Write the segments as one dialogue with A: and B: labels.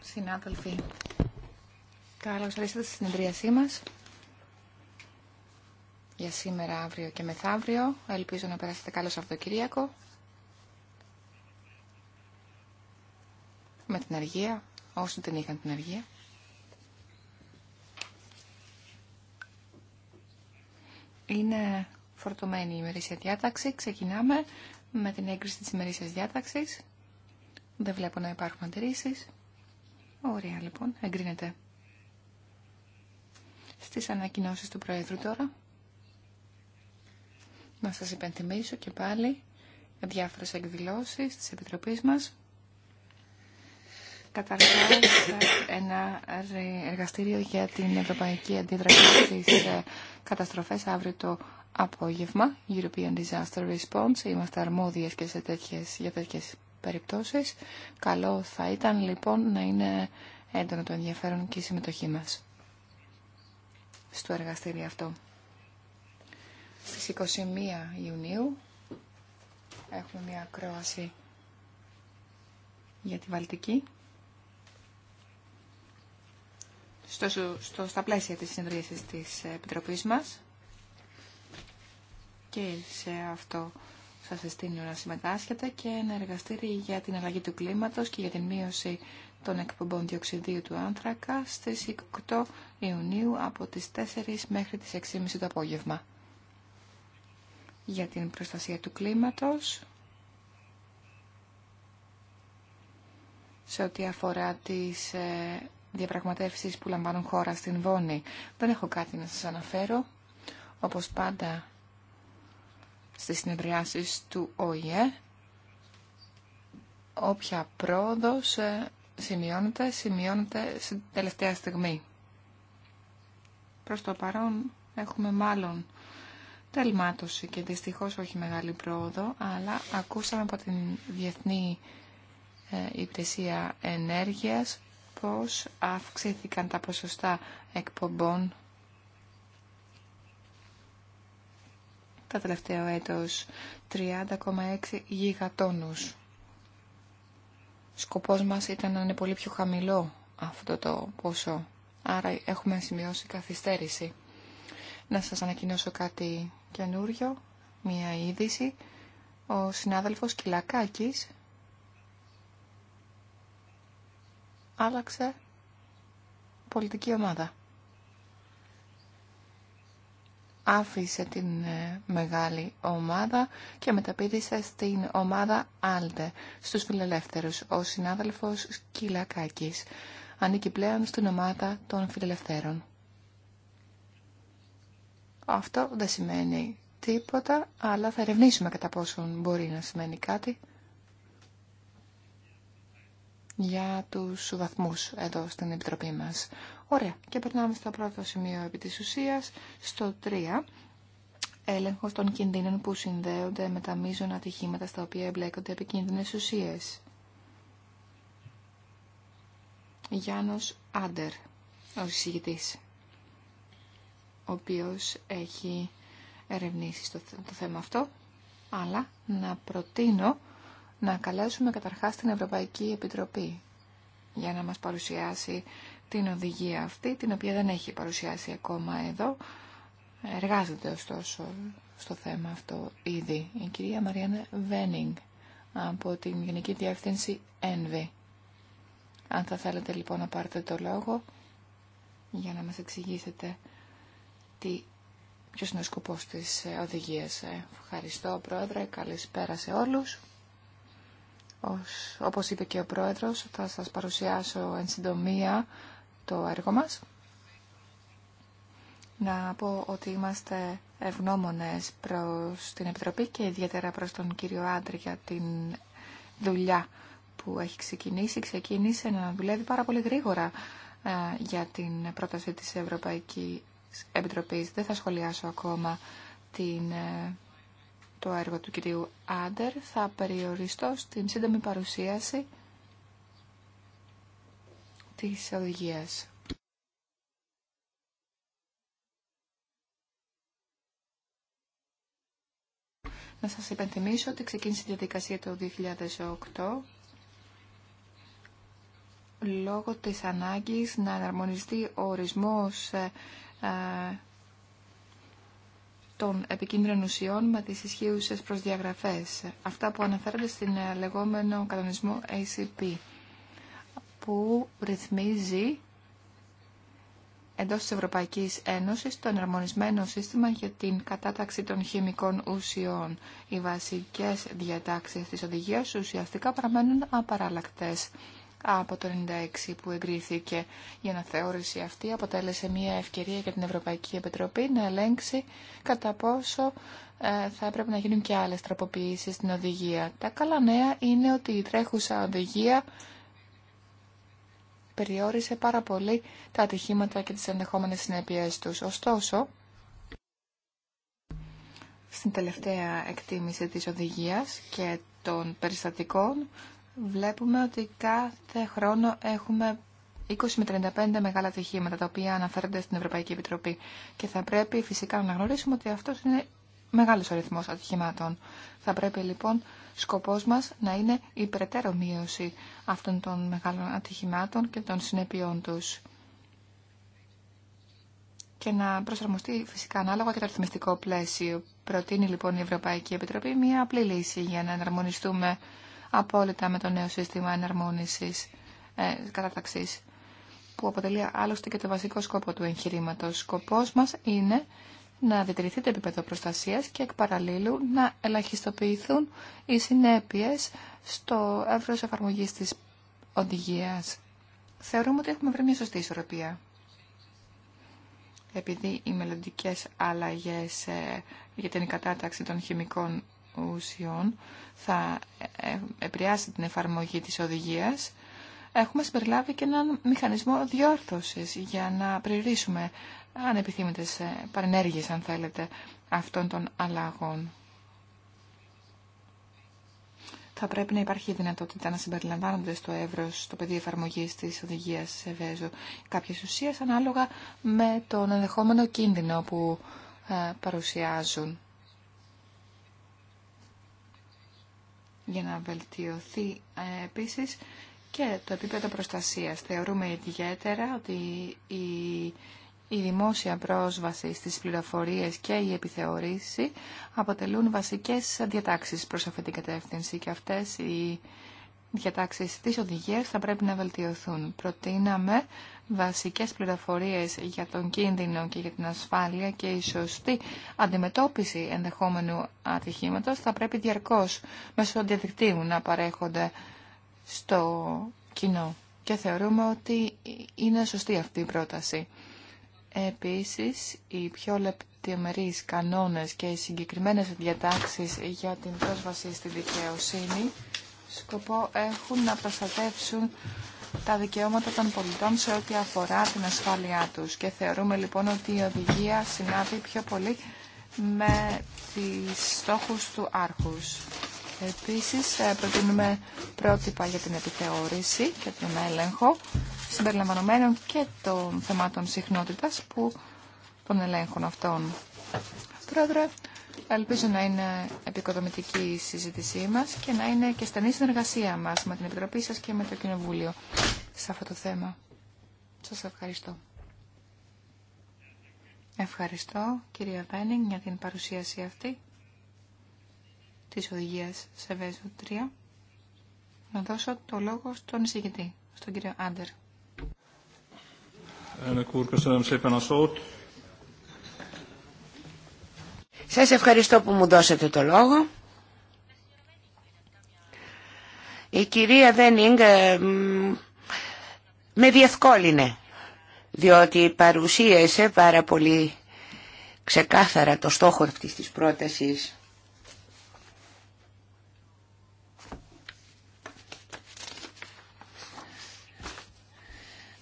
A: Συνάδελφοι, καλώς ορίσατε στη συνεδρίασή μας για σήμερα, αύριο και μεθαύριο. Ελπίζω να περάσετε καλό Σαββατοκύριακο με την αργία, όσοι δεν είχαν την αργία. Είναι φορτωμένη η ημερήσια διάταξη. Ξεκινάμε με την έγκριση της ημερήσιας διάταξης. Δεν βλέπω να υπάρχουν αντιρρήσεις. Ωραία λοιπόν, εγκρίνεται. Στις ανακοινώσεις του Προέδρου τώρα. Να σας υπενθυμίσω και πάλι διάφορες εκδηλώσεις της Επιτροπής μας. Καταρχάς ένα εργαστήριο για την Ευρωπαϊκή Αντίδραση στις ε, καταστροφές αύριο το απόγευμα, European Disaster Response, είμαστε αρμόδιες και σε τέτοιες, για τέτοιες περιπτώσεις. Καλό θα ήταν λοιπόν να είναι έντονο το ενδιαφέρον και η συμμετοχή μας στο εργαστήριο αυτό. Στις 21 Ιουνίου έχουμε μια ακρόαση για τη Βαλτική. Στο, στο, στα πλαίσια της συνεδρίασης της Επιτροπής μας και σε αυτό σας συστήνω να συμμετάσχετε και ένα εργαστήρι για την αλλαγή του κλίματος και για την μείωση των εκπομπών διοξιδίου του άνθρακα στις 8 Ιουνίου από τις 4 μέχρι τις 6.30 το απόγευμα. Για την προστασία του κλίματος, σε ό,τι αφορά τις ε, διαπραγματεύσεις που λαμβάνουν χώρα στην Βόνη, δεν έχω κάτι να σας αναφέρω. Όπως πάντα στις συνεδριάσεις του ΟΗΕ όποια πρόοδος ε, σημειώνεται, σημειώνεται στην τελευταία στιγμή. Προς το παρόν έχουμε μάλλον τελμάτωση και δυστυχώς όχι μεγάλη πρόοδο, αλλά ακούσαμε από την Διεθνή ε, Υπηρεσία Ενέργειας πώς αυξήθηκαν τα ποσοστά εκπομπών τα τελευταία έτος 30,6 γιγατόνους. Σκοπός μας ήταν να είναι πολύ πιο χαμηλό αυτό το ποσό. Άρα έχουμε σημειώσει καθυστέρηση. Να σας ανακοινώσω κάτι καινούριο, μία είδηση. Ο συνάδελφος Κυλακάκης άλλαξε πολιτική ομάδα. άφησε την ε, μεγάλη ομάδα και μεταπίδησε στην ομάδα Άλτε, στους φιλελεύθερους, ο συνάδελφος Κυλακάκης. Ανήκει πλέον στην ομάδα των φιλελευθέρων. Αυτό δεν σημαίνει τίποτα, αλλά θα ερευνήσουμε κατά πόσον μπορεί να σημαίνει κάτι για τους βαθμούς εδώ στην Επιτροπή μας. Ωραία. Και περνάμε στο πρώτο σημείο επί της ουσίας, στο 3. Έλεγχος των κινδύνων που συνδέονται με τα μείζωνα ατυχήματα στα οποία εμπλέκονται επικίνδυνες ουσίες. Γιάννος Άντερ, ο συζητητής, ο οποίος έχει ερευνήσει το, το θέμα αυτό, αλλά να προτείνω να καλέσουμε καταρχάς την Ευρωπαϊκή Επιτροπή για να μας παρουσιάσει την οδηγία αυτή, την οποία δεν έχει παρουσιάσει ακόμα εδώ. Εργάζεται ωστόσο στο θέμα αυτό ήδη η κυρία Μαριάννα Βένινγκ από την Γενική Διεύθυνση ΕΝΒΗ. Αν θα θέλετε λοιπόν να πάρετε το λόγο για να μας εξηγήσετε τι, ποιος είναι ο σκοπός της ε, οδηγίας. Ε, ευχαριστώ Πρόεδρε, καλησπέρα σε όλους. Ως, όπως είπε και ο Πρόεδρος, θα σας παρουσιάσω εν συντομία το έργο μας. Να πω ότι είμαστε ευγνώμονες προς την Επιτροπή και ιδιαίτερα προς τον κύριο Άντρη για την δουλειά που έχει ξεκινήσει. Ξεκίνησε να δουλεύει πάρα πολύ γρήγορα ε, για την πρόταση της Ευρωπαϊκής Επιτροπής. Δεν θα σχολιάσω ακόμα την, ε, το έργο του κυρίου Άντερ. Θα περιοριστώ στην σύντομη παρουσίαση της οδηγίας. Να σας υπενθυμίσω ότι ξεκίνησε η διαδικασία το 2008 λόγω της ανάγκης να αναρμονιστεί ο ορισμός ε, ε, των επικίνδυνων ουσιών με τις ισχύουσες προσδιαγραφές. Αυτά που αναφέρονται στην ε, λεγόμενο κανονισμό ACP που ρυθμίζει εντός της Ευρωπαϊκής Ένωσης το εναρμονισμένο σύστημα για την κατάταξη των χημικών ουσιών. Οι βασικές διατάξεις της οδηγίας ουσιαστικά παραμένουν απαραλλακτές από το 1996 που εγκρίθηκε. να αναθεώρηση αυτή αποτέλεσε μια ευκαιρία για την Ευρωπαϊκή Επιτροπή να ελέγξει κατά πόσο ε, θα έπρεπε να γίνουν και άλλες τροποποιήσεις στην οδηγία. Τα καλά νέα είναι ότι η τρέχουσα οδηγία περιόρισε πάρα πολύ τα ατυχήματα και τις ενδεχόμενες συνέπειές τους. Ωστόσο, στην τελευταία εκτίμηση της οδηγίας και των περιστατικών βλέπουμε ότι κάθε χρόνο έχουμε 20 με 35 μεγάλα ατυχήματα τα οποία αναφέρονται στην Ευρωπαϊκή Επιτροπή και θα πρέπει φυσικά να γνωρίσουμε ότι αυτό είναι μεγάλος αριθμός ατυχημάτων. Θα πρέπει λοιπόν σκοπός μας να είναι η περαιτέρω μείωση αυτών των μεγάλων ατυχημάτων και των συνεπειών τους και να προσαρμοστεί φυσικά ανάλογα και το αριθμιστικό πλαίσιο. Προτείνει λοιπόν η Ευρωπαϊκή Επιτροπή μια απλή λύση για να εναρμονιστούμε απόλυτα με το νέο σύστημα εναρμόνισης ε, κατάταξης που αποτελεί άλλωστε και το βασικό σκόπο του εγχειρήματος. Σκοπός μας είναι να διατηρηθεί το επίπεδο προστασίας και εκ να ελαχιστοποιηθούν οι συνέπειες στο εύρος εφαρμογής της οδηγίας. Θεωρούμε ότι έχουμε βρει μια σωστή ισορροπία. Επειδή οι μελλοντικέ αλλαγές ε, για την κατάταξη των χημικών ουσιών θα ε, επηρεάσει την εφαρμογή της οδηγίας, έχουμε συμπεριλάβει και έναν μηχανισμό διόρθωσης για να περιορίσουμε ανεπιθύμητες ε, παρενέργειες, αν θέλετε, αυτών των αλλαγών. Θα πρέπει να υπάρχει η δυνατότητα να συμπεριλαμβάνονται στο έυρος, στο πεδίο εφαρμογή τη οδηγία σε βέζο κάποιε ουσίε ανάλογα με τον ενδεχόμενο κίνδυνο που ε, παρουσιάζουν. Για να βελτιωθεί ε, επίσης και το επίπεδο προστασίας. Θεωρούμε ιδιαίτερα ότι η η δημόσια πρόσβαση στις πληροφορίες και η επιθεωρήση αποτελούν βασικές διατάξεις προς αυτή την κατεύθυνση και αυτές οι διατάξεις της οδηγίας θα πρέπει να βελτιωθούν. Προτείναμε βασικές πληροφορίες για τον κίνδυνο και για την ασφάλεια και η σωστή αντιμετώπιση ενδεχόμενου ατυχήματος θα πρέπει διαρκώς μέσω διαδικτύου να παρέχονται στο κοινό. Και θεωρούμε ότι είναι σωστή αυτή η πρόταση. Επίσης, οι πιο λεπτομερείς κανόνες και οι συγκεκριμένες διατάξεις για την πρόσβαση στη δικαιοσύνη σκοπό έχουν να προστατεύσουν τα δικαιώματα των πολιτών σε ό,τι αφορά την ασφάλειά τους. Και θεωρούμε λοιπόν ότι η οδηγία συνάδει πιο πολύ με τις στόχους του άρχους. Επίσης, ε, προτείνουμε πρότυπα για την επιθεώρηση και τον έλεγχο συμπεριλαμβανομένων και των θεμάτων συχνότητας που των ελέγχουν αυτών. Πρόεδρε, ελπίζω να είναι επικοδομητική η συζήτησή μας και να είναι και στενή συνεργασία μας με την Επιτροπή σα και με το Κοινοβούλιο σε αυτό το θέμα. Σα ευχαριστώ. Ευχαριστώ, κυρία Βένινγκ, για την παρουσίαση αυτή της οδηγίας σε Βέζο 3. Να δώσω το λόγο στον εισηγητή, στον κύριο Άντερ.
B: Σας ευχαριστώ που μου δώσατε το λόγο. Η κυρία Δένιγκ ε, με διευκόλυνε, διότι παρουσίασε πάρα πολύ ξεκάθαρα το στόχο αυτής της πρότασης.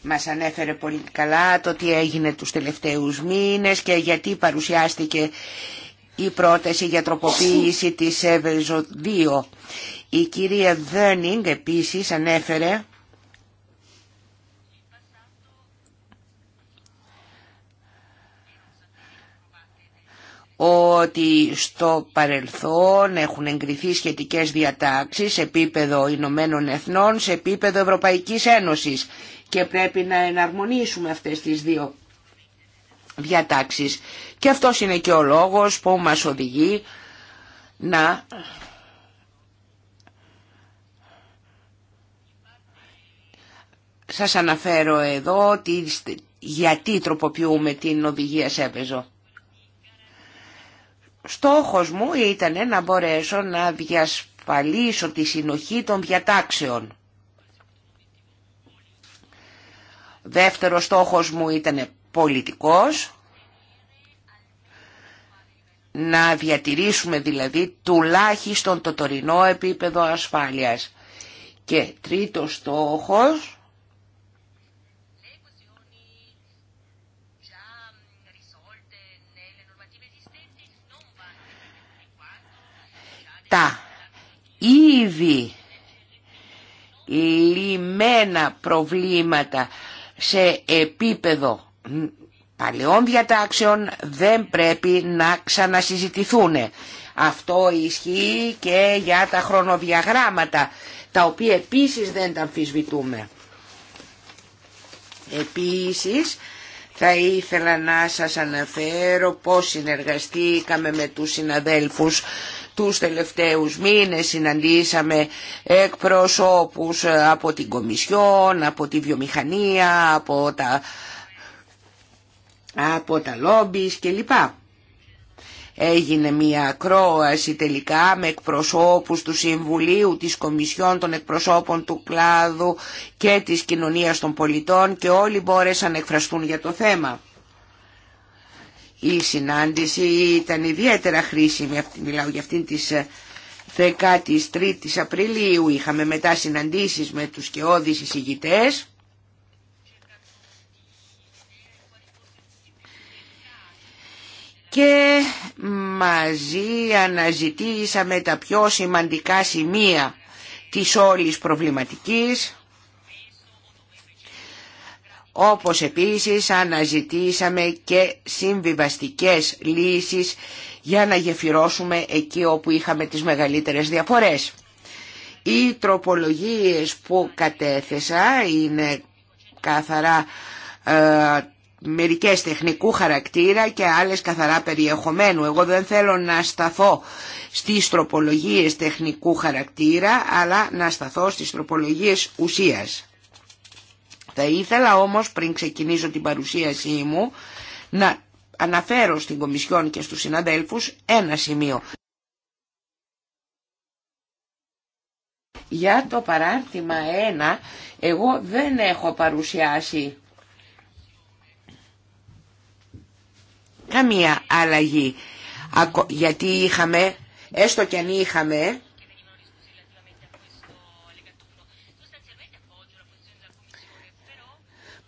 B: Μας ανέφερε πολύ καλά το τι έγινε τους τελευταίους μήνες και γιατί παρουσιάστηκε η πρόταση για τροποποίηση της ΕΒΕΖΟ 2. Η κυρία Δένινγκ επίσης ανέφερε ότι στο παρελθόν έχουν εγκριθεί σχετικές διατάξεις σε επίπεδο Ηνωμένων Εθνών, σε επίπεδο Ευρωπαϊκής Ένωσης και πρέπει να εναρμονίσουμε αυτές τις δύο διατάξεις. Και αυτό είναι και ο λόγος που μας οδηγεί να σας αναφέρω εδώ ότι γιατί τροποποιούμε την οδηγία έπαιζο. Στόχος μου ήταν να μπορέσω να διασφαλίσω τη συνοχή των διατάξεων. Δεύτερος στόχος μου ήταν πολιτικός, να διατηρήσουμε δηλαδή τουλάχιστον το τωρινό επίπεδο ασφάλειας. Και τρίτος στόχος, τα ήδη λιμένα προβλήματα σε επίπεδο παλαιών διατάξεων δεν πρέπει να ξανασυζητηθούν. Αυτό ισχύει και για τα χρονοδιαγράμματα, τα οποία επίσης δεν τα αμφισβητούμε. Επίσης, θα ήθελα να σας αναφέρω πώς συνεργαστήκαμε με τους συναδέλφους τους τελευταίους μήνες συναντήσαμε εκπροσώπους ε, από την Κομισιόν, από τη βιομηχανία, από τα, από τα λόμπις κλπ. Έγινε μια ακρόαση τελικά με εκπροσώπους του Συμβουλίου, της Κομισιόν, των εκπροσώπων του κλάδου και της κοινωνίας των πολιτών και όλοι μπόρεσαν να εκφραστούν για το θέμα η συνάντηση ήταν ιδιαίτερα χρήσιμη, μιλάω για αυτήν της 13 ε, Απριλίου. Απριλίου, είχαμε μετά συναντήσεις με τους σκεώδεις εισηγητές. Και μαζί αναζητήσαμε τα πιο σημαντικά σημεία της όλης προβληματικής όπως επίσης αναζητήσαμε και συμβιβαστικές λύσεις για να γεφυρώσουμε εκεί όπου είχαμε τις μεγαλύτερες διαφορές. Οι τροπολογίες που κατέθεσα είναι καθαρά ε, μερικές τεχνικού χαρακτήρα και άλλες καθαρά περιεχομένου. Εγώ δεν θέλω να σταθώ στις τροπολογίες τεχνικού χαρακτήρα, αλλά να σταθώ στις τροπολογίες ουσίας. Θα ήθελα όμως πριν ξεκινήσω την παρουσίασή μου να αναφέρω στην Κομισιόν και στους συναδέλφους ένα σημείο. Για το παράρτημα 1 εγώ δεν έχω παρουσιάσει καμία αλλαγή γιατί είχαμε, έστω και αν είχαμε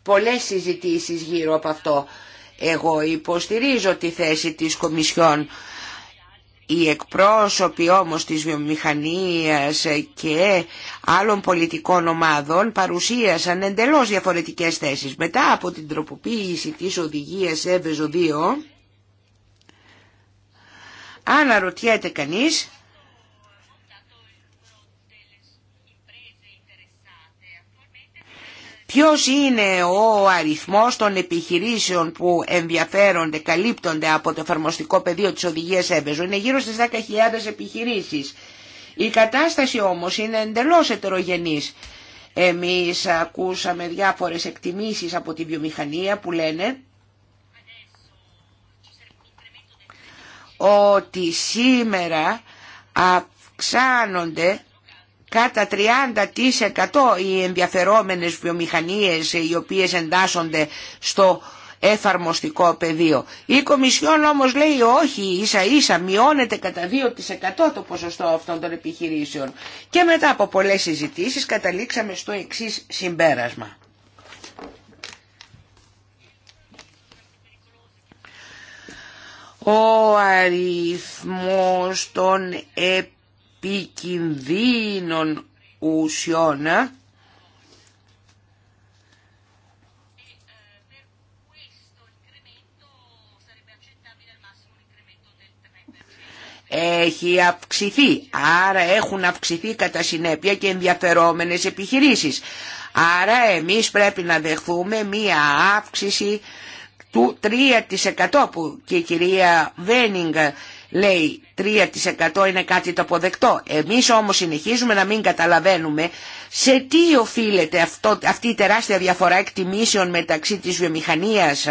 B: πολλές συζητήσεις γύρω από αυτό. Εγώ υποστηρίζω τη θέση της Κομισιόν. Οι εκπρόσωποι όμως της βιομηχανίας και άλλων πολιτικών ομάδων παρουσίασαν εντελώς διαφορετικές θέσεις. Μετά από την τροποποίηση της οδηγίας ΕΒΕΖΟ 2, αναρωτιέται κανείς Ποιος είναι ο αριθμός των επιχειρήσεων που ενδιαφέρονται, καλύπτονται από το εφαρμοστικό πεδίο της οδηγίας έμπεζου. Είναι γύρω στις 10.000 επιχειρήσεις. Η κατάσταση όμως είναι εντελώς ετερογενής. Εμείς ακούσαμε διάφορες εκτιμήσεις από τη βιομηχανία που λένε ότι σήμερα αυξάνονται κατά 30% οι ενδιαφερόμενες βιομηχανίες ε, οι οποίες εντάσσονται στο εφαρμοστικό πεδίο. Η Κομισιόν όμως λέει όχι, ίσα ίσα μειώνεται κατά 2% το ποσοστό αυτών των επιχειρήσεων. Και μετά από πολλές συζητήσεις καταλήξαμε στο εξής συμπέρασμα. Ο αριθμός των επιχειρήσεων επικινδύνων ουσιών ε, έχει αυξηθεί. Άρα έχουν αυξηθεί κατά συνέπεια και ενδιαφερόμενες επιχειρήσεις. Άρα εμείς πρέπει να δεχθούμε μία αύξηση του 3% που και η κυρία Βένιγκ λέει 3% είναι κάτι το αποδεκτό. Εμείς όμως συνεχίζουμε να μην καταλαβαίνουμε σε τι οφείλεται αυτό, αυτή η τεράστια διαφορά εκτιμήσεων μεταξύ της βιομηχανίας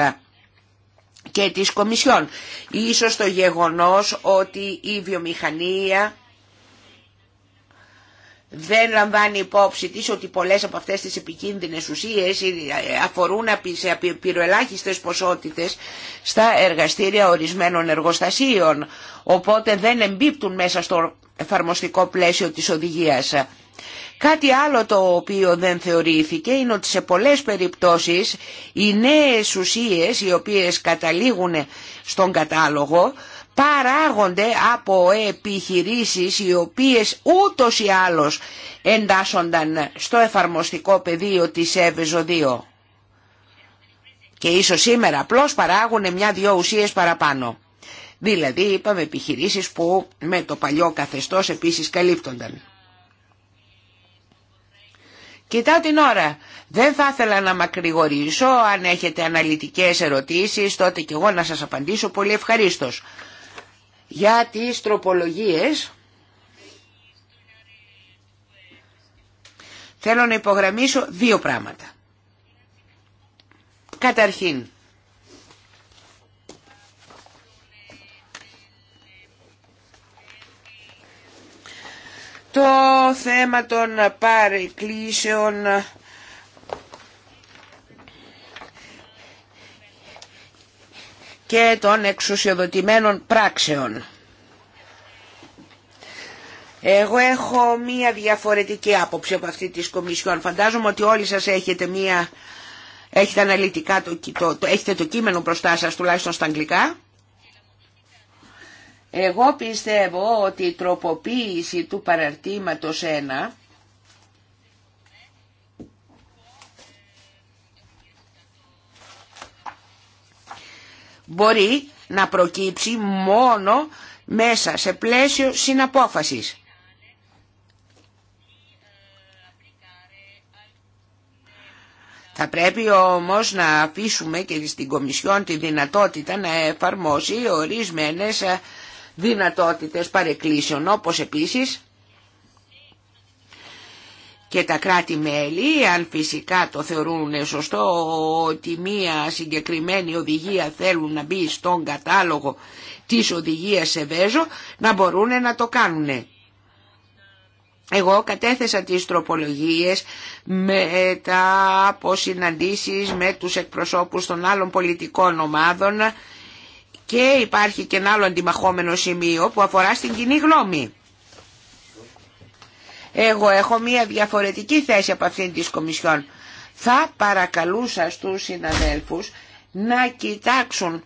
B: και της Κομισιόν. Ίσως το γεγονός ότι η βιομηχανία δεν λαμβάνει υπόψη της ότι πολλές από αυτές τις επικίνδυνες ουσίες ε, αφορούν σε πυροελάχιστες ποσότητες στα εργαστήρια ορισμένων εργοστασίων, οπότε δεν εμπίπτουν μέσα στο εφαρμοστικό πλαίσιο της οδηγίας. Κάτι άλλο το οποίο δεν θεωρήθηκε είναι ότι σε πολλές περιπτώσεις οι νέες ουσίες οι οποίες καταλήγουν στον κατάλογο παράγονται από επιχειρήσεις οι οποίες ούτως ή άλλως εντάσσονταν στο εφαρμοστικό πεδίο της ΕΒΕΖΟ 2. Και ίσως σήμερα απλώ παράγουν μια-δυο ουσίες παραπάνω. Δηλαδή είπαμε επιχειρήσεις που με το παλιό καθεστώς επίσης καλύπτονταν. Κοιτάω την ώρα. Δεν θα ήθελα να μακρηγορήσω. Αν έχετε αναλυτικές ερωτήσεις τότε και εγώ να σας απαντήσω πολύ ευχαρίστως. Για τις τροπολογίες θέλω να υπογραμμίσω δύο πράγματα. Καταρχήν, το θέμα των παρεκκλήσεων και των εξουσιοδοτημένων πράξεων. Εγώ έχω μία διαφορετική άποψη από αυτή της Κομισιόν. Φαντάζομαι ότι όλοι σας έχετε μία... Έχετε αναλυτικά το, το, έχετε το κείμενο μπροστά σας, τουλάχιστον στα αγγλικά. Εγώ πιστεύω ότι η τροποποίηση του παραρτήματος 1 μπορεί να προκύψει μόνο μέσα σε πλαίσιο συναπόφασης. Θα πρέπει όμως να αφήσουμε και στην Κομισιόν τη δυνατότητα να εφαρμόσει ορισμένες δυνατότητες παρεκκλήσεων, όπως επίσης και τα κράτη-μέλη, αν φυσικά το θεωρούν σωστό ότι μία συγκεκριμένη οδηγία θέλουν να μπει στον κατάλογο της οδηγίας σε βέζο, να μπορούν να το κάνουν. Εγώ κατέθεσα τις τροπολογίες μετά από συναντήσεις με τους εκπροσώπους των άλλων πολιτικών ομάδων και υπάρχει και ένα άλλο αντιμαχόμενο σημείο που αφορά στην κοινή γνώμη. Εγώ έχω μία διαφορετική θέση από αυτήν της Κομισιόν. Θα παρακαλούσα στους συναδέλφους να κοιτάξουν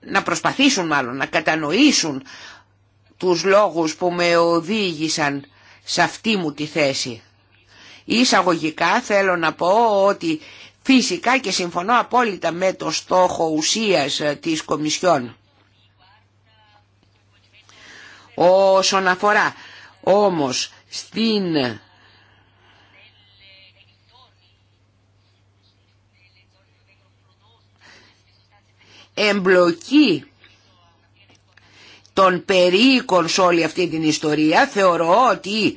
B: να προσπαθήσουν μάλλον να κατανοήσουν τους λόγους που με οδήγησαν σε αυτή μου τη θέση. Εισαγωγικά θέλω να πω ότι Φυσικά και συμφωνώ απόλυτα με το στόχο ουσίας ε, της Κομισιόν. Όσον αφορά όμως στην εμπλοκή των περίοικων σε όλη αυτή την ιστορία θεωρώ ότι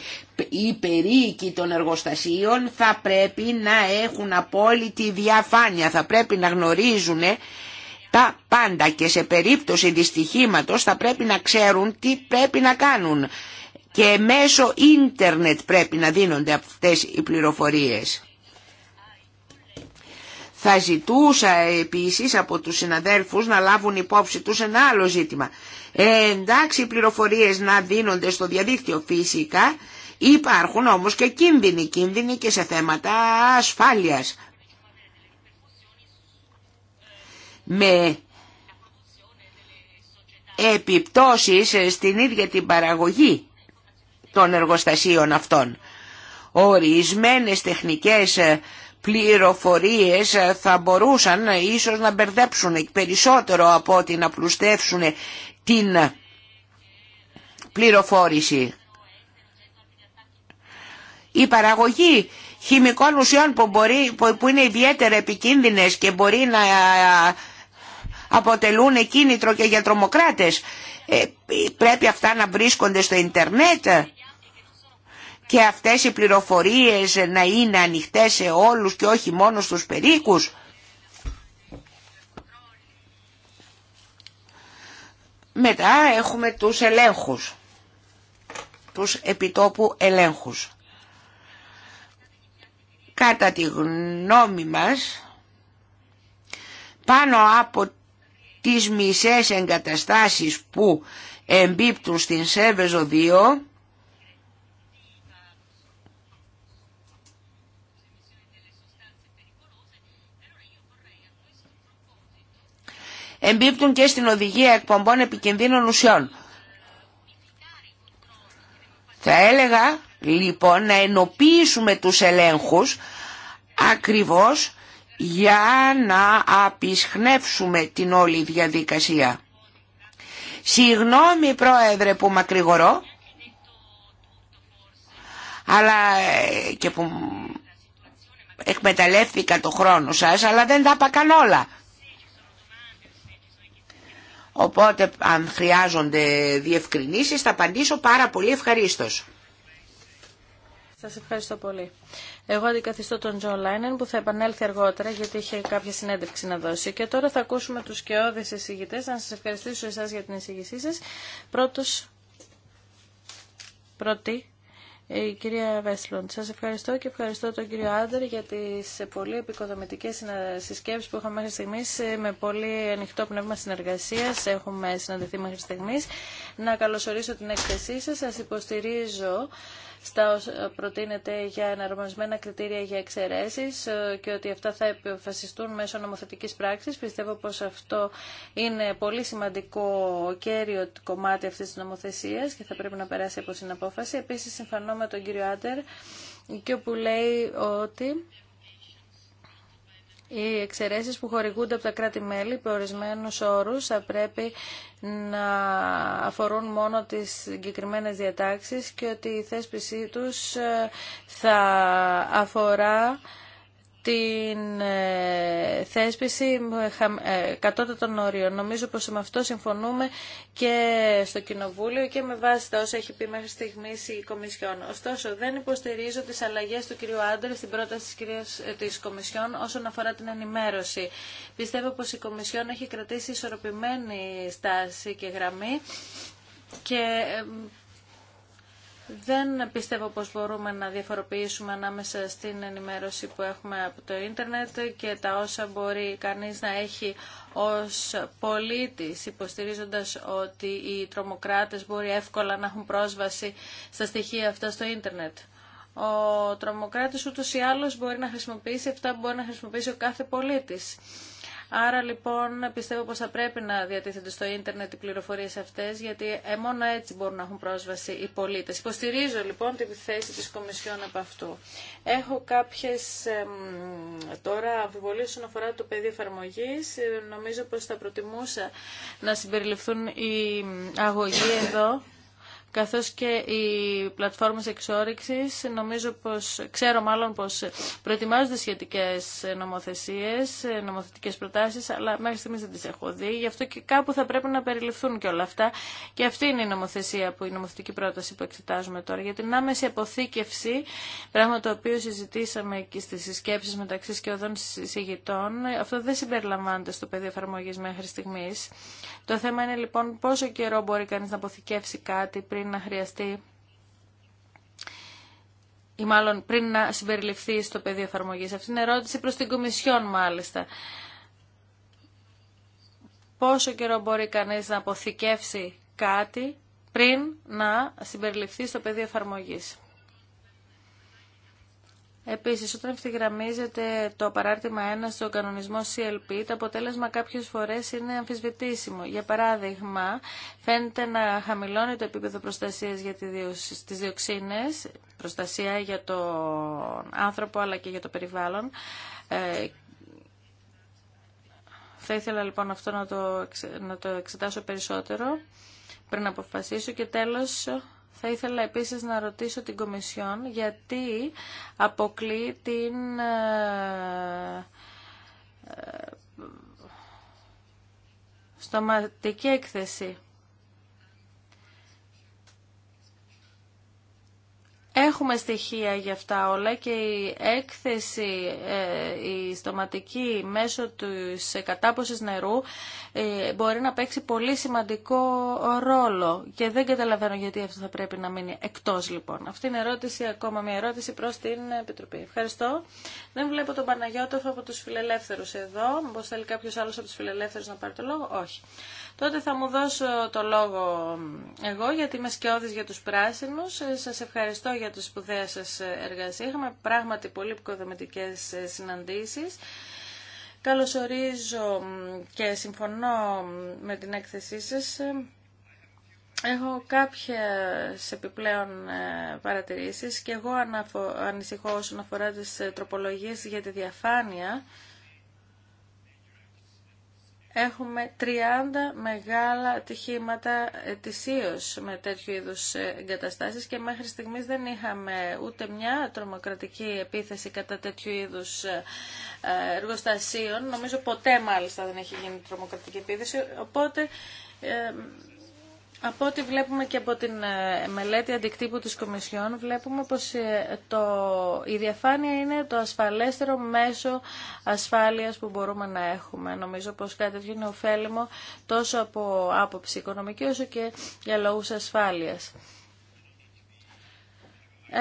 B: οι περίοικοι των εργοστασίων θα πρέπει να έχουν απόλυτη διαφάνεια, θα πρέπει να γνωρίζουν τα πάντα και σε περίπτωση δυστυχήματος θα πρέπει να ξέρουν τι πρέπει να κάνουν και μέσω ίντερνετ πρέπει να δίνονται αυτές οι πληροφορίες. Θα ζητούσα επίσης από τους συναδέλφους να λάβουν υπόψη τους ένα άλλο ζήτημα. Ε, εντάξει οι πληροφορίες να δίνονται στο διαδίκτυο φυσικά Υπάρχουν όμως και κίνδυνοι, κίνδυνοι και σε θέματα ασφάλειας. Με επιπτώσεις στην ίδια την παραγωγή των εργοστασίων αυτών. Ορισμένες τεχνικές πληροφορίες θα μπορούσαν ίσως να μπερδέψουν περισσότερο από ότι να πλουστεύσουν την πληροφόρηση η παραγωγή χημικών ουσιών που, μπορεί, που είναι ιδιαίτερα επικίνδυνες και μπορεί να ε, αποτελούν κίνητρο και για τρομοκράτες. Ε, πρέπει αυτά να βρίσκονται στο ίντερνετ και αυτές οι πληροφορίες να είναι ανοιχτές σε όλους και όχι μόνο στους περίκους. Μετά έχουμε τους ελέγχους, τους επιτόπου ελέγχους. Κατά τη γνώμη μας, πάνω από τις μισές εγκαταστάσεις που εμπίπτουν στην Σέβεζο 2, εμπίπτουν και στην οδηγία εκπομπών επικινδύνων ουσιών. Θα έλεγα λοιπόν να ενοποιήσουμε τους ελέγχους ακριβώς για να απεισχνεύσουμε την όλη διαδικασία. Συγγνώμη πρόεδρε που μακρηγορώ, αλλά ε, και που εκμεταλλεύτηκα το χρόνο σας, αλλά δεν τα πακαν όλα. Οπότε αν χρειάζονται διευκρινήσεις θα απαντήσω πάρα πολύ ευχαρίστως.
C: Σα ευχαριστώ πολύ. Εγώ αντικαθιστώ τον Τζον Λάινεν που θα επανέλθει αργότερα γιατί είχε κάποια συνέντευξη να δώσει. Και τώρα θα ακούσουμε του σκιώδεις εισηγητέ. Να σα ευχαριστήσω εσά για την εισηγησή σα. Πρώτο. πρώτη, η κυρία Βέσλοντ, σας ευχαριστώ και ευχαριστώ τον κύριο Άντερ για τις πολύ επικοδομητικές συσκέψεις που είχαμε μέχρι στιγμής ε, με πολύ ανοιχτό πνεύμα συνεργασίας. Έχουμε συναντηθεί μέχρι στιγμή Να καλωσορίσω την έκθεσή σα. Σα υποστηρίζω στα όσα προτείνεται για εναρμονισμένα κριτήρια για εξαιρέσει ε, και ότι αυτά θα επιφασιστούν μέσω νομοθετική πράξη. Πιστεύω πως αυτό είναι πολύ σημαντικό κέριο κομμάτι αυτής της νομοθεσίας και θα πρέπει να περάσει από συναπόφαση. Επίσης συμφωνώ με τον κύριο Άντερ και όπου λέει ότι οι εξαιρέσεις που χορηγούνται από τα κράτη-μέλη με ορισμένου όρου, θα πρέπει να αφορούν μόνο τις συγκεκριμένε διατάξεις και ότι η θέσπιση τους ε, θα αφορά την ε, θέσπιση ε, ε, κατώτατων όριων. Νομίζω πως με αυτό συμφωνούμε και στο Κοινοβούλιο και με βάση τα όσα έχει πει μέχρι στιγμής η Κομισιόν. Ωστόσο, δεν υποστηρίζω τις αλλαγές του κ. Άντερ στην πρόταση της, κυρίας, της Κομισιόν όσον αφορά την ενημέρωση. Πιστεύω πως η Κομισιόν έχει κρατήσει ισορροπημένη στάση και γραμμή και δεν πιστεύω πως μπορούμε να διαφοροποιήσουμε ανάμεσα στην ενημέρωση που έχουμε από το ίντερνετ και τα όσα μπορεί κανείς να έχει ως πολίτης, υποστηρίζοντας ότι οι τρομοκράτες μπορεί εύκολα να έχουν πρόσβαση στα στοιχεία αυτά στο ίντερνετ. Ο τρομοκράτης ούτως ή άλλως μπορεί να χρησιμοποιήσει αυτά που μπορεί να χρησιμοποιήσει ο κάθε πολίτης. Άρα λοιπόν πιστεύω πως θα πρέπει να διατίθενται στο ίντερνετ οι πληροφορίες αυτές γιατί ε, μόνο έτσι μπορούν να έχουν πρόσβαση οι πολίτες. Υποστηρίζω λοιπόν τη θέση της Κομισιόν από αυτού. Έχω κάποιες τώρα αμφιβολίες όσον αφορά το πεδίο εφαρμογή. Ε, νομίζω πως θα προτιμούσα να συμπεριληφθούν οι αγωγοί εδώ καθώς και οι πλατφόρμες εξόρυξης. Νομίζω πως, ξέρω μάλλον πως προετοιμάζονται σχετικές νομοθεσίες, νομοθετικές προτάσεις, αλλά μέχρι στιγμής δεν τις έχω δει. Γι' αυτό και κάπου θα πρέπει να περιληφθούν και όλα αυτά. Και αυτή είναι η νομοθεσία, που, η νομοθετική πρόταση που εξετάζουμε τώρα. Για την άμεση αποθήκευση, πράγμα το οποίο συζητήσαμε και στις συσκέψεις μεταξύ σκιωδών συγητών, αυτό δεν συμπεριλαμβάνεται στο πεδίο εφαρμογή μέχρι στιγμή. Το θέμα είναι λοιπόν πόσο καιρό μπορεί κανείς να αποθηκεύσει κάτι πριν πριν να χρειαστεί ή μάλλον πριν να συμπεριληφθεί στο πεδίο εφαρμογής. Αυτή είναι ερώτηση προς την Κομισιόν μάλιστα. Πόσο καιρό μπορεί κανείς να αποθηκεύσει κάτι πριν να συμπεριληφθεί στο πεδίο εφαρμογής. Επίσης, όταν ευθυγραμμίζεται το παράρτημα 1 στο κανονισμό CLP, το αποτέλεσμα κάποιες φορές είναι αμφισβητήσιμο. Για παράδειγμα, φαίνεται να χαμηλώνει το επίπεδο προστασίας για τις διοξίνες, προστασία για τον άνθρωπο αλλά και για το περιβάλλον, ε, θα ήθελα λοιπόν αυτό να το, να το εξετάσω περισσότερο πριν αποφασίσω και τέλος θα ήθελα επίσης να ρωτήσω την Κομισιόν γιατί αποκλεί την ε, ε, στοματική έκθεση. Έχουμε στοιχεία για αυτά όλα και η έκθεση ε, η στοματική μέσω της κατάποσης νερού ε, μπορεί να παίξει πολύ σημαντικό ρόλο και δεν καταλαβαίνω γιατί αυτό θα πρέπει να μείνει εκτός λοιπόν. Αυτή είναι ερώτηση, ακόμα μια ερώτηση προς την Επιτροπή. Ευχαριστώ. Δεν βλέπω τον Παναγιώτοφ από τους φιλελεύθερους εδώ. Μπορείς θέλει κάποιος άλλος από τους φιλελεύθερους να πάρει το λόγο. Όχι τότε θα μου δώσω το λόγο εγώ γιατί είμαι σκιώδης για τους πράσινους. Ε, σας ευχαριστώ για τη σπουδαία σας εργασία. Είχαμε πράγματι πολύ πικοδομητικές ε, συναντήσεις. Καλωσορίζω και συμφωνώ με την έκθεσή σας. Ε, έχω κάποιες επιπλέον παρατηρήσεις και εγώ ανησυχώ όσον αφορά τις τροπολογίες για τη διαφάνεια Έχουμε 30 μεγάλα ατυχήματα ετησίω με τέτοιου είδου εγκαταστάσει και μέχρι στιγμής δεν είχαμε ούτε μια τρομοκρατική επίθεση κατά τέτοιου είδους ε, εργοστασίων. Νομίζω ποτέ μάλιστα δεν έχει γίνει τρομοκρατική επίθεση, οπότε ε, από ό,τι βλέπουμε και από την ε, μελέτη αντικτύπου της Κομισιόν, βλέπουμε πως ε, το, η διαφάνεια είναι το ασφαλέστερο μέσο ασφάλειας που μπορούμε να έχουμε. Νομίζω πως κάτι τέτοιο είναι ωφέλιμο τόσο από άποψη οικονομική όσο και για λόγους ασφάλειας.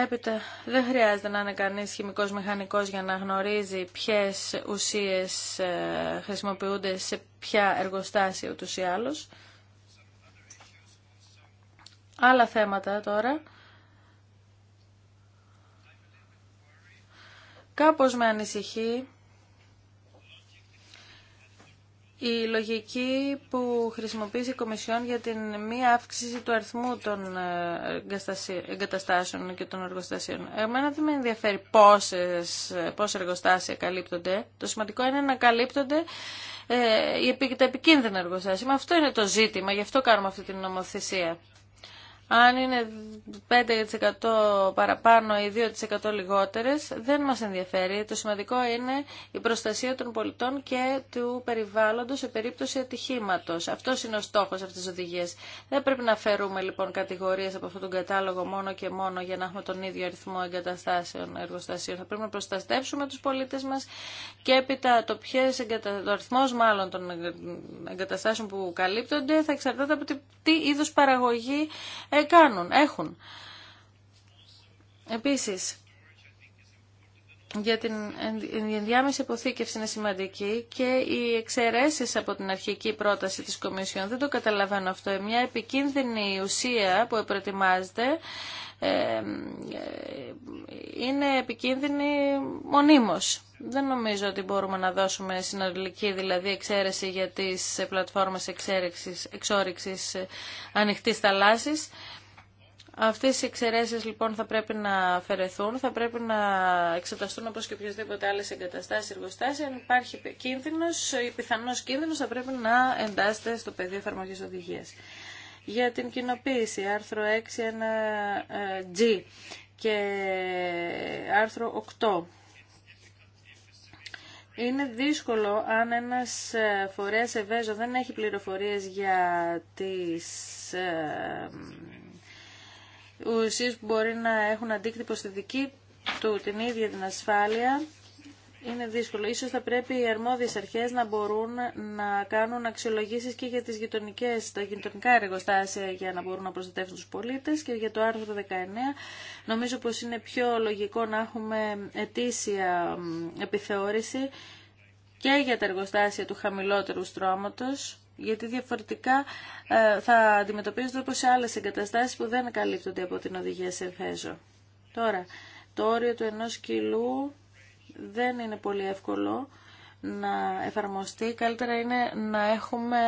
C: Έπειτα, δεν χρειάζεται να είναι κανείς χημικός μηχανικός για να γνωρίζει ποιες ουσίες ε, χρησιμοποιούνται σε ποια εργοστάσια ούτως ή άλλως. Άλλα θέματα τώρα. Κάπως με ανησυχεί η λογική που χρησιμοποιεί η Κομισιόν για την μη αύξηση του αριθμού των ε, εγκαταστάσεων και των εργοστασίων. Εμένα δεν με ενδιαφέρει πόσες, πόσες εργοστάσια καλύπτονται. Το σημαντικό είναι να καλύπτονται ε, τα επικίνδυνα εργοστάσια. αυτό είναι το ζήτημα, γι' αυτό κάνουμε αυτή την νομοθεσία. Αν είναι 5% παραπάνω ή 2% λιγότερες, δεν μας ενδιαφέρει. Το σημαντικό είναι η προστασία των πολιτών και του περιβάλλοντος σε περίπτωση ατυχήματος. Αυτός είναι ο στόχος αυτής της οδηγίας. Δεν πρέπει να φέρουμε λοιπόν κατηγορίες από αυτόν τον κατάλογο μόνο και μόνο για να έχουμε τον ίδιο αριθμό εγκαταστάσεων εργοστασίων. Θα πρέπει να προστατεύσουμε τους πολίτες μας και έπειτα το, ποιες αριθμός μάλλον των εγκαταστάσεων που καλύπτονται θα εξαρτάται από τι είδους παραγωγή εκάνουν έχουν. Επίσης, για την ενδιάμεση υποθήκευση είναι σημαντική και οι εξαιρέσει από την αρχική πρόταση της Κομισιόν. Δεν το καταλαβαίνω αυτό. Μια επικίνδυνη ουσία που προετοιμάζεται ε, είναι επικίνδυνη μονίμως. Δεν νομίζω ότι μπορούμε να δώσουμε συνολική δηλαδή εξαίρεση για τις πλατφόρμες εξόριξης ανοιχτής θαλάσσης. Αυτές οι εξαιρέσεις λοιπόν θα πρέπει να αφαιρεθούν, θα πρέπει να εξεταστούν όπως και οποιασδήποτε άλλες εγκαταστάσεις, εργοστάσεις. Αν υπάρχει κίνδυνος ή πιθανός κίνδυνος θα πρέπει να εντάσσεται στο πεδίο εφαρμογής οδηγίας για την κοινοποίηση, άρθρο 6, ε, g και άρθρο 8. Είναι δύσκολο αν ένας ε, φορέας ευέζο δεν έχει πληροφορίες για τις ε, ουσίες που μπορεί να έχουν αντίκτυπο στη δική του την ίδια την ασφάλεια είναι δύσκολο. Ίσως θα πρέπει οι αρμόδιες αρχές να μπορούν να κάνουν αξιολογήσεις και για τις γειτονικές, τα γειτονικά εργοστάσια για να μπορούν να προστατεύσουν τους πολίτες και για το άρθρο 19 νομίζω πως είναι πιο λογικό να έχουμε ετήσια επιθεώρηση και για τα εργοστάσια του χαμηλότερου στρώματος γιατί διαφορετικά ε, θα αντιμετωπίζονται όπως σε άλλες εγκαταστάσεις που δεν καλύπτονται από την οδηγία σε φέζο. Τώρα, το όριο του ενός κιλού δεν είναι πολύ εύκολο να εφαρμοστεί. Καλύτερα είναι να έχουμε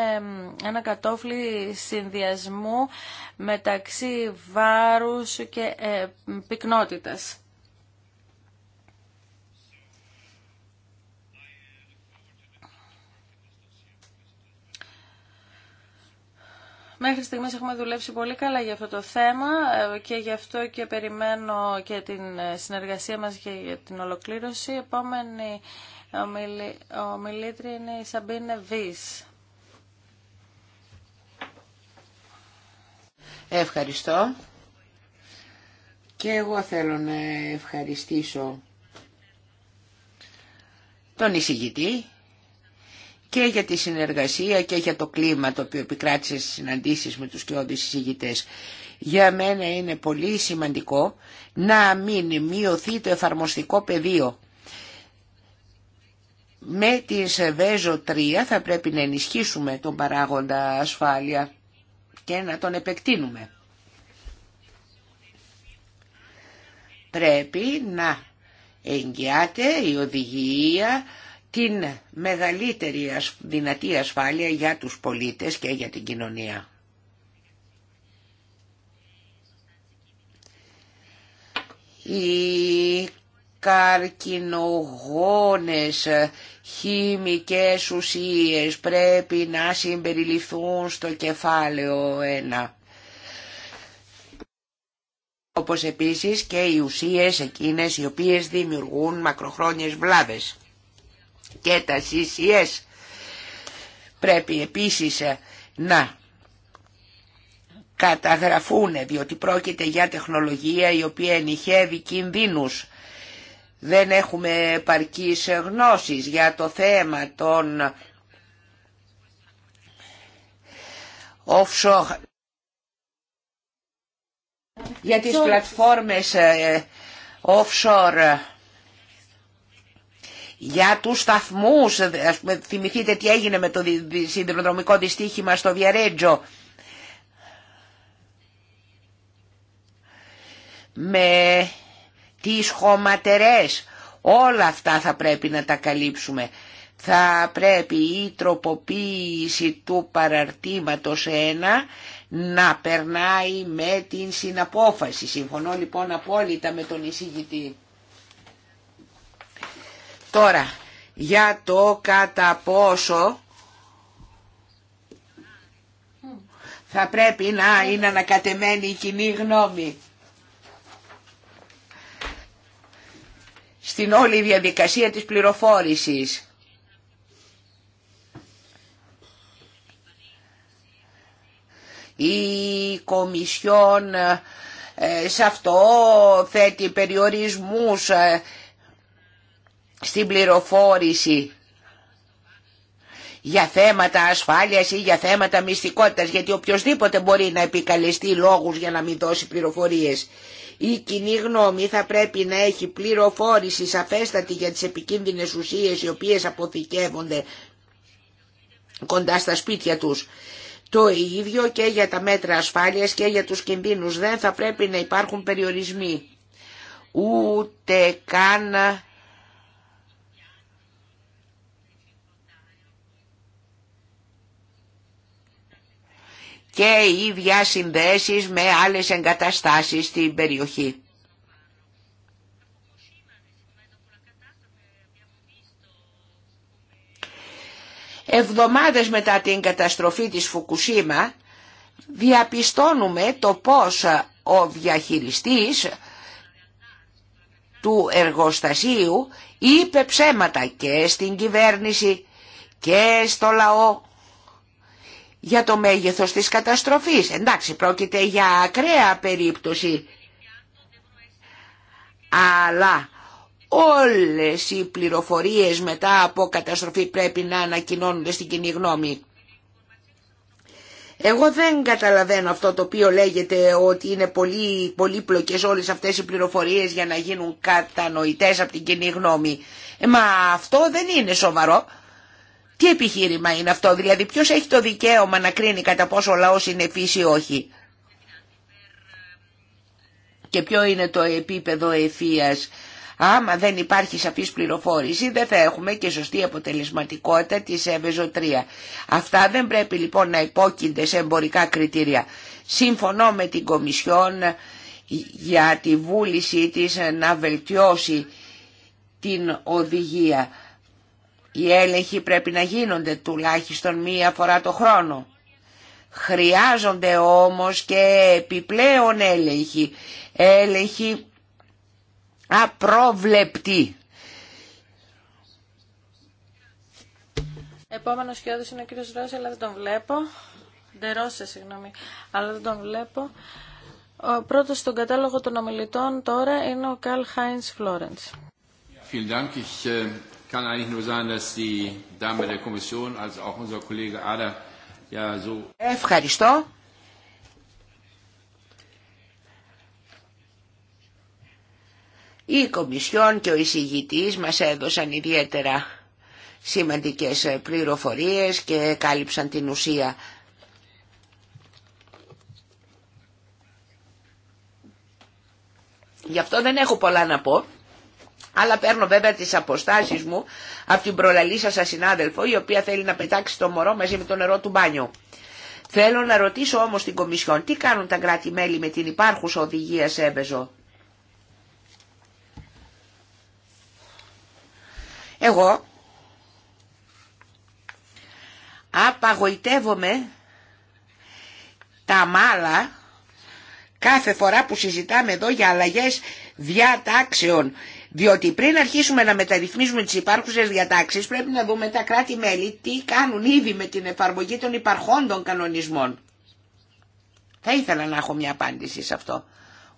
C: ένα κατόφλι συνδυασμού μεταξύ βάρους και ε, πυκνότητας. Μέχρι στιγμής έχουμε δουλέψει πολύ καλά για αυτό το θέμα ε, και γι' αυτό και περιμένω και την ε, συνεργασία μας και για την ολοκλήρωση. επόμενη ομιλή, ομιλήτρια είναι η Σαμπίνε
B: Ευχαριστώ. Και εγώ θέλω να ευχαριστήσω τον εισηγητή και για τη συνεργασία και για το κλίμα το οποίο επικράτησε στις συναντήσεις με τους κοιόντες συζητητές. Για μένα είναι πολύ σημαντικό να μην μειωθεί το εφαρμοστικό πεδίο. Με τη ΣΕΒΕΖΟ 3 θα πρέπει να ενισχύσουμε τον παράγοντα ασφάλεια και να τον επεκτείνουμε. Πρέπει να εγγυάται η οδηγία την μεγαλύτερη δυνατή ασφάλεια για τους πολίτες και για την κοινωνία. Οι καρκινογόνες χημικές ουσίες πρέπει να συμπεριληφθούν στο κεφάλαιο 1. Όπως επίσης και οι ουσίες εκείνες οι οποίες δημιουργούν μακροχρόνιες βλάβες και τα CCS. Πρέπει επίσης ε, να καταγραφούν διότι πρόκειται για τεχνολογία η οποία ενηχεύει κινδύνους. Δεν έχουμε παρκής γνώσεις για το θέμα των offshore για τις πλατφόρμες ε, ε, offshore για τους σταθμούς, θυμηθείτε τι έγινε με το συνδρομικό δυστύχημα στο Βιαρέτζο. Με τις χωματερές, όλα αυτά θα πρέπει να τα καλύψουμε. Θα πρέπει η τροποποίηση του παραρτήματος 1 να περνάει με την συναπόφαση. Συμφωνώ λοιπόν απόλυτα με τον εισηγητή. Τώρα, για το κατά πόσο θα πρέπει να είναι ανακατεμένη η κοινή γνώμη. Στην όλη διαδικασία της πληροφόρησης. Η Κομισιόν ε, σε αυτό θέτει περιορισμούς ε, στην πληροφόρηση για θέματα ασφάλειας ή για θέματα μυστικότητας, γιατί οποιοδήποτε μπορεί να επικαλεστεί λόγους για να μην δώσει πληροφορίες. Η κοινή γνώμη θα πρέπει να έχει πληροφόρηση σαφέστατη για τις επικίνδυνες ουσίες οι οποίες αποθηκεύονται κοντά στα σπίτια τους. Το ίδιο και για τα μέτρα ασφάλειας και για τους κινδύνους. Δεν θα πρέπει να υπάρχουν περιορισμοί. Ούτε καν και οι συνδέσεις με άλλες εγκαταστάσεις στην περιοχή. Εβδομάδες μετά την καταστροφή της Φουκουσίμα διαπιστώνουμε το πώς ο διαχειριστής του εργοστασίου είπε ψέματα και στην κυβέρνηση και στο λαό για το μέγεθος της καταστροφής. Εντάξει, πρόκειται για ακραία περίπτωση. Αλλά όλες οι πληροφορίες μετά από καταστροφή πρέπει να ανακοινώνονται στην κοινή γνώμη. Εγώ δεν καταλαβαίνω αυτό το οποίο λέγεται ότι είναι πολύ πολύπλοκες όλες αυτές οι πληροφορίες για να γίνουν κατανοητές από την κοινή γνώμη. Ε, μα αυτό δεν είναι σοβαρό. Τι επιχείρημα είναι αυτό, δηλαδή ποιος έχει το δικαίωμα να κρίνει κατά πόσο ο λαός είναι φύση ή όχι. Και ποιο είναι το επίπεδο ευφύα. Άμα δεν υπάρχει σαφής πληροφόρηση δεν θα έχουμε και σωστή αποτελεσματικότητα της ΕΒΕΖΟ 3. Αυτά δεν πρέπει λοιπόν να υπόκεινται σε εμπορικά κριτήρια. Σύμφωνο με την Κομισιόν για τη βούλησή της να βελτιώσει την οδηγία. Οι έλεγχοι πρέπει να γίνονται τουλάχιστον μία φορά το χρόνο. Χρειάζονται όμως και επιπλέον έλεγχοι. Έλεγχοι απρόβλεπτοι.
C: Επόμενο χιλιάδος είναι ο κύριος Ρώση, αλλά δεν τον βλέπω. Ντερώσε, συγγνώμη, αλλά δεν τον βλέπω. Ο πρώτος στον κατάλογο των ομιλητών τώρα είναι ο Καλ Χάινς Φλόρεντς.
B: Ε, kann eigentlich nur sein, dass die Dame der Kommission, als
C: auch unser Kollege Ader, ja so.
B: Ευχαριστώ. Η Κομισιόν και ο εισηγητής μας έδωσαν ιδιαίτερα σημαντικές πληροφορίες και κάλυψαν την ουσία Γι' αυτό δεν έχω πολλά να πω. Αλλά παίρνω βέβαια τις αποστάσεις μου από την προλαλή σας συνάδελφο η οποία θέλει να πετάξει το μωρό μαζί με το νερό του μπάνιου. Θέλω να ρωτήσω όμως την Κομισιόν τι κάνουν τα κράτη-μέλη με την υπάρχουσα οδηγία σε Εγώ απαγοητεύομαι τα μάλα κάθε φορά που συζητάμε εδώ για αλλαγές διατάξεων διότι πριν αρχίσουμε να μεταρρυθμίζουμε τις υπάρχουσες διατάξεις πρέπει να δούμε τα κράτη-μέλη τι κάνουν ήδη με την εφαρμογή των υπαρχόντων κανονισμών. Θα ήθελα να έχω μια απάντηση σε αυτό.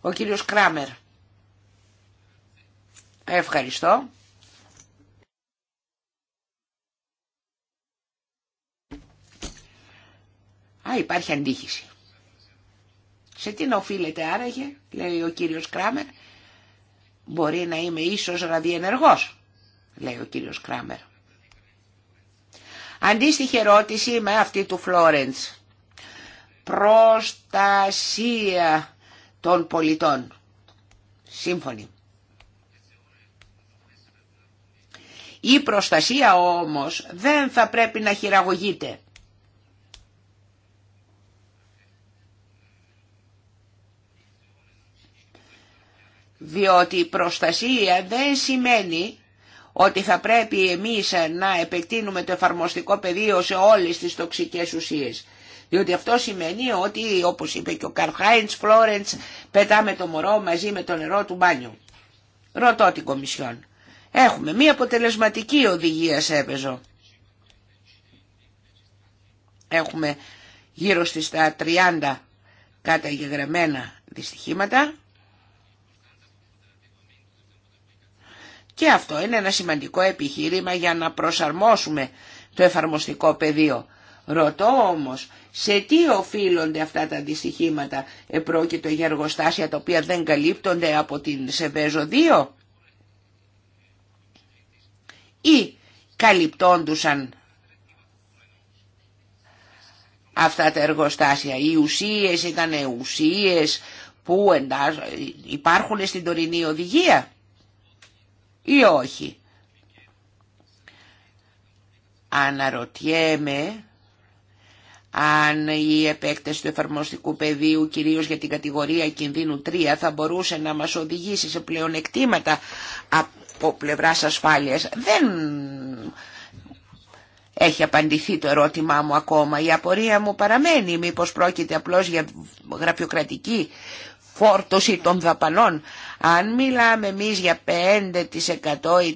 B: Ο κύριος Κράμερ. Ευχαριστώ. Α, υπάρχει αντίχηση. Σε τι να οφείλεται άραγε, λέει ο κύριος Κράμερ, Μπορεί να είμαι ίσως ραδιενεργός, λέει ο κύριος Κράμερ. Αντίστοιχη ερώτηση με αυτή του Φλόρεντς. Προστασία των πολιτών. Σύμφωνοι. Η προστασία όμως δεν θα πρέπει να χειραγωγείται. διότι η προστασία δεν σημαίνει ότι θα πρέπει εμείς να επεκτείνουμε το εφαρμοστικό πεδίο σε όλες τις τοξικές ουσίες. Διότι αυτό σημαίνει ότι, όπως είπε και ο Καρχάιντς Φλόρεντς, πετάμε το μωρό μαζί με το νερό του μπάνιου. Ρωτώ την Κομισιόν. Έχουμε μία αποτελεσματική οδηγία σε έπαιζο. Έχουμε γύρω στις τα 30 καταγεγραμμένα δυστυχήματα Και αυτό είναι ένα σημαντικό επιχείρημα για να προσαρμόσουμε το εφαρμοστικό πεδίο. Ρωτώ όμως, σε τι οφείλονται αυτά τα αντιστοιχήματα, επρόκειτο για εργοστάσια τα οποία δεν καλύπτονται από την Σεβέζο 2 ή καλυπτόντουσαν αυτά τα εργοστάσια. Οι ουσίες ήταν ουσίες που υπάρχουν στην τωρινή οδηγία ή όχι. Αναρωτιέμαι αν η επέκταση του εφαρμοστικού πεδίου κυρίως για την κατηγορία κινδύνου 3 θα μπορούσε να μας οδηγήσει σε πλεονεκτήματα από πλευράς ασφάλειας. Δεν έχει απαντηθεί το ερώτημά μου ακόμα. Η απορία μου παραμένει μήπως πρόκειται απλώς για γραφειοκρατική φόρτωση των δαπανών. Αν μιλάμε εμεί για 5% ή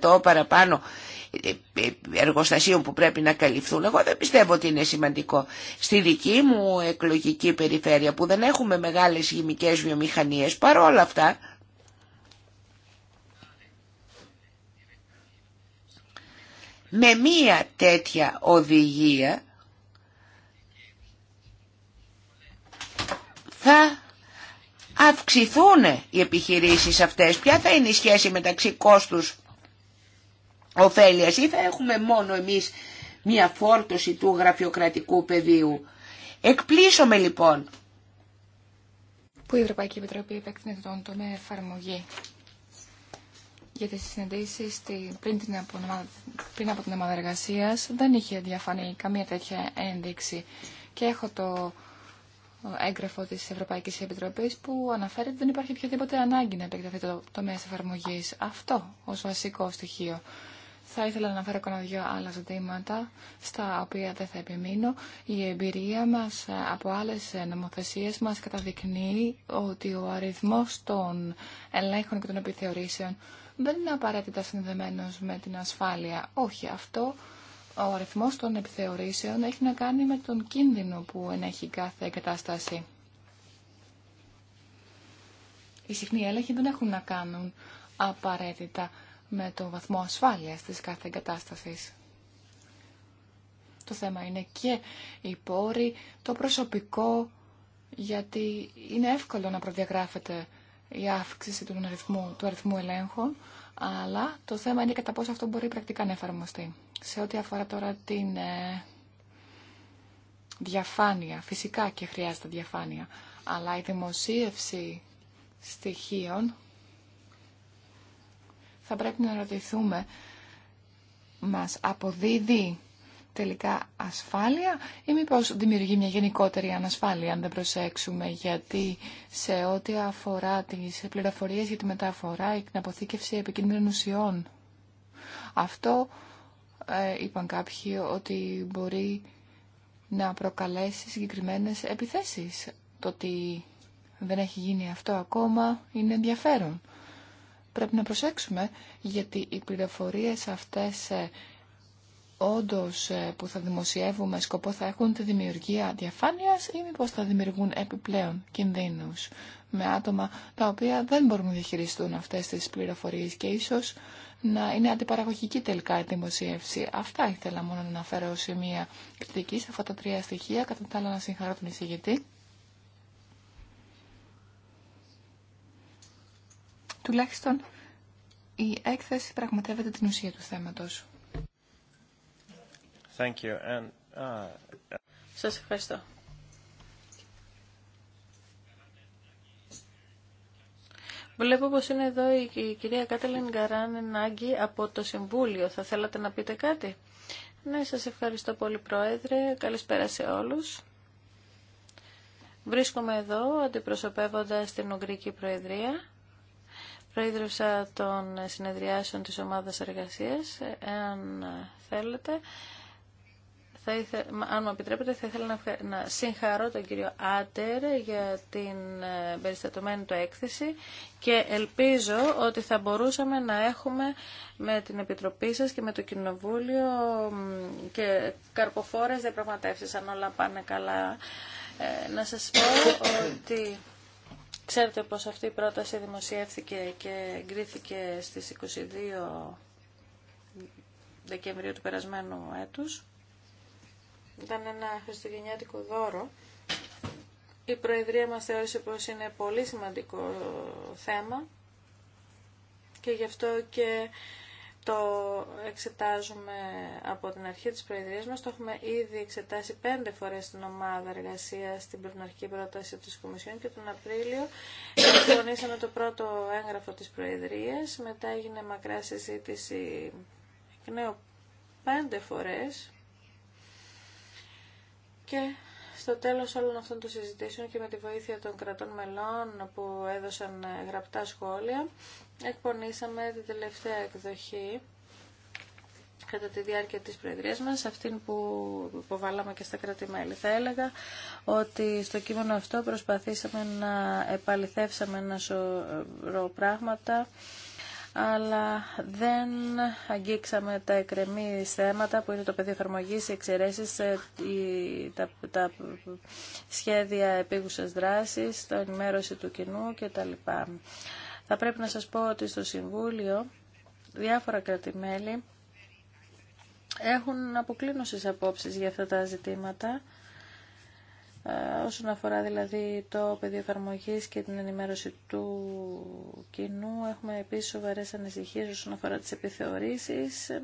B: 30% παραπάνω εργοστασίων που πρέπει να καλυφθούν, εγώ δεν πιστεύω ότι είναι σημαντικό. Στη δική μου εκλογική περιφέρεια που δεν έχουμε μεγάλες χημικές βιομηχανίες, παρόλα αυτά, με μία τέτοια οδηγία θα αυξηθούν οι επιχειρήσεις αυτές. Ποια θα είναι η σχέση μεταξύ κόστους ωφέλειας ή θα έχουμε μόνο εμείς μία φόρτωση του γραφειοκρατικού πεδίου. Εκπλήσωμε λοιπόν.
A: Πού η Ευρωπαϊκή Επιτροπή επέκτηνε τον τομέα εφαρμογή για τις συναντήσεις πριν, την από, πριν από την ομάδα δεν είχε διαφανεί καμία τέτοια ένδειξη και έχω το έγγραφο τη Ευρωπαϊκή Επιτροπή που αναφέρει ότι δεν υπάρχει οποιαδήποτε ανάγκη να επεκταθεί το τομέα εφαρμογή. Αυτό ω βασικό στοιχείο. Θα ήθελα να αναφέρω ακόμα δυο άλλα ζητήματα στα οποία δεν θα επιμείνω. Η εμπειρία μα ε, από άλλε νομοθεσίε μα καταδεικνύει ότι ο αριθμό των ελέγχων και των επιθεωρήσεων δεν είναι απαραίτητα συνδεμένο με την ασφάλεια. Όχι, αυτό ο αριθμός των επιθεωρήσεων έχει να κάνει με τον κίνδυνο που ενέχει κάθε εγκατάσταση. Οι συχνοί έλεγχοι δεν έχουν να κάνουν απαραίτητα με τον βαθμό ασφάλειας της κάθε εγκατάστασης. Το θέμα είναι και οι πόροι, το προσωπικό, γιατί είναι εύκολο να προδιαγράφεται η αύξηση του αριθμού, του αριθμού ελέγχων, αλλά το θέμα είναι κατά πόσο αυτό μπορεί πρακτικά να εφαρμοστεί. Σε ό,τι αφορά τώρα την ε, διαφάνεια, φυσικά και χρειάζεται διαφάνεια, αλλά η δημοσίευση στοιχείων θα πρέπει να ρωτηθούμε μας αποδίδει τελικά ασφάλεια ή μήπως δημιουργεί μια γενικότερη ανασφάλεια αν δεν προσέξουμε γιατί σε ό,τι αφορά τις πληροφορίες για τη μεταφορά, η αποθήκευση επικίνδυνων ουσιών. Αυτό ε, είπαν κάποιοι ότι μπορεί να προκαλέσει συγκεκριμένες επιθέσεις. Το ότι δεν έχει γίνει αυτό ακόμα είναι ενδιαφέρον. Πρέπει να προσέξουμε γιατί οι πληροφορίες αυτές ε, όντως ε, που θα δημοσιεύουμε σκοπό θα έχουν τη δημιουργία διαφάνειας ή μήπως θα δημιουργούν επιπλέον κινδύνους με άτομα τα οποία δεν μπορούν να διαχειριστούν αυτές τις πληροφορίες και ίσως να είναι αντιπαραγωγική τελικά η δημοσίευση. Αυτά ήθελα μόνο να αναφέρω ως σημεία κριτική σε αυτά τα τρία στοιχεία. Κατά τα άλλα να συγχαρώ τον εισηγητή. Τουλάχιστον η έκθεση πραγματεύεται την ουσία του θέματος.
C: Thank you. And, uh... Σας ευχαριστώ. Βλέπω πως είναι εδώ η κυρία Κάτελεν Γκαράν Νάγκη από το Συμβούλιο. Θα θέλατε να πείτε κάτι. Ναι, σας ευχαριστώ πολύ Πρόεδρε. Καλησπέρα σε όλους. Βρίσκομαι εδώ αντιπροσωπεύοντας την Ουγγρική Προεδρία. Προείδρευσα των συνεδριάσεων της Ομάδας Εργασίας, εάν θέλετε αν μου επιτρέπετε, θα ήθελα να, συγχαρώ τον κύριο Άτερ για την ε, περιστατωμένη του έκθεση και ελπίζω ότι θα μπορούσαμε να έχουμε με την Επιτροπή σας και με το Κοινοβούλιο και καρποφόρες διαπραγματεύσεις, αν όλα πάνε καλά. Ε, να σας πω ότι... Ξέρετε πως αυτή η πρόταση δημοσιεύθηκε και εγκρίθηκε στις 22 Δεκεμβρίου του περασμένου έτους. Ήταν ένα χριστουγεννιάτικο δώρο. Η Προεδρία μας θεώρησε πως είναι πολύ σημαντικό θέμα και γι' αυτό και το εξετάζουμε από την αρχή της Προεδρίας μας. Το έχουμε ήδη εξετάσει πέντε φορές στην ομάδα εργασία στην πρωτοναρχική πρόταση της Κομισιόν και τον Απρίλιο συμφωνήσαμε το πρώτο έγγραφο της Προεδρίας. Μετά έγινε μακρά συζήτηση εκ νέου πέντε φορές και στο τέλος όλων αυτών των συζητήσεων και με τη βοήθεια των κρατών μελών που έδωσαν γραπτά σχόλια, εκπονήσαμε την τελευταία εκδοχή κατά τη διάρκεια της Προεδρίας μας, αυτήν που υποβάλαμε και στα κράτη-μέλη. Θα έλεγα ότι στο κείμενο αυτό προσπαθήσαμε να επαληθεύσαμε ένα σωρό πράγματα, αλλά δεν αγγίξαμε τα εκρεμή θέματα που είναι το πεδίο εφαρμογή, οι εξαιρέσει, ε, τα, τα σχέδια επίγουσας δράσης, το ενημέρωση του κοινού κτλ. Θα πρέπει να σας πω ότι στο Συμβούλιο διάφορα κρατημέλη έχουν αποκλίνωσες απόψεις για αυτά τα ζητήματα ε, όσον αφορά δηλαδή το πεδίο εφαρμογή και την ενημέρωση του κοινού. Έχουμε επίσης σοβαρές ανησυχίες όσον αφορά τις επιθεωρήσεις.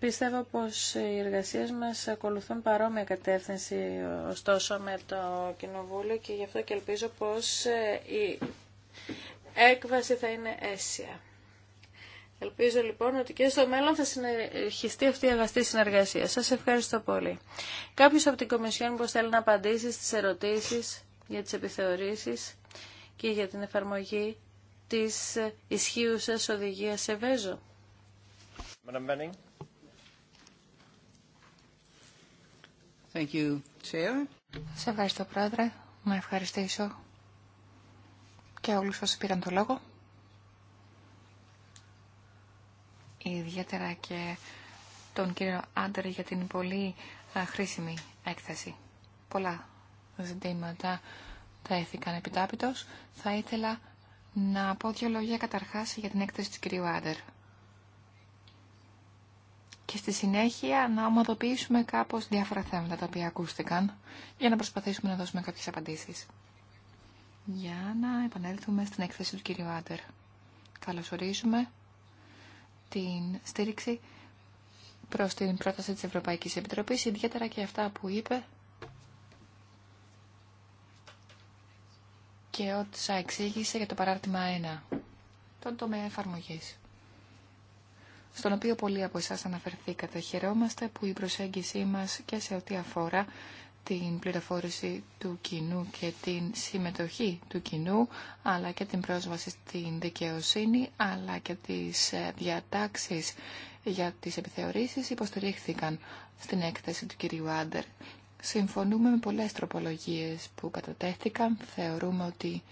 C: Πιστεύω πως οι εργασίες μας ακολουθούν παρόμοια κατεύθυνση ωστόσο με το Κοινοβούλιο και γι' αυτό και ελπίζω πως η έκβαση θα είναι αίσια. Ελπίζω λοιπόν ότι και στο μέλλον θα συνεχιστεί αυτή η αγαστή συνεργασία. Σας ευχαριστώ πολύ. Κάποιος από την Κομισιόν που θέλει να απαντήσει στις ερωτήσεις για τις επιθεωρήσεις και για την εφαρμογή της ισχύουσας οδηγίας σε Βέζο.
B: Thank
A: ευχαριστώ, Πρόεδρε. Να ευχαριστήσω και όλους όσοι πήραν το λόγο. ιδιαίτερα και τον κύριο Άντερ για την πολύ ε, χρήσιμη έκθεση. Πολλά ζητήματα τα έθηκαν επιτάπητος. Θα ήθελα να πω δύο λόγια καταρχάς για την έκθεση του κυρίου Άντερ. Και στη συνέχεια να ομοδοποιήσουμε κάπως διάφορα θέματα τα οποία ακούστηκαν για να προσπαθήσουμε να δώσουμε κάποιες απαντήσεις. Για να επανέλθουμε στην έκθεση του κυρίου Άντερ. Καλωσορίζουμε την στήριξη προς την πρόταση της Ευρωπαϊκής Επιτροπής, ιδιαίτερα και αυτά που είπε και όσα εξήγησε για το παράρτημα 1, τον τομέα εφαρμογής, στον οποίο πολλοί από εσάς αναφερθήκατε. Χαιρόμαστε που η προσέγγιση μας και σε ό,τι αφορά την πληροφόρηση του κοινού και την συμμετοχή του κοινού, αλλά και την πρόσβαση στην δικαιοσύνη, αλλά και τις ε, διατάξεις για τις επιθεωρήσεις υποστηρίχθηκαν στην έκθεση του κυρίου Άντερ. Συμφωνούμε με πολλές τροπολογίες που κατατέθηκαν. Θεωρούμε ότι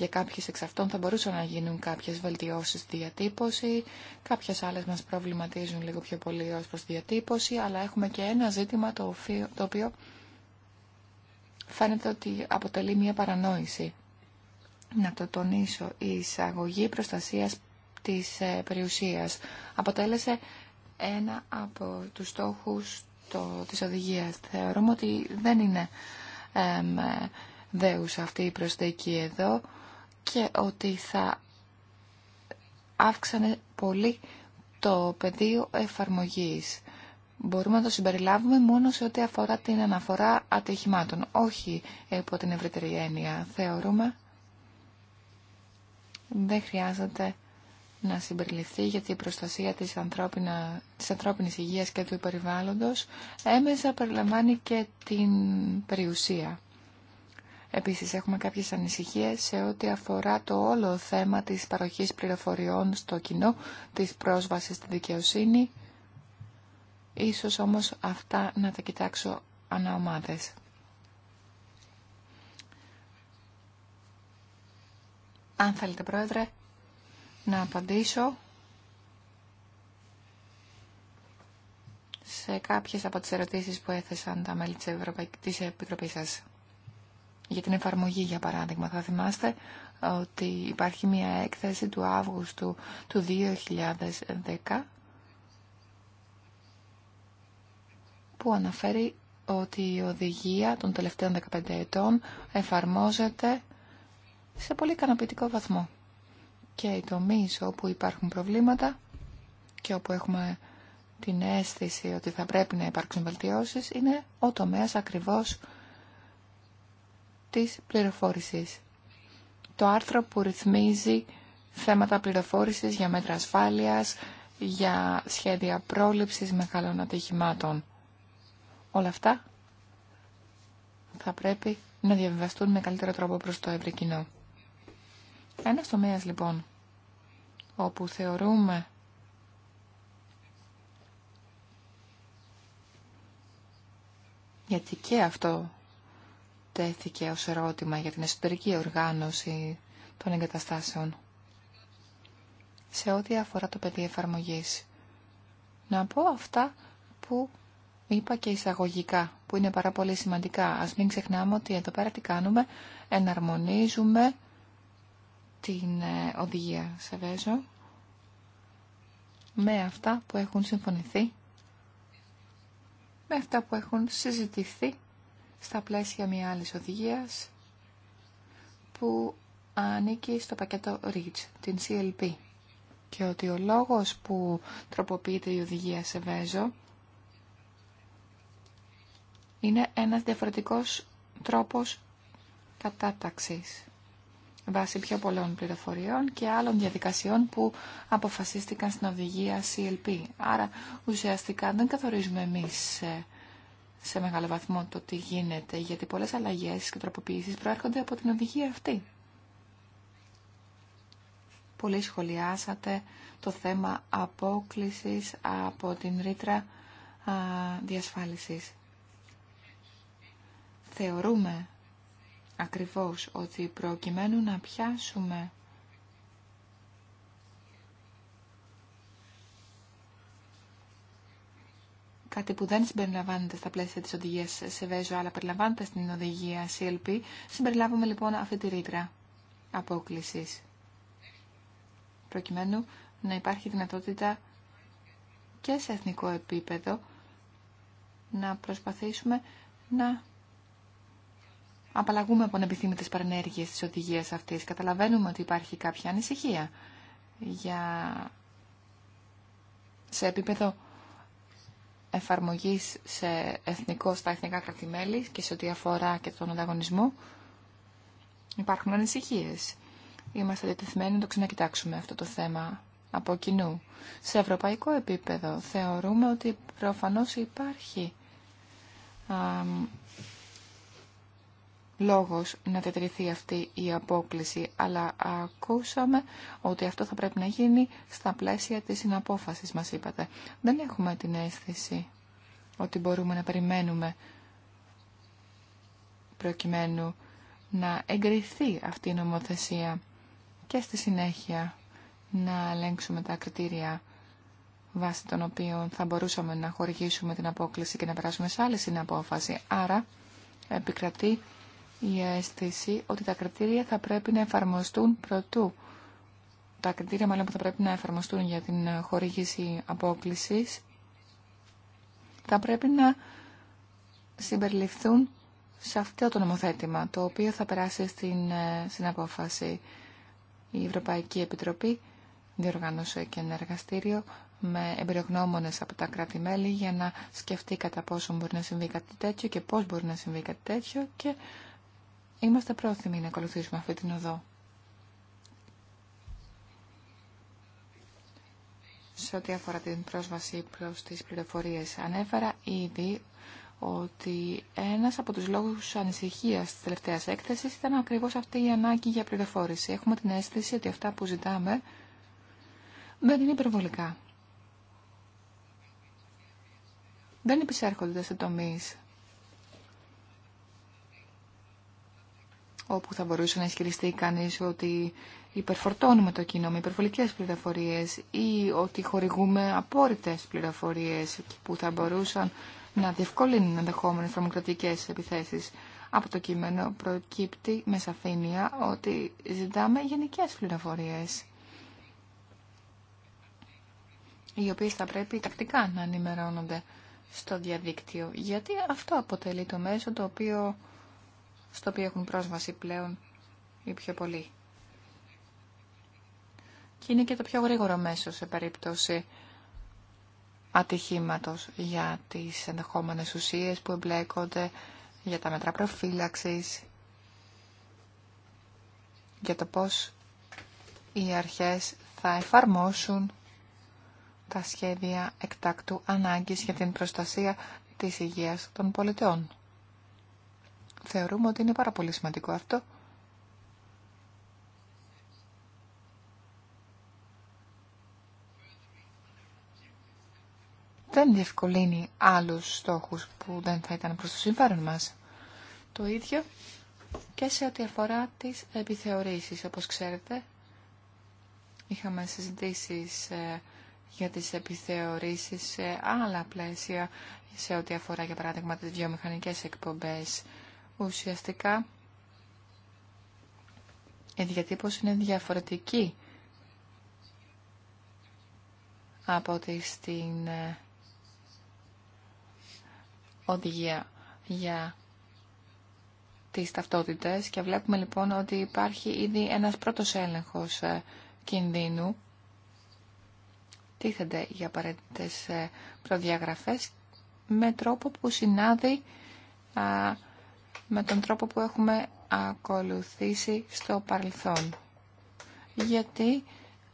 A: για κάποιες εξ αυτών θα μπορούσαν να γίνουν κάποιες βελτιώσεις στη διατύπωση, κάποιες άλλες μας προβληματίζουν λίγο πιο πολύ ως προς τη διατύπωση, αλλά έχουμε και ένα ζήτημα το οποίο φαίνεται ότι αποτελεί μια παρανόηση. Να το τονίσω, η εισαγωγή προστασίας της ε, περιουσίας αποτέλεσε ένα από τους στόχους το, της οδηγίας. Θεωρούμε ότι δεν είναι ε, δέουσα αυτή η προσθήκη εδώ και ότι θα αύξανε πολύ το πεδίο εφαρμογής. Μπορούμε να το συμπεριλάβουμε μόνο σε ό,τι αφορά την αναφορά ατυχημάτων, όχι υπό την ευρύτερη έννοια. Θεωρούμε δεν χρειάζεται να συμπεριληφθεί γιατί η προστασία της, ανθρώπινα, της ανθρώπινης υγείας και του περιβάλλοντος έμεσα περιλαμβάνει και την περιουσία. Επίσης έχουμε κάποιες ανησυχίες σε ό,τι αφορά το όλο θέμα της παροχής πληροφοριών στο κοινό, της πρόσβασης στη δικαιοσύνη. Ίσως όμως αυτά να τα κοιτάξω αναομάδες. Αν θέλετε πρόεδρε, να απαντήσω σε κάποιες από τις ερωτήσεις που έθεσαν τα μέλη της Ευρωπαϊκής Επιτροπής σας για την εφαρμογή, για παράδειγμα. Θα θυμάστε ότι υπάρχει μια έκθεση του Αύγουστου του 2010 που αναφέρει ότι η οδηγία των τελευταίων 15 ετών εφαρμόζεται σε πολύ ικανοποιητικό βαθμό. Και οι τομεί όπου υπάρχουν προβλήματα και όπου έχουμε την αίσθηση ότι θα πρέπει να υπάρξουν βελτιώσεις είναι ο τομέας ακριβώς της πληροφόρησης. Το άρθρο που ρυθμίζει θέματα πληροφόρησης για μέτρα ασφάλειας, για σχέδια πρόληψης μεγάλων ατυχημάτων. Όλα αυτά θα πρέπει να διαβιβαστούν με καλύτερο τρόπο προς το ευρύ κοινό. Ένας τομέας λοιπόν, όπου θεωρούμε γιατί και αυτό τέθηκε ως ερώτημα για την εσωτερική οργάνωση των εγκαταστάσεων. Σε ό,τι αφορά το πεδίο εφαρμογής. Να πω αυτά που είπα και εισαγωγικά, που είναι πάρα πολύ σημαντικά. Ας μην ξεχνάμε ότι εδώ πέρα τι κάνουμε, εναρμονίζουμε την ε, οδηγία σε βέζο με αυτά που έχουν συμφωνηθεί, με αυτά που έχουν συζητηθεί στα πλαίσια μια άλλη οδηγία που ανήκει στο πακέτο REACH, την CLP. Και ότι ο λόγος που τροποποιείται η οδηγία σε Βέζο είναι ένας διαφορετικός τρόπος κατάταξης βάσει πιο πολλών πληροφοριών και άλλων διαδικασιών που αποφασίστηκαν στην οδηγία CLP. Άρα ουσιαστικά δεν καθορίζουμε εμείς ε, σε μεγάλο βαθμό το τι γίνεται, γιατί πολλές αλλαγές και τροποποιήσεις προέρχονται από την οδηγία αυτή. Πολύ σχολιάσατε το θέμα απόκλησης από την ρήτρα α, διασφάλισης. Θεωρούμε ακριβώς ότι προκειμένου να πιάσουμε κάτι που δεν συμπεριλαμβάνεται στα πλαίσια της οδηγίας σε Βέζο, αλλά περιλαμβάνεται στην οδηγία CLP, συμπεριλάβουμε λοιπόν αυτή τη ρήτρα απόκλησης. Προκειμένου να υπάρχει δυνατότητα και σε εθνικό επίπεδο να προσπαθήσουμε να απαλλαγούμε από ανεπιθύμητες παρενέργειες της οδηγίας αυτής. Καταλαβαίνουμε ότι υπάρχει κάποια ανησυχία για... σε επίπεδο εφαρμογής σε εθνικό, στα εθνικά κρατημέλη και σε ό,τι αφορά και τον ανταγωνισμό, υπάρχουν ανησυχίες. Είμαστε διατεθειμένοι να το ξανακοιτάξουμε αυτό το θέμα από κοινού. Σε ευρωπαϊκό επίπεδο θεωρούμε ότι προφανώς υπάρχει λόγος να διατηρηθεί αυτή η απόκληση, αλλά ακούσαμε ότι αυτό θα πρέπει να γίνει στα πλαίσια της συναπόφασης, μας είπατε. Δεν έχουμε την αίσθηση ότι μπορούμε να περιμένουμε προκειμένου να εγκριθεί αυτή η νομοθεσία και στη συνέχεια να ελέγξουμε τα κριτήρια βάσει των οποίων θα μπορούσαμε να χορηγήσουμε την απόκληση και να περάσουμε σε άλλη συναπόφαση. Άρα επικρατεί η αίσθηση ότι τα κριτήρια θα πρέπει να εφαρμοστούν πρωτού. Τα κριτήρια μάλλον που θα πρέπει να εφαρμοστούν για την χορήγηση απόκλησης θα πρέπει να συμπεριληφθούν σε αυτό το νομοθέτημα, το οποίο θα περάσει στην, ε, συναπόφαση Η Ευρωπαϊκή Επιτροπή διοργάνωσε και ένα εργαστήριο με εμπειρογνώμονες από τα κράτη-μέλη για να σκεφτεί κατά πόσο μπορεί να συμβεί κάτι τέτοιο και πώς μπορεί να συμβεί κάτι τέτοιο Είμαστε πρόθυμοι να ακολουθήσουμε αυτή την οδό. Σε ό,τι αφορά την πρόσβαση προς τις πληροφορίες, ανέφερα ήδη ότι ένας από τους λόγους ανησυχίας της τελευταίας έκθεσης ήταν ακριβώς αυτή η ανάγκη για πληροφόρηση. Έχουμε την αίσθηση ότι αυτά που ζητάμε δεν είναι υπερβολικά. Δεν επισέρχονται σε τομείς όπου θα μπορούσε να ισχυριστεί κανείς ότι υπερφορτώνουμε το κοινό με υπερβολικές πληροφορίες ή ότι χορηγούμε απόρριτες πληροφορίες που θα μπορούσαν να διευκολύνουν ενδεχόμενε θερμοκρατικές επιθέσεις. Από το κείμενο προκύπτει με σαφήνεια ότι ζητάμε γενικές πληροφορίες οι οποίες θα πρέπει τακτικά να ενημερώνονται στο διαδίκτυο, γιατί αυτό αποτελεί το μέσο το οποίο στο οποίο έχουν πρόσβαση πλέον οι πιο πολλοί. Και είναι και το πιο γρήγορο μέσο σε περίπτωση ατυχήματος για τις ενδεχόμενες ουσίες που εμπλέκονται, για τα μέτρα προφύλαξης, για το πώς οι αρχές θα εφαρμόσουν τα σχέδια εκτάκτου ανάγκης για την προστασία της υγείας των πολιτών. Θεωρούμε ότι είναι πάρα πολύ σημαντικό αυτό. Δεν διευκολύνει άλλους στόχους που δεν θα ήταν προς το συμφέρον μας. Το ίδιο και σε ό,τι αφορά τις επιθεωρήσεις. Όπως ξέρετε, είχαμε συζητήσεις ε, για τις επιθεωρήσεις σε άλλα πλαίσια, σε ό,τι αφορά, για παράδειγμα, τις βιομηχανικές εκπομπές ουσιαστικά η διατύπωση είναι διαφορετική από ότι στην ε, οδηγία για τις ταυτότητες και βλέπουμε λοιπόν ότι υπάρχει ήδη ένας πρώτος έλεγχος ε, κινδύνου τίθενται για απαραίτητε ε, προδιαγραφές με τρόπο που συνάδει με τον τρόπο που έχουμε ακολουθήσει στο παρελθόν. Γιατί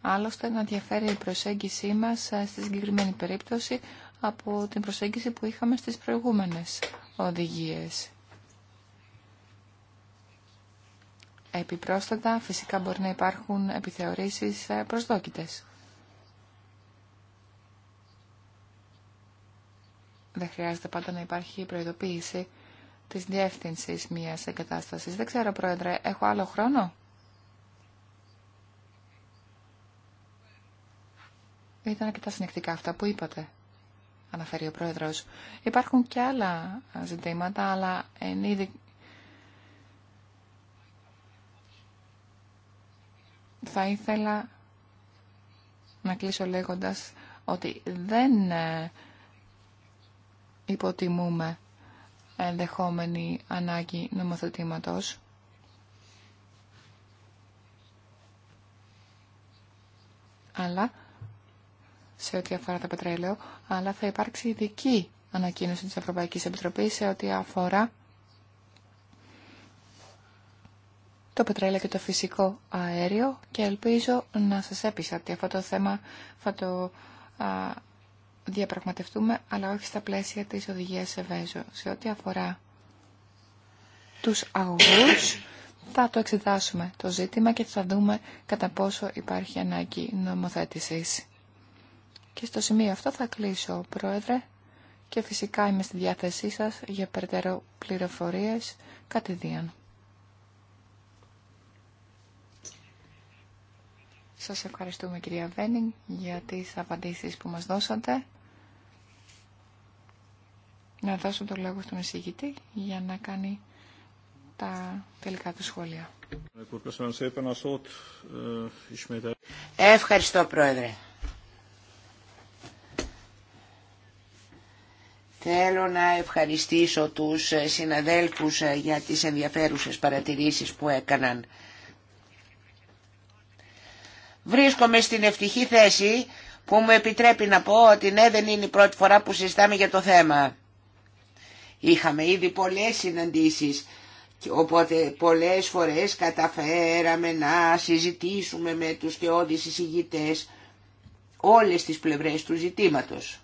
A: άλλωστε να διαφέρει η προσέγγιση μας ε, στη συγκεκριμένη περίπτωση από την προσέγγιση που είχαμε στις προηγούμενες οδηγίες. Επιπρόσθετα, φυσικά μπορεί να υπάρχουν επιθεωρήσεις ε, προσδόκητες. Δεν χρειάζεται πάντα να υπάρχει προειδοποίηση της διεύθυνσης μιας εγκατάστασης. Δεν ξέρω, Πρόεδρε, έχω άλλο χρόνο. Ήταν αρκετά συνεκτικά αυτά που είπατε, αναφέρει ο Πρόεδρος. Υπάρχουν και άλλα ζητήματα, αλλά εν Θα ήθελα να κλείσω λέγοντας ότι δεν ε, υποτιμούμε ενδεχόμενη ανάγκη νομοθετήματος. Αλλά, σε ό,τι αφορά το πετρέλαιο, αλλά θα υπάρξει ειδική ανακοίνωση της Ευρωπαϊκής Επιτροπής σε ό,τι αφορά το πετρέλαιο και το φυσικό αέριο και ελπίζω να σας έπεισα ότι αυτό το θέμα θα το διαπραγματευτούμε, αλλά όχι στα πλαίσια της οδηγίας ΕΒΕΖΟ. Σε ό,τι αφορά τους αγωγούς, θα το εξετάσουμε το ζήτημα και θα δούμε κατά πόσο υπάρχει ανάγκη νομοθέτησης. Και στο σημείο αυτό θα κλείσω, Πρόεδρε, και φυσικά είμαι στη διάθεσή σας για περαιτέρω πληροφορίες κατηδίαν. Σας ευχαριστούμε κυρία Βένινγκ για τις απαντήσεις που μας δώσατε να δώσω το λόγο στον εισηγητή για να κάνει τα τελικά του σχόλια.
B: Ευχαριστώ Πρόεδρε. Θέλω να ευχαριστήσω τους συναδέλφους για τις ενδιαφέρουσες παρατηρήσεις που έκαναν. Βρίσκομαι στην ευτυχή θέση που μου επιτρέπει να πω ότι ναι δεν είναι η πρώτη φορά που συζητάμε για το θέμα. Είχαμε ήδη πολλές συναντήσεις, οπότε πολλές φορές καταφέραμε να συζητήσουμε με τους θεώδεις εισηγητές όλες τις πλευρές του ζητήματος.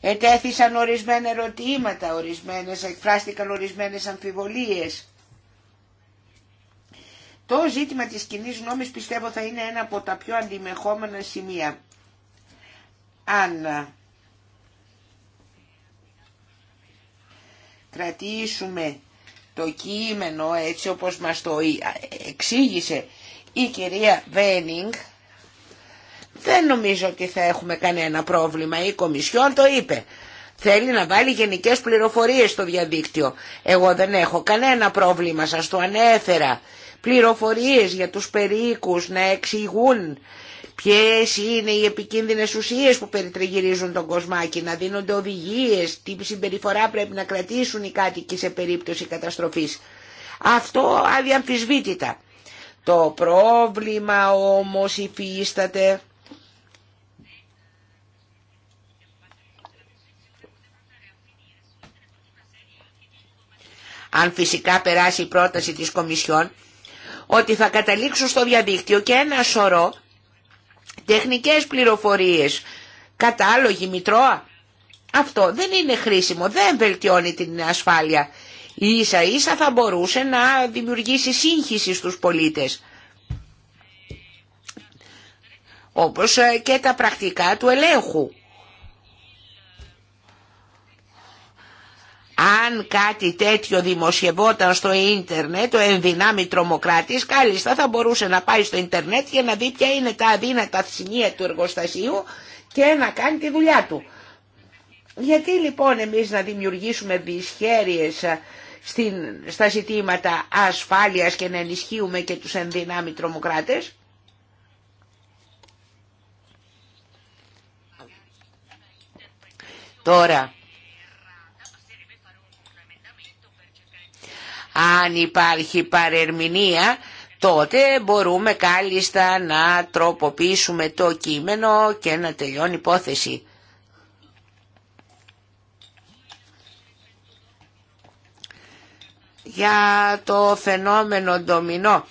B: Ετέθησαν ορισμένα ερωτήματα, ορισμένες, εκφράστηκαν ορισμένες αμφιβολίες. Το ζήτημα της κοινή γνώμη, πιστεύω θα είναι ένα από τα πιο αντιμεχόμενα σημεία. Αν κρατήσουμε το κείμενο έτσι όπως μας το εξήγησε η κυρία Βένινγκ, δεν νομίζω ότι θα έχουμε κανένα πρόβλημα. Η Κομισιόν το είπε. Θέλει να βάλει γενικές πληροφορίες στο διαδίκτυο. Εγώ δεν έχω κανένα πρόβλημα, σας το ανέφερα. Πληροφορίες για τους περίκους να εξηγούν ποιες είναι οι επικίνδυνες ουσίες που περιτριγυρίζουν τον κοσμάκι, να δίνονται οδηγίες, τι συμπεριφορά πρέπει να κρατήσουν οι κάτοικοι σε περίπτωση καταστροφής. Αυτό αδιαμφισβήτητα. Το πρόβλημα όμως υφίσταται αν φυσικά περάσει η πρόταση της Κομισιόν, ότι θα καταλήξουν στο διαδίκτυο και ένα σωρό τεχνικές πληροφορίες, κατάλογοι, μητρώα. Αυτό δεν είναι χρήσιμο, δεν βελτιώνει την ασφάλεια. Ίσα ίσα θα μπορούσε να δημιουργήσει σύγχυση στους πολίτες. Όπως ε, και τα πρακτικά του ελέγχου. Αν κάτι τέτοιο δημοσιευόταν στο ίντερνετ, ο ενδυνάμει τρομοκράτης κάλλιστα θα μπορούσε να πάει στο ίντερνετ για να δει ποια είναι τα αδύνατα σημεία του εργοστασίου και να κάνει τη δουλειά του. Γιατί λοιπόν εμείς να δημιουργήσουμε δυσχέρειες ε, στην, στα ζητήματα ασφάλειας και να ενισχύουμε και τους ενδυνάμει τρομοκράτες. Τώρα, Αν υπάρχει παρερμηνία, τότε μπορούμε κάλλιστα να τροποποιήσουμε το κείμενο και να τελειώνει υπόθεση. Για το φαινόμενο ντομινό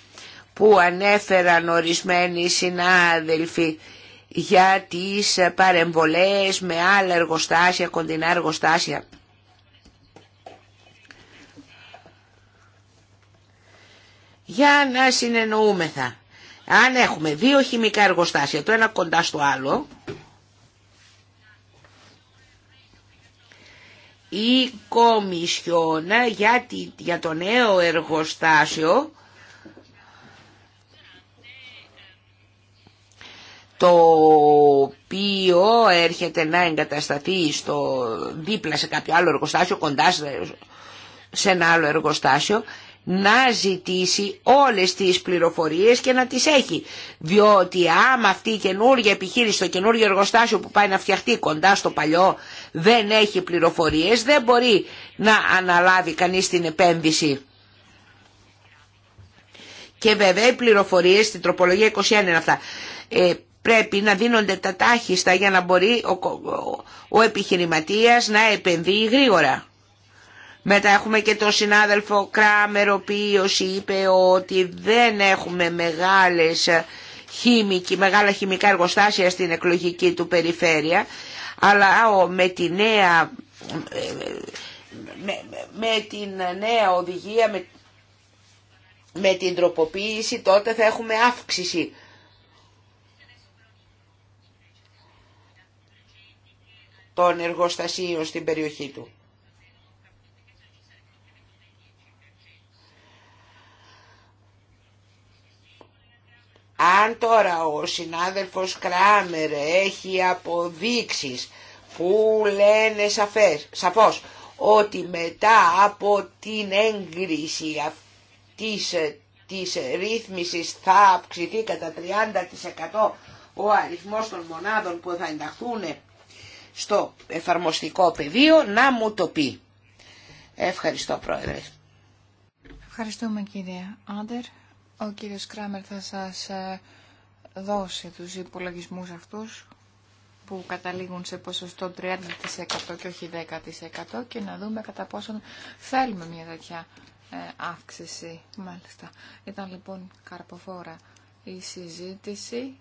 B: που ανέφεραν ορισμένοι συνάδελφοι για τις παρεμβολές με άλλα εργοστάσια, κοντινά εργοστάσια. για να συνεννοούμεθα. Αν έχουμε δύο χημικά εργοστάσια, το ένα κοντά στο άλλο, η Κομισιόνα ε, για, για το νέο εργοστάσιο το οποίο έρχεται να εγκατασταθεί στο, δίπλα σε κάποιο άλλο εργοστάσιο, κοντά σε ένα άλλο εργοστάσιο, να ζητήσει όλες τις πληροφορίες και να τις έχει. Διότι άμα αυτή η καινούργια επιχείρηση, το καινούργιο εργοστάσιο που πάει να φτιαχτεί κοντά στο παλιό δεν έχει πληροφορίες, δεν μπορεί να αναλάβει κανείς την επένδυση. Και βέβαια οι πληροφορίες στην τροπολογία 21 είναι αυτά. Ε, πρέπει να δίνονται τα τάχιστα για να μπορεί ο, ο, ο επιχειρηματίας να επενδύει γρήγορα. Μετά έχουμε και τον συνάδελφο Κράμερ, ο οποίος είπε ότι δεν έχουμε μεγάλες χημικοί μεγάλα χημικά εργοστάσια στην εκλογική του περιφέρεια, αλλά ο, με τη νέα... Με, την νέα οδηγία, με, με την τροποποίηση, τότε θα έχουμε αύξηση. των εργοστασίων στην περιοχή του. Αν τώρα ο συνάδελφος Κράμερ έχει αποδείξεις που λένε σαφές, σαφώς ότι μετά από την έγκριση αυτής της ρύθμισης θα αυξηθεί κατά 30% ο αριθμός των μονάδων που θα ενταχθούν στο εφαρμοστικό πεδίο να μου το πει. Ευχαριστώ Πρόεδρε.
A: Ευχαριστούμε κύριε Άντερ. Ο κύριος Κράμερ θα σας ε, δώσει τους υπολογισμούς αυτούς που καταλήγουν σε ποσοστό 30% και όχι 10% και να δούμε κατά πόσον θέλουμε μια τέτοια ε, αύξηση. Μάλιστα. Ήταν λοιπόν καρποφόρα η συζήτηση.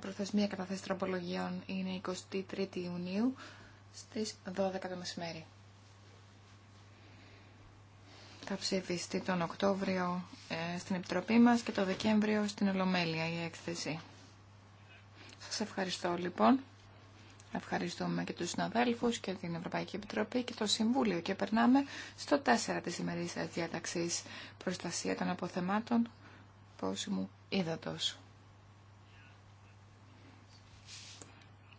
A: Προθεσμία καταθέση τροπολογιών είναι 23 Ιουνίου στις 12 το μεσημέρι θα ψηφιστεί τον Οκτώβριο ε, στην Επιτροπή μας και το Δεκέμβριο στην Ολομέλεια η έκθεση. Σας ευχαριστώ λοιπόν. Ευχαριστούμε και τους συναδέλφους και την Ευρωπαϊκή Επιτροπή και το Συμβούλιο και περνάμε στο 4 της ημερής διάταξης προστασία των αποθεμάτων πόσιμου είδατος.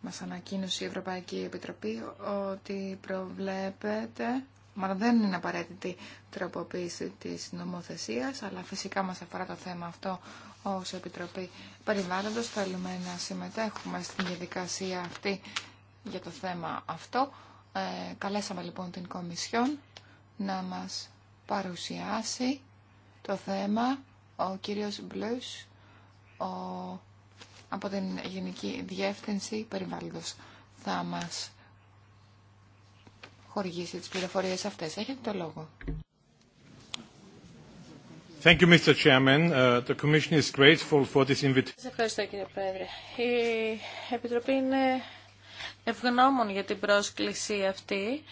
A: Μας ανακοίνωσε η Ευρωπαϊκή Επιτροπή ότι προβλέπεται Μα δεν είναι απαραίτητη τροποποίηση της νομοθεσίας, αλλά φυσικά μας αφορά το θέμα αυτό ως Επιτροπή Περιβάλλοντος. Θέλουμε να συμμετέχουμε στην διαδικασία αυτή για το θέμα αυτό. Ε, καλέσαμε λοιπόν την Κομισιόν να μας παρουσιάσει το θέμα ο κύριος Μπλούς από την Γενική Διεύθυνση Περιβάλλοντος θα μας χορηγήσει τις πληροφορίες αυτές. Έχετε το λόγο.
C: Thank you, Mr. Chairman. Uh, the Commission is grateful for this invitation. Σας ευχαριστώ κύριε Πρόεδρε. Η Επιτροπή είναι ευγνώμων για την πρόσκληση αυτή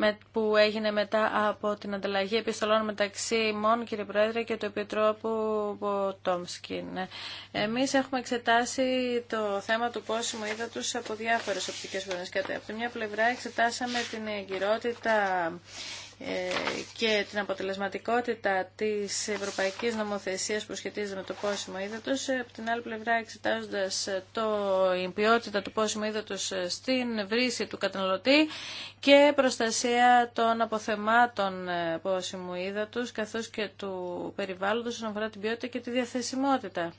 C: ε, που έγινε μετά από την ανταλλαγή επιστολών μεταξύ ημών, κύριε Πρόεδρε, και του Επιτρόπου Τόμσκιν. Ναι. Εμείς έχουμε εξετάσει το θέμα του πόσιμου ύδατος από διάφορες οπτικές γωνίες. Από τη μια πλευρά εξετάσαμε την εγκυρότητα και την αποτελεσματικότητα της ευρωπαϊκής νομοθεσίας που σχετίζεται με το πόσιμο ύδατος. Από την άλλη πλευρά, εξετάζοντας το, ποιότητα του πόσιμου ύδατος στην βρύση του καταναλωτή και προστασία των αποθεμάτων ε, πόσιμου ύδατος καθώς και του περιβάλλοντος όσον αφορά την ποιότητα και τη διαθεσιμότητα.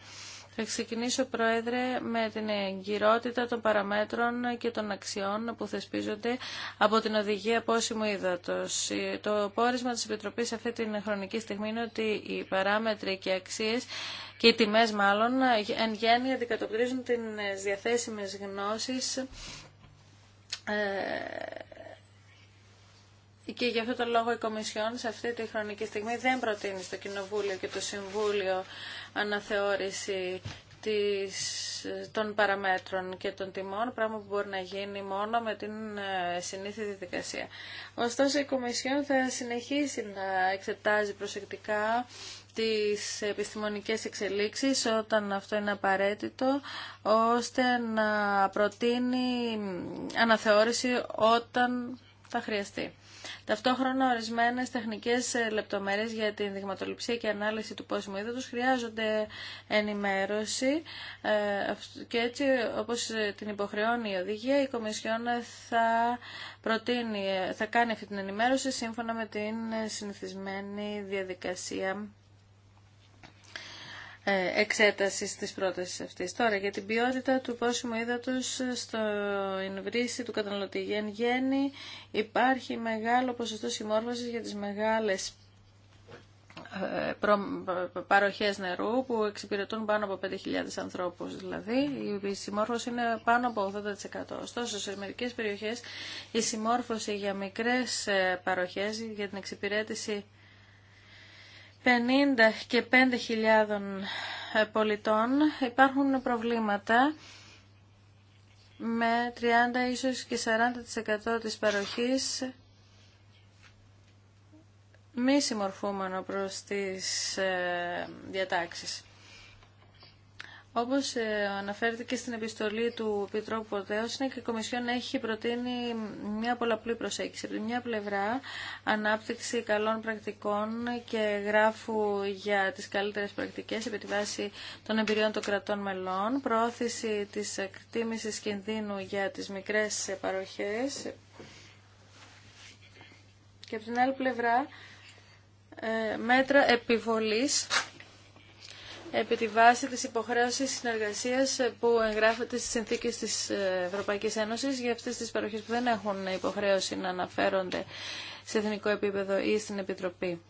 C: Θα ξεκινήσω, Πρόεδρε, με την εγκυρότητα των παραμέτρων και των αξιών που θεσπίζονται από την Οδηγία Πόσιμου Ήδατος. Το πόρισμα της Επιτροπής αυτή την χρονική στιγμή είναι ότι οι παράμετροι και οι αξίες και οι τιμές μάλλον εν γέννη αντικατοπτρίζουν τις διαθέσιμες γνώσεις ε, και γι' αυτό το λόγο η Κομισιόν σε αυτή τη χρονική στιγμή δεν προτείνει στο Κοινοβούλιο και το Συμβούλιο αναθεώρηση των παραμέτρων και των τιμών, πράγμα που μπορεί να γίνει μόνο με την ε, συνήθη διαδικασία. Ωστόσο, η Κομισιόν θα συνεχίσει να εξετάζει προσεκτικά τις επιστημονικές εξελίξεις όταν αυτό είναι απαραίτητο, ώστε να προτείνει αναθεώρηση όταν θα χρειαστεί. Ταυτόχρονα, ορισμένε τεχνικέ ε, λεπτομέρειε για την δειγματοληψία και ανάλυση του πόσιμου είδου χρειάζονται ενημέρωση ε, και έτσι, όπω ε, την υποχρεώνει η οδηγία, η Κομισιόν θα θα κάνει αυτή την ενημέρωση σύμφωνα με την συνηθισμένη διαδικασία ε, εξέτασης της πρότασης αυτής. Τώρα, για την ποιότητα του πόσιμου ύδατος στο βρύση του καταναλωτή γεν γέννη υπάρχει μεγάλο ποσοστό συμμόρφωσης για τις μεγάλες ε, παροχές νερού που εξυπηρετούν πάνω από 5.000 ανθρώπους δηλαδή. Η συμμόρφωση είναι πάνω από 80%. Ωστόσο, σε μερικές περιοχές η συμμόρφωση για μικρές ε, παροχές, για την εξυπηρέτηση 50 και 5.000 ε, πολιτών υπάρχουν προβλήματα με 30 ίσως και 40% της παροχής μη συμμορφούμενο προς τις ε, διατάξεις. Όπως ε, αναφέρθηκε στην επιστολή του Επιτρόπου ποδέώ είναι και η Κομισιόν έχει προτείνει μια πολλαπλή προσέγγιση. Από μια πλευρά, ανάπτυξη καλών πρακτικών και γράφου για τις καλύτερες πρακτικές επί τη βάση των εμπειριών των κρατών μελών, προώθηση της εκτίμηση κινδύνου για τις μικρές παροχές και από την άλλη πλευρά ε, μέτρα επιβολής επί τη βάση της υποχρέωσης συνεργασίας που εγγράφεται στις συνθήκες της Ευρωπαϊκής Ένωσης για αυτές τις παροχές που δεν έχουν υποχρέωση να αναφέρονται σε εθνικό επίπεδο ή στην Επιτροπή.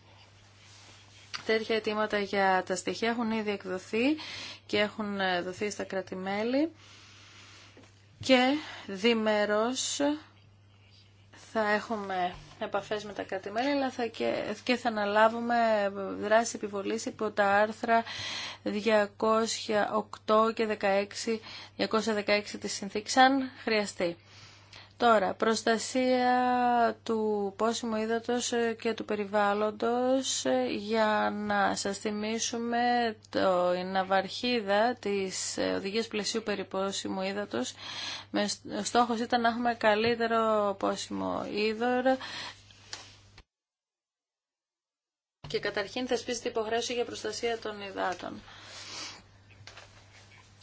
C: Τέτοια αιτήματα για τα στοιχεία έχουν ήδη εκδοθεί και έχουν δοθεί στα κράτη-μέλη και διμερός θα έχουμε επαφές με τα κρατη αλλά και, θα αναλάβουμε δράση επιβολής υπό τα άρθρα 208 και 16, 216 της συνθήκης, αν χρειαστεί. Τώρα, προστασία του πόσιμου ύδατος και του περιβάλλοντος για να σας θυμίσουμε το η ναυαρχίδα της οδηγίας πλαισίου περί πόσιμου ύδατος. με στόχος ήταν να έχουμε καλύτερο πόσιμο ύδωρο και καταρχήν θεσπίζεται υποχρέωση για προστασία των υδάτων.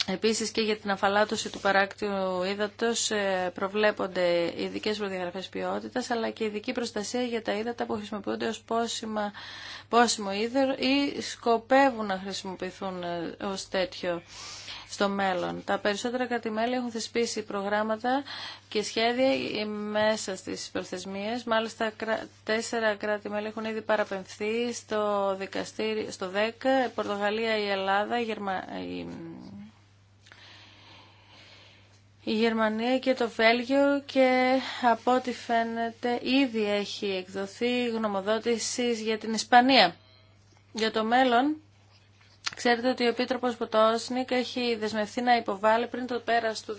C: Επίσης και για την αφαλάτωση του παράκτηου ύδατος ε, προβλέπονται ειδικέ προδιαγραφές ποιότητας αλλά και ειδική προστασία για τα ύδατα που χρησιμοποιούνται ως πόσιμα, πόσιμο ύδερο ή σκοπεύουν να χρησιμοποιηθούν ε, ως τέτοιο στο μέλλον. Τα περισσότερα κρατημέλη έχουν θεσπίσει προγράμματα και σχέδια ε, μέσα στις προθεσμίες. Μάλιστα, τέσσερα τέσσερα κράτη-μέλη έχουν ήδη παραπεμφθεί στο, δικαστήρι, στο 10, Πορτογαλία, η Ελλάδα, η, η Γερμανία και το Βέλγιο και από ό,τι φαίνεται ήδη έχει εκδοθεί γνωμοδότηση για την Ισπανία. Για το μέλλον, ξέρετε ότι ο Επίτροπος Ποτόσνικ έχει δεσμευθεί να υποβάλει πριν το πέρας του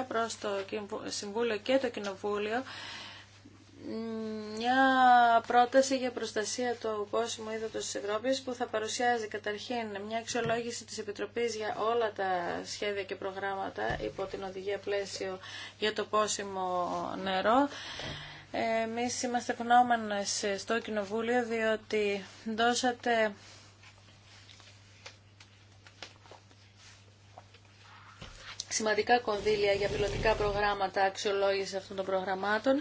C: 2012 προς το Συμβούλιο και το Κοινοβούλιο μια πρόταση για προστασία του κόσμου είδου της Ευρώπης που θα παρουσιάζει καταρχήν μια αξιολόγηση της Επιτροπής για όλα τα σχέδια και προγράμματα υπό την οδηγία πλαίσιο για το πόσιμο νερό. Εμείς είμαστε γνώμενες στο Κοινοβούλιο διότι δώσατε σημαντικά κονδύλια για πιλωτικά προγράμματα αξιολόγηση αυτών των προγραμμάτων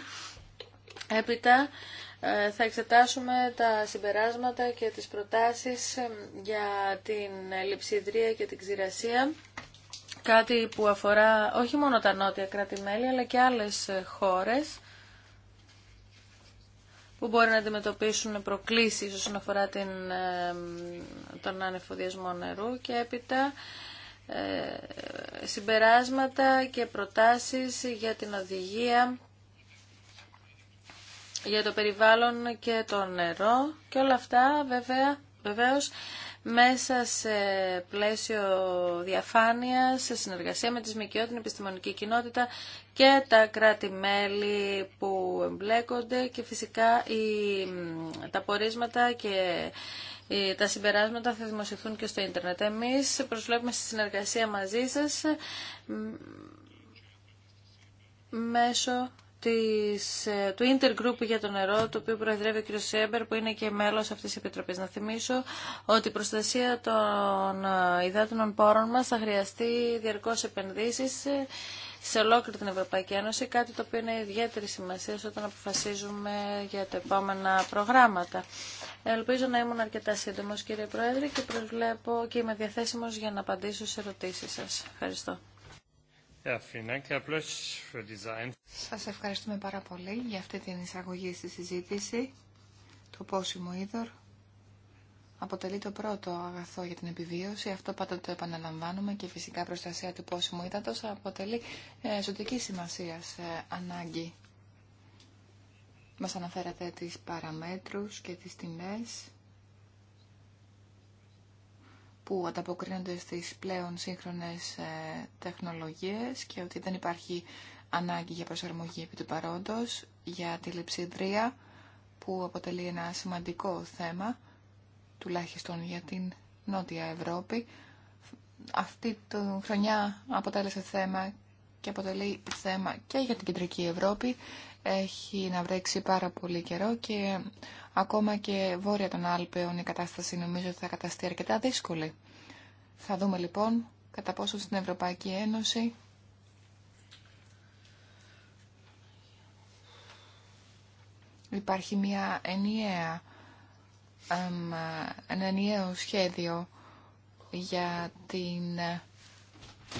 C: Έπειτα ε, θα εξετάσουμε τα συμπεράσματα και τις προτάσεις ε, για την λειψιδρία και την ξηρασία. Κάτι που αφορά όχι μόνο τα νότια κράτη-μέλη, αλλά και άλλες ε, χώρες που μπορεί να αντιμετωπίσουν προκλήσεις όσον αφορά την, τον ανεφοδιασμό νερού και έπειτα συμπεράσματα και προτάσεις για την οδηγία για το περιβάλλον και το νερό και όλα αυτά βέβαια, βεβαίως μέσα σε πλαίσιο διαφάνειας, σε συνεργασία με τη ΜΚΟ, την επιστημονική κοινότητα και τα κράτη-μέλη που εμπλέκονται και φυσικά οι, τα πορίσματα και τα συμπεράσματα θα δημοσιευθούν και στο ίντερνετ. Εμείς προσβλέπουμε στη συνεργασία μαζί σας μέσω της, ε, του Intergroup για το νερό, το οποίο προεδρεύει ο κ. Σέμπερ, που είναι και μέλος αυτής της Επιτροπής. Να θυμίσω ότι η προστασία των ε, υδάτινων πόρων μας θα χρειαστεί διαρκώς επενδύσεις ε, σε ολόκληρη την Ευρωπαϊκή Ένωση, κάτι το οποίο είναι ιδιαίτερη σημασία όταν αποφασίζουμε για τα επόμενα προγράμματα. Ελπίζω να ήμουν αρκετά σύντομο, κύριε Πρόεδρε, και προβλέπω και είμαι διαθέσιμος για να απαντήσω σε ερωτήσει σα. Ευχαριστώ. Σας
A: ευχαριστούμε πάρα πολύ για αυτή την εισαγωγή στη συζήτηση. Το πόσιμο είδωρ αποτελεί το πρώτο αγαθό για την επιβίωση. Αυτό πάντα το επαναλαμβάνουμε και φυσικά προστασία του πόσιμου είδατος αποτελεί ε, ζωτική σημασία σε ανάγκη. Μας αναφέρατε τις παραμέτρους και τις τιμές που ανταποκρίνονται στις πλέον σύγχρονες ε, τεχνολογίες και ότι δεν υπάρχει ανάγκη για προσαρμογή επί του παρόντος για τη λειψιδρία που αποτελεί ένα σημαντικό θέμα τουλάχιστον για την Νότια Ευρώπη. Αυτή τη χρονιά αποτέλεσε θέμα και αποτελεί θέμα και για την Κεντρική Ευρώπη έχει να βρέξει πάρα πολύ καιρό και ακόμα και βόρεια των Άλπαιων η κατάσταση νομίζω θα καταστεί αρκετά δύσκολη. Θα δούμε λοιπόν κατά πόσο στην Ευρωπαϊκή Ένωση υπάρχει μια ενιαία, ένα ενιαίο σχέδιο για την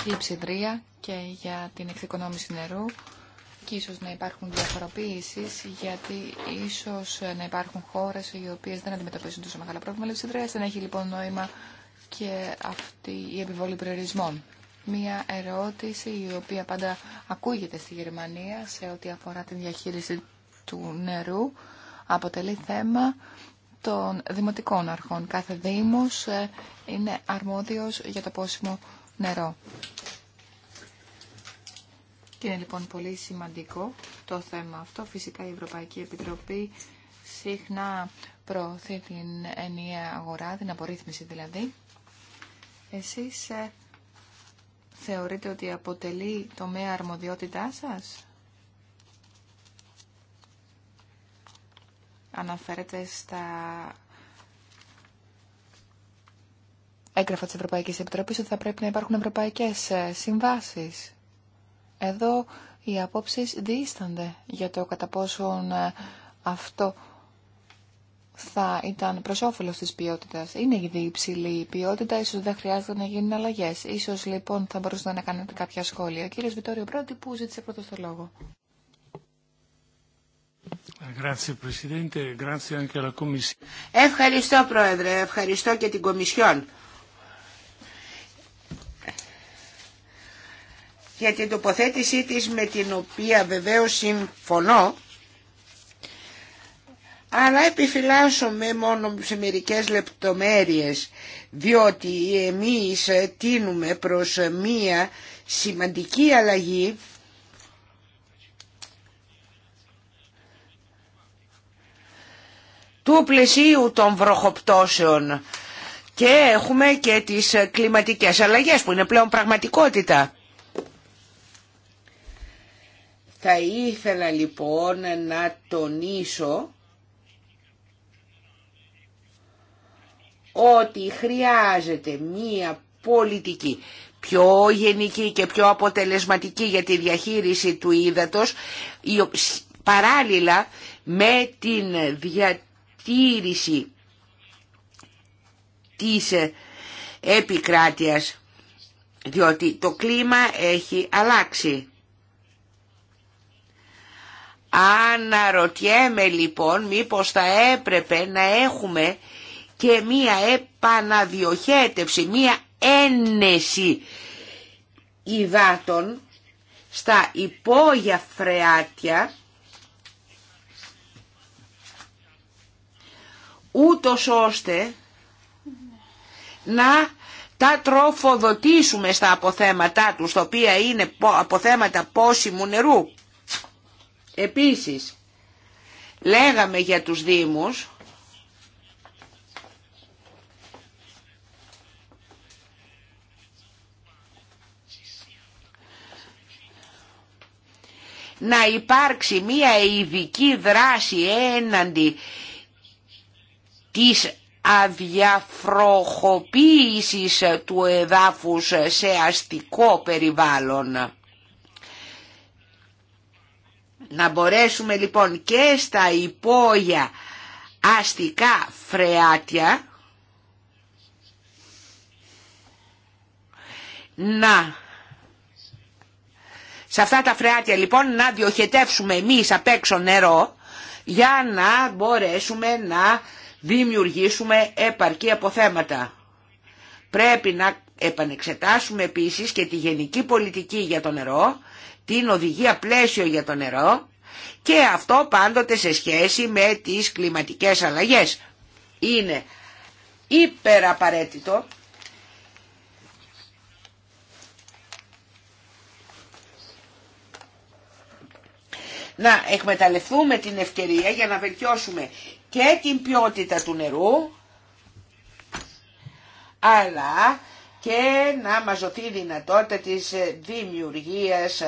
A: κλειψιδρία ε, και για την εξοικονόμηση νερού και ίσως να υπάρχουν διαφοροποίησεις, γιατί ίσως να υπάρχουν χώρες οι οποίες δεν αντιμετωπίζουν τόσο μεγάλα πρόβλημα λευσιδρέας. Δεν έχει λοιπόν νόημα και αυτή η επιβολή προορισμών. Μία ερώτηση η οποία πάντα ακούγεται στη Γερμανία σε ό,τι αφορά τη διαχείριση του νερού αποτελεί θέμα των δημοτικών αρχών. Κάθε δήμος ε, είναι αρμόδιος για το πόσιμο νερό. Και είναι λοιπόν πολύ σημαντικό το θέμα αυτό. Φυσικά η Ευρωπαϊκή Επιτροπή συχνά προωθεί την ενιαία αγορά, την απορρίθμιση δηλαδή. Εσείς ε, θεωρείτε ότι αποτελεί τομέα αρμοδιότητά σας? Αναφέρετε στα έγγραφα της Ευρωπαϊκής Επιτροπής ότι θα πρέπει να υπάρχουν ευρωπαϊκές ε, συμβάσεις. Εδώ οι απόψεις δίστανται για το κατά πόσον ε, αυτό θα ήταν προ όφελο τη ποιότητα. Είναι ήδη υψηλή η ποιότητα, ίσως δεν χρειάζεται να γίνουν αλλαγές. Ίσως λοιπόν θα μπορούσατε να κάνετε κάποια σχόλια. Ο Βιτόριο Πρώτη, που ζήτησε πρώτο το λόγο.
B: Ευχαριστώ, Πρόεδρε. Ευχαριστώ και την Κομισιόν για την τοποθέτησή της με την οποία βεβαίως συμφωνώ αλλά επιφυλάσσομαι μόνο σε μερικές λεπτομέρειες διότι εμείς τίνουμε προς μία σημαντική αλλαγή του πλαισίου των βροχοπτώσεων και έχουμε και τις κλιματικές αλλαγές που είναι πλέον πραγματικότητα. Θα ήθελα λοιπόν να τονίσω ότι χρειάζεται μία πολιτική πιο γενική και πιο αποτελεσματική για τη διαχείριση του ύδατος παράλληλα με την διατήρηση της ε, επικράτειας διότι το κλίμα έχει αλλάξει. Αναρωτιέμαι λοιπόν μήπως θα έπρεπε να έχουμε και μία επαναδιοχέτευση, μία ένεση υδάτων στα υπόγεια φρεάτια ούτως ώστε να τα τροφοδοτήσουμε στα αποθέματά τους, τα οποία είναι αποθέματα πόσιμου νερού. Επίσης, λέγαμε για τους Δήμους να υπάρξει μία ειδική δράση έναντι της αδιαφροχοποίησης του εδάφους σε αστικό περιβάλλον. Να μπορέσουμε λοιπόν και στα υπόγεια αστικά φρεάτια να σε αυτά τα φρεάτια λοιπόν να διοχετεύσουμε εμείς απ' έξω νερό για να μπορέσουμε να δημιουργήσουμε επαρκή αποθέματα. Πρέπει να επανεξετάσουμε επίσης και τη γενική πολιτική για το νερό την οδηγία πλαίσιο για το νερό και αυτό πάντοτε σε σχέση με τις κλιματικές αλλαγές. Είναι υπεραπαραίτητο να εκμεταλλευτούμε την ευκαιρία για να βελτιώσουμε και την ποιότητα του νερού αλλά και να μας δοθεί δυνατότητα της δημιουργίας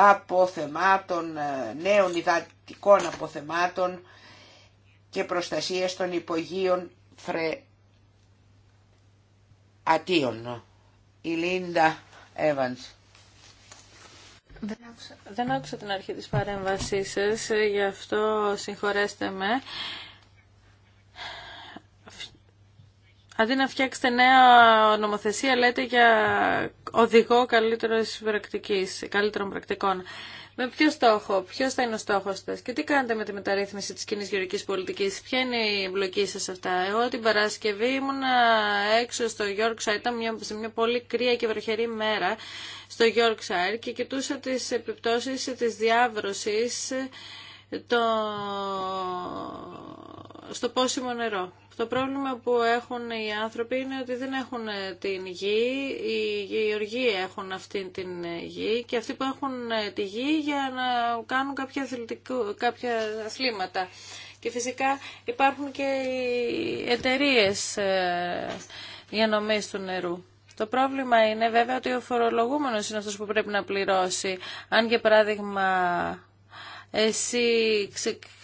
B: αποθεμάτων, ε, νέων υδατικών αποθεμάτων και προστασίας των υπογείων φρεατίων. Η Λίντα Εύανς.
C: Δεν άκουσα, δεν άκουσα την αρχή της παρέμβασής σας, γι' αυτό συγχωρέστε με. Αντί να φτιάξετε νέα νομοθεσία, λέτε για οδηγό καλύτερης πρακτικής, καλύτερων πρακτικών. Με ποιο στόχο, ποιο θα είναι ο στόχο σα και τι κάνετε με τη μεταρρύθμιση τη κοινή γεωργική πολιτική, ποια είναι η εμπλοκή σα σε αυτά. Εγώ την Παρασκευή ήμουνα ε, έξω στο Yorkshire, ήταν μια, σε μια πολύ κρύα και βροχερή μέρα στο Yorkshire και κοιτούσα τι επιπτώσει τη διάβρωση ε, το στο πόσιμο νερό. Το πρόβλημα που έχουν οι άνθρωποι είναι ότι δεν έχουν ε, την γη, οι γεωργοί έχουν αυτή την ε, γη και αυτοί που έχουν ε, τη γη για να κάνουν κάποια, αθλητικο, κάποια αθλήματα. Και φυσικά υπάρχουν και οι εταιρείε διανομής του νερού. Το πρόβλημα είναι βέβαια ότι ο φορολογούμενος είναι αυτός που πρέπει να πληρώσει. Αν για παράδειγμα εσύ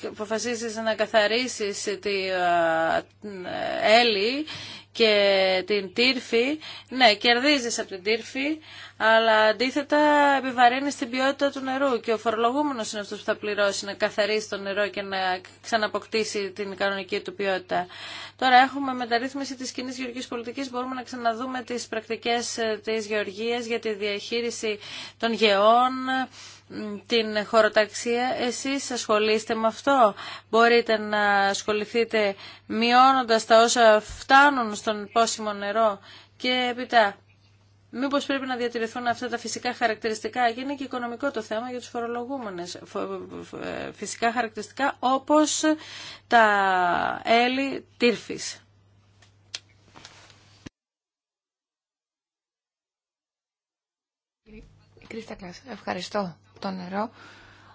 C: αποφασίσεις να καθαρίσεις την ε, έλλη και την τύρφη, ναι, κερδίζεις από την τύρφη, αλλά αντίθετα επιβαρύνεις την ποιότητα του νερού και ο φορολογούμενος είναι αυτός που θα πληρώσει να καθαρίσει το νερό και να ξαναποκτήσει την κανονική του ποιότητα. Τώρα έχουμε μεταρρύθμιση της κοινή γεωργικής πολιτικής, μπορούμε να ξαναδούμε τις πρακτικές ε, της γεωργίας για τη διαχείριση των γεών, την χωροταξία. Εσείς ασχολείστε με αυτό. Μπορείτε να ασχοληθείτε μειώνοντας τα όσα φτάνουν στον πόσιμο νερό και επιτά. μήπως πρέπει να διατηρηθούν αυτά τα φυσικά χαρακτηριστικά, και είναι και οικονομικό το θέμα για τους φορολογούμενες ε, Φυσικά χαρακτηριστικά όπως τα έλλη τύρφη.
A: Κρίστα ευχαριστώ το νερό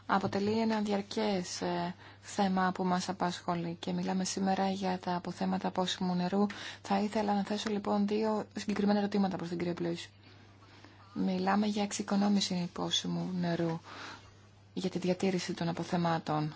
A: αποτελεί ένα διαρκές ε, θέμα που μας απασχολεί και μιλάμε σήμερα για τα αποθέματα πόσιμου νερού. Θα ήθελα να θέσω λοιπόν δύο συγκεκριμένα ερωτήματα προς την κυρία Πλούς. Μιλάμε για εξοικονόμηση πόσιμου νερού για τη διατήρηση των αποθεμάτων.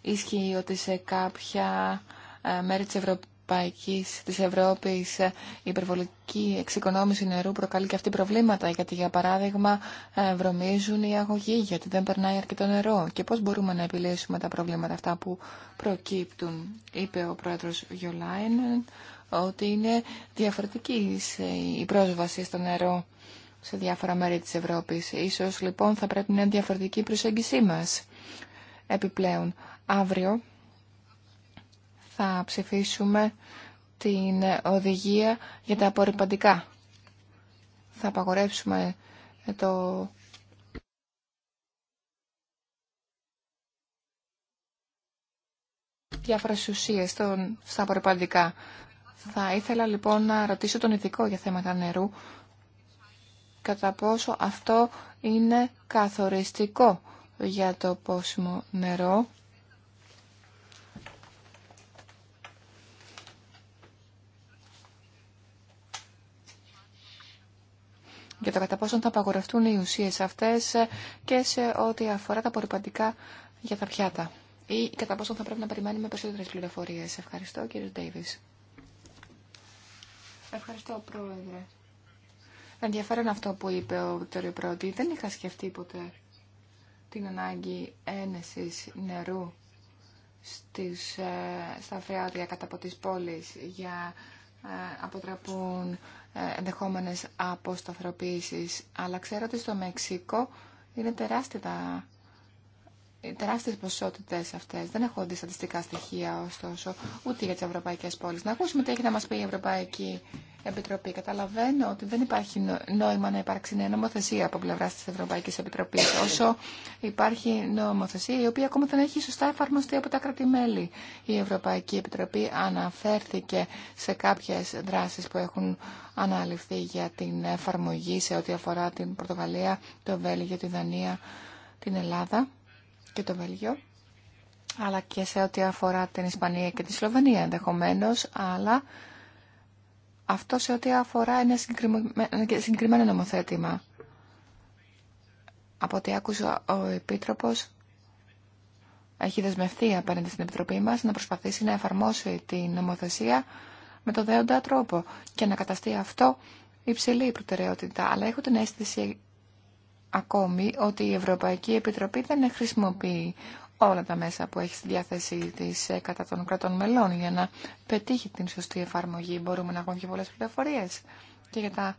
A: Ίσχυει ότι σε κάποια ε, μέρη της Ευρωπαϊκής Ευρωπαϊκής, της Ευρώπης ε, η υπερβολική εξοικονόμηση νερού προκαλεί και αυτή προβλήματα γιατί για παράδειγμα ε, βρωμίζουν οι αγωγοί γιατί δεν περνάει αρκετό νερό και πώς μπορούμε να επιλύσουμε τα προβλήματα αυτά που προκύπτουν είπε ο πρόεδρος Γιολάιν ότι είναι διαφορετική η πρόσβαση στο νερό σε διάφορα μέρη της Ευρώπης. Ίσως λοιπόν θα πρέπει να είναι διαφορετική η προσέγγισή μας. Επιπλέον, αύριο θα ψηφίσουμε την οδηγία για τα απορριπαντικά. Θα απαγορεύσουμε το... διάφορες ουσίες στα απορριπαντικά. Θα ήθελα λοιπόν να ρωτήσω τον ειδικό για θέματα νερού κατά πόσο αυτό είναι καθοριστικό για το πόσιμο νερό για το κατά πόσον θα απαγορευτούν οι ουσίες αυτές ε, και σε ό,τι αφορά τα απορριπαντικά για τα πιάτα ή κατά πόσο θα πρέπει να περιμένουμε περισσότερες πληροφορίες. Ευχαριστώ κύριε Ντέιβις. Ευχαριστώ πρόεδρε. Ενδιαφέρον αυτό που είπε ο Βικτώριο Πρόντι. Δεν είχα σκεφτεί ποτέ την ανάγκη ένεσης νερού στις, ε, στα φρέαδια κατά από τις πόλεις για ε, αποτραπούν ε, ενδεχόμενες αποσταθροποίησεις. Αλλά ξέρω ότι στο Μεξικό είναι τεράστια τεράστιες ποσότητες αυτές. Δεν έχω δει στατιστικά στοιχεία, ωστόσο, ούτε για τις ευρωπαϊκές πόλεις. Να ακούσουμε τι έχει να μας πει η Ευρωπαϊκή Επιτροπή. Καταλαβαίνω ότι δεν υπάρχει νόημα να υπάρξει νέα νομοθεσία από πλευρά της Ευρωπαϊκής Επιτροπής, όσο υπάρχει νομοθεσία η οποία ακόμα δεν έχει σωστά εφαρμοστεί από τα κρατημέλη. Η Ευρωπαϊκή Επιτροπή αναφέρθηκε σε κάποιες δράσεις που έχουν αναλυφθεί για την εφαρμογή σε ό,τι αφορά την Πορτογαλία, το Βέλγιο, τη Δανία, την Ελλάδα και το Βέλγιο, αλλά και σε ό,τι αφορά την Ισπανία και τη Σλοβενία ενδεχομένω, αλλά αυτό σε ό,τι αφορά ένα συγκεκριμένο νομοθέτημα. Από ό,τι άκουσα, ο Επίτροπος έχει δεσμευτεί απέναντι στην Επιτροπή μας να προσπαθήσει να εφαρμόσει την νομοθεσία με το δέοντα τρόπο και να καταστεί αυτό υψηλή προτεραιότητα. Αλλά έχω την αίσθηση ακόμη ότι η Ευρωπαϊκή Επιτροπή δεν χρησιμοποιεί όλα τα μέσα που έχει στη διάθεσή της ε, κατά των κρατών μελών για να πετύχει την σωστή εφαρμογή. Μπορούμε να έχουμε και πολλές πληροφορίες και για τα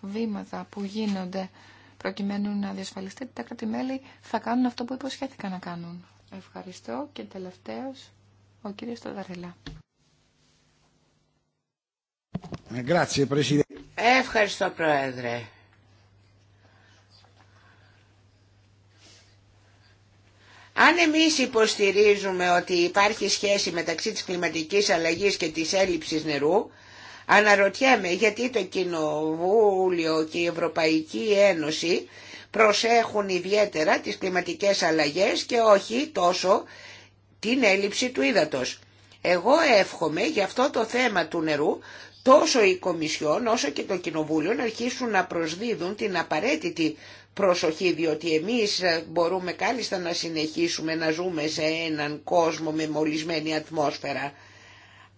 A: βήματα που γίνονται προκειμένου να διασφαλιστεί ότι τα μελη θα κάνουν αυτό που υποσχέθηκαν να κάνουν. Ευχαριστώ και τελευταίος ο κύριος Στοδαριλα.
C: Ε,
B: Ευχαριστώ Πρόεδρε. Αν εμείς υποστηρίζουμε ότι υπάρχει σχέση μεταξύ της κλιματικής αλλαγής και της έλλειψης νερού, αναρωτιέμαι γιατί το Κοινοβούλιο και η Ευρωπαϊκή Ένωση προσέχουν ιδιαίτερα τις κλιματικές αλλαγές και όχι τόσο την έλλειψη του ύδατος. Εγώ εύχομαι για αυτό το θέμα του νερού τόσο η Κομισιόν όσο και το Κοινοβούλιο να αρχίσουν να προσδίδουν την απαραίτητη προσοχή διότι εμείς ε, μπορούμε κάλλιστα να συνεχίσουμε να ζούμε σε έναν κόσμο με μολυσμένη ατμόσφαιρα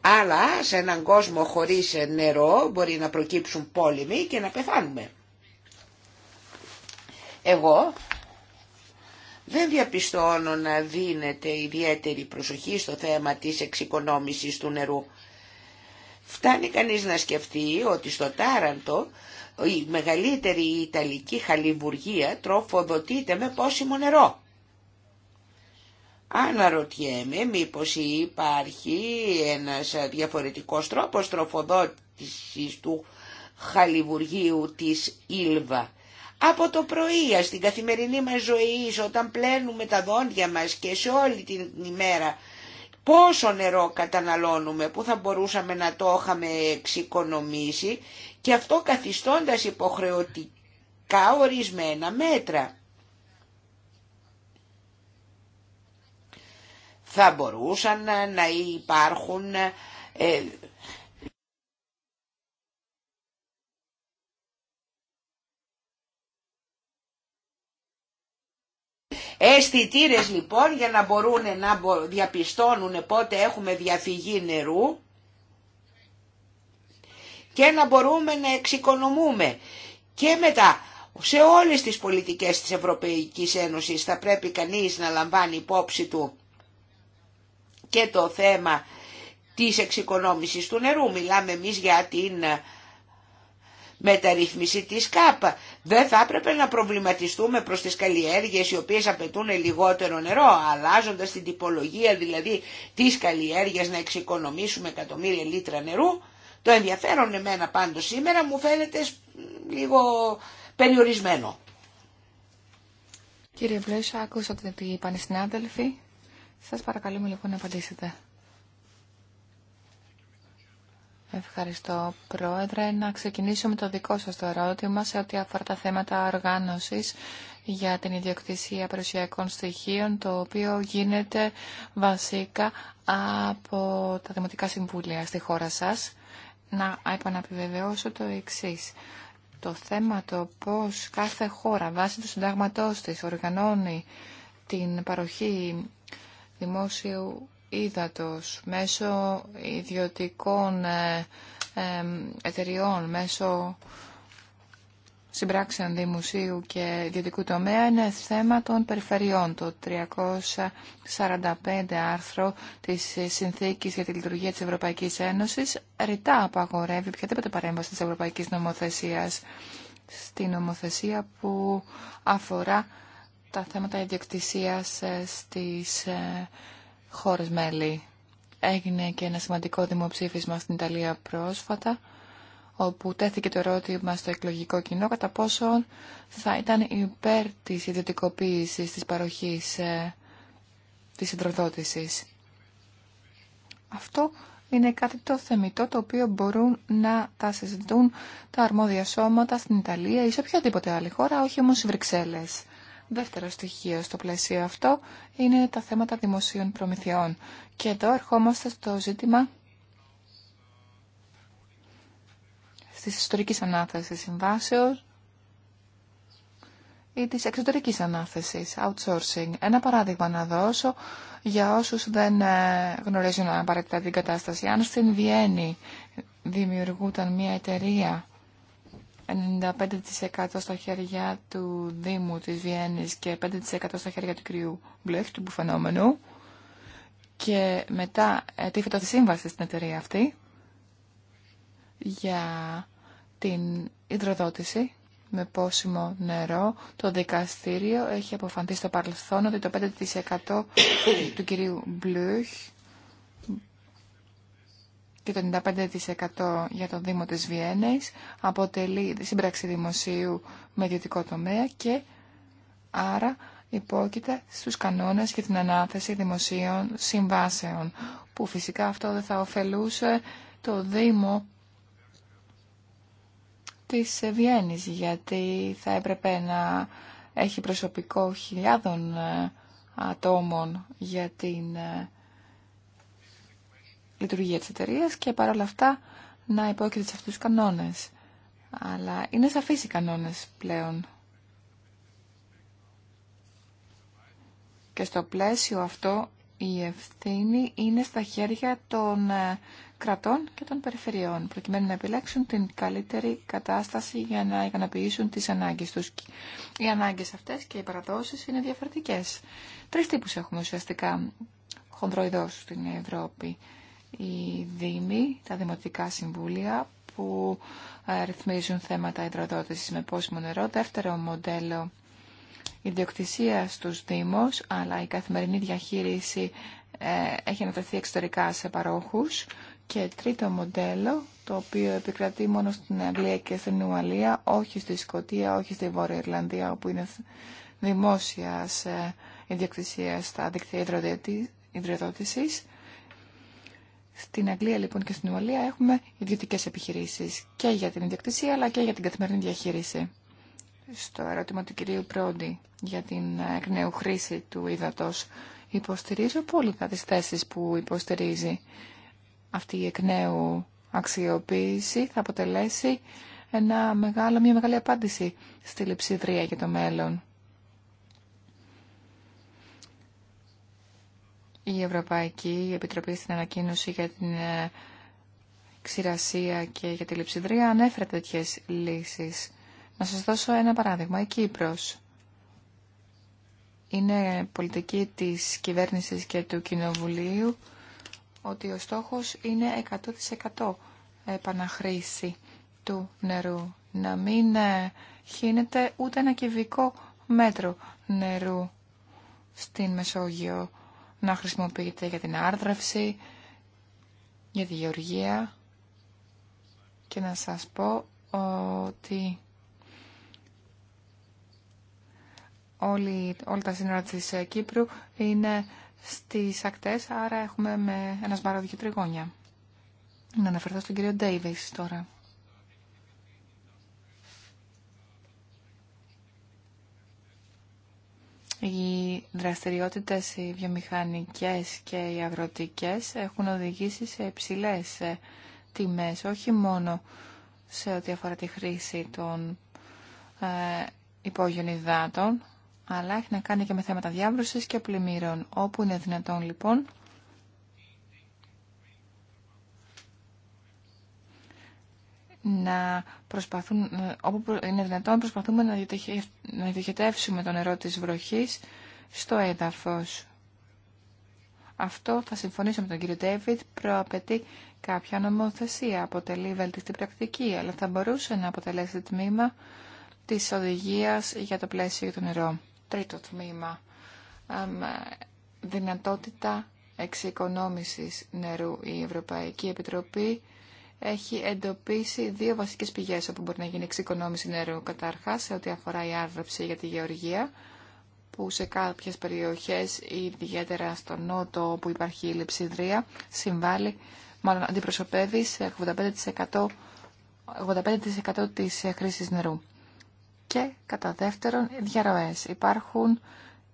B: αλλά σε έναν κόσμο χωρίς νερό μπορεί να προκύψουν πόλεμοι και να πεθάνουμε. Εγώ δεν διαπιστώνω να δίνεται ιδιαίτερη προσοχή στο θέμα της εξοικονόμησης του νερού. Φτάνει κανείς να σκεφτεί ότι στο Τάραντο η μεγαλύτερη Ιταλική χαλιβουργία τροφοδοτείται με πόσιμο νερό. Αναρωτιέμαι μήπως υπάρχει ένας διαφορετικός τρόπος τροφοδότησης του χαλιβουργίου της Ήλβα. Από το πρωί, στην καθημερινή μας ζωή, όταν πλένουμε τα δόντια μας και σε όλη την ημέρα, πόσο νερό καταναλώνουμε που θα μπορούσαμε να το είχαμε εξοικονομήσει και αυτό καθιστώντας υποχρεωτικά ορισμένα μέτρα. Θα μπορούσαν να υπάρχουν ε, αισθητήρε λοιπόν για να μπορούν να διαπιστώνουν πότε έχουμε διαφυγή νερού και να μπορούμε να εξοικονομούμε. Και μετά σε όλες τις πολιτικές της Ευρωπαϊκής Ένωσης θα πρέπει κανείς να λαμβάνει υπόψη του και το θέμα της εξοικονόμησης του νερού. Μιλάμε εμεί για την μεταρρύθμιση της ΚΑΠ. Δεν θα έπρεπε να προβληματιστούμε προς τις καλλιέργειες οι οποίες απαιτούν λιγότερο νερό, αλλάζοντας την τυπολογία δηλαδή της καλλιέργειας να εξοικονομήσουμε εκατομμύρια λίτρα νερού το ενδιαφέρον εμένα πάντως σήμερα μου φαίνεται λίγο περιορισμένο.
A: Κύριε Βλέσσα, άκουσα ότι είπαν οι συνάδελφοι. Σας παρακαλούμε λοιπόν να απαντήσετε. Ευχαριστώ, Πρόεδρε. Να ξεκινήσω με το δικό σας το ερώτημα σε ό,τι αφορά τα θέματα οργάνωσης για την ιδιοκτησία περιουσιακών στοιχείων, το οποίο γίνεται βασικά από τα Δημοτικά Συμβούλια στη χώρα σας να επαναπιβεβαιώσω το εξή. Το θέμα το πώς κάθε χώρα βάσει του συντάγματός της οργανώνει την παροχή δημόσιου ύδατος μέσω ιδιωτικών ε, ε, εταιριών, μέσω συμπράξεων δημοσίου και ιδιωτικού τομέα είναι θέμα των περιφερειών. Το 345 άρθρο της Συνθήκης για τη Λειτουργία της Ευρωπαϊκής Ένωσης ρητά απαγορεύει οποιαδήποτε παρέμβαση της Ευρωπαϊκής Νομοθεσίας στην νομοθεσία που αφορά τα θέματα ιδιοκτησίας ε, στις ε, χώρες μέλη. Έγινε και ένα σημαντικό δημοψήφισμα στην Ιταλία πρόσφατα όπου τέθηκε το ερώτημα στο εκλογικό κοινό κατά πόσο θα ήταν υπέρ της ιδιωτικοποίησης της παροχής ε, της συντροδότησης. Αυτό είναι κάτι το θεμητό το οποίο μπορούν να τα συζητούν τα αρμόδια σώματα στην Ιταλία ή σε οποιαδήποτε άλλη χώρα, όχι όμως οι Βρυξέλλες. Δεύτερο στοιχείο στο πλαίσιο αυτό είναι τα θέματα δημοσίων προμηθειών. Και εδώ ερχόμαστε στο ζήτημα της ιστορικής ανάθεσης συμβάσεων ή της εξωτερικής ανάθεσης, outsourcing. Ένα παράδειγμα να δώσω για όσους δεν ε, γνωρίζουν απαραίτητα την κατάσταση. Αν στην Βιέννη δημιουργούταν μια εταιρεία 95% στα χέρια του Δήμου της Βιέννης και 5% στα χέρια του κρυού Μπλεχ, του φαινόμενου και μετά ετήφετο τη σύμβαση στην εταιρεία αυτή για την υδροδότηση με πόσιμο νερό. Το δικαστήριο έχει αποφανθεί στο παρελθόν ότι το 5% του κυρίου Μπλουχ και το 95% για το Δήμο της Βιέννης αποτελεί σύμπραξη δημοσίου με ιδιωτικό τομέα και άρα υπόκειται στους κανόνες και την ανάθεση δημοσίων συμβάσεων που φυσικά αυτό δεν θα ωφελούσε το Δήμο της Βιέννης, γιατί θα έπρεπε να έχει προσωπικό χιλιάδων ε, ατόμων για την ε, λειτουργία της εταιρεία και παρόλα αυτά να υπόκειται σε αυτούς τους κανόνες. Αλλά είναι σαφείς οι κανόνες πλέον. Και στο πλαίσιο αυτό η ευθύνη είναι στα χέρια των ε, κρατών και των περιφερειών, προκειμένου να επιλέξουν την καλύτερη κατάσταση για να ικανοποιήσουν τις ανάγκες τους. Οι ανάγκες αυτές και οι παραδόσεις είναι διαφορετικές. Τρεις τύπους έχουμε ουσιαστικά χονδροειδώς στην Ευρώπη. Οι Δήμοι, τα Δημοτικά Συμβούλια, που ε, ρυθμίζουν θέματα υδροδότησης με πόσιμο νερό. Δεύτερο μοντέλο ιδιοκτησία στους Δήμους, αλλά η καθημερινή διαχείριση ε, έχει ανατεθεί εξωτερικά σε παρόχους και τρίτο μοντέλο, το οποίο επικρατεί μόνο στην Αγγλία και στην Ουαλία, όχι στη Σκοτία, όχι στη Βόρεια Ιρλανδία, όπου είναι δημόσια ιδιοκτησία στα δίκτυα ιδρυδότηση. Στην Αγγλία λοιπόν και στην Ουαλία έχουμε ιδιωτικέ επιχειρήσει και για την ιδιοκτησία αλλά και για την καθημερινή διαχείριση. Στο ερώτημα του κυρίου Πρόντι για την ε, εκ νέου χρήση του ύδατος υποστηρίζω πολύ τι θέσει που υποστηρίζει αυτή η εκ νέου αξιοποίηση θα αποτελέσει ένα μεγάλο, μια μεγάλη απάντηση στη λειψιδρία για το μέλλον. Η Ευρωπαϊκή Επιτροπή στην ανακοίνωση για την ε, ξηρασία και για τη λειψιδρία ανέφερε τέτοιε λύσεις. Να σας δώσω ένα παράδειγμα. Η Κύπρος είναι πολιτική της κυβέρνησης και του Κοινοβουλίου ότι ο στόχος είναι 100% επαναχρήση του νερού. Να μην ε, χύνεται ούτε ένα κυβικό μέτρο νερού στην Μεσόγειο. Να χρησιμοποιείται για την άρδρευση, για τη γεωργία. Και να σας πω ότι Όλοι, όλα τα σύνορα της ε, Κύπρου είναι στις ακτές, άρα έχουμε με ένα σμπάρο δύο τριγώνια. Να αναφερθώ στον κύριο Ντέιβις τώρα. Οι δραστηριότητες οι βιομηχανικές και οι αγροτικές έχουν οδηγήσει σε υψηλές ε, τιμές, όχι μόνο σε ό,τι αφορά τη χρήση των ε, υπόγειων υδάτων, αλλά έχει να κάνει και με θέματα διάβρωσης και πλημμύρων. Όπου είναι δυνατόν λοιπόν, να προσπαθούν, ε, όπου είναι δυνατόν προσπαθούμε να διοχετεύσουμε το νερό της βροχής στο έδαφος. Αυτό θα συμφωνήσω με τον κύριο Ντέιβιτ, προαπαιτεί κάποια νομοθεσία, αποτελεί βέλτιστη πρακτική, αλλά θα μπορούσε να αποτελέσει τμήμα της οδηγίας για το πλαίσιο του νερού τρίτο τμήμα. Δυνατότητα εξοικονόμησης νερού. Η Ευρωπαϊκή Επιτροπή έχει εντοπίσει δύο βασικές πηγές όπου μπορεί να γίνει εξοικονόμηση νερού. Καταρχάς, σε ό,τι αφορά η άρδευση για τη γεωργία, που σε κάποιες περιοχές, ιδιαίτερα στο νότο όπου υπάρχει η λειψιδρία, συμβάλλει, μάλλον αντιπροσωπεύει σε 85%, 85 της χρήσης νερού. Και κατά δεύτερον, διαρροές. Υπάρχουν,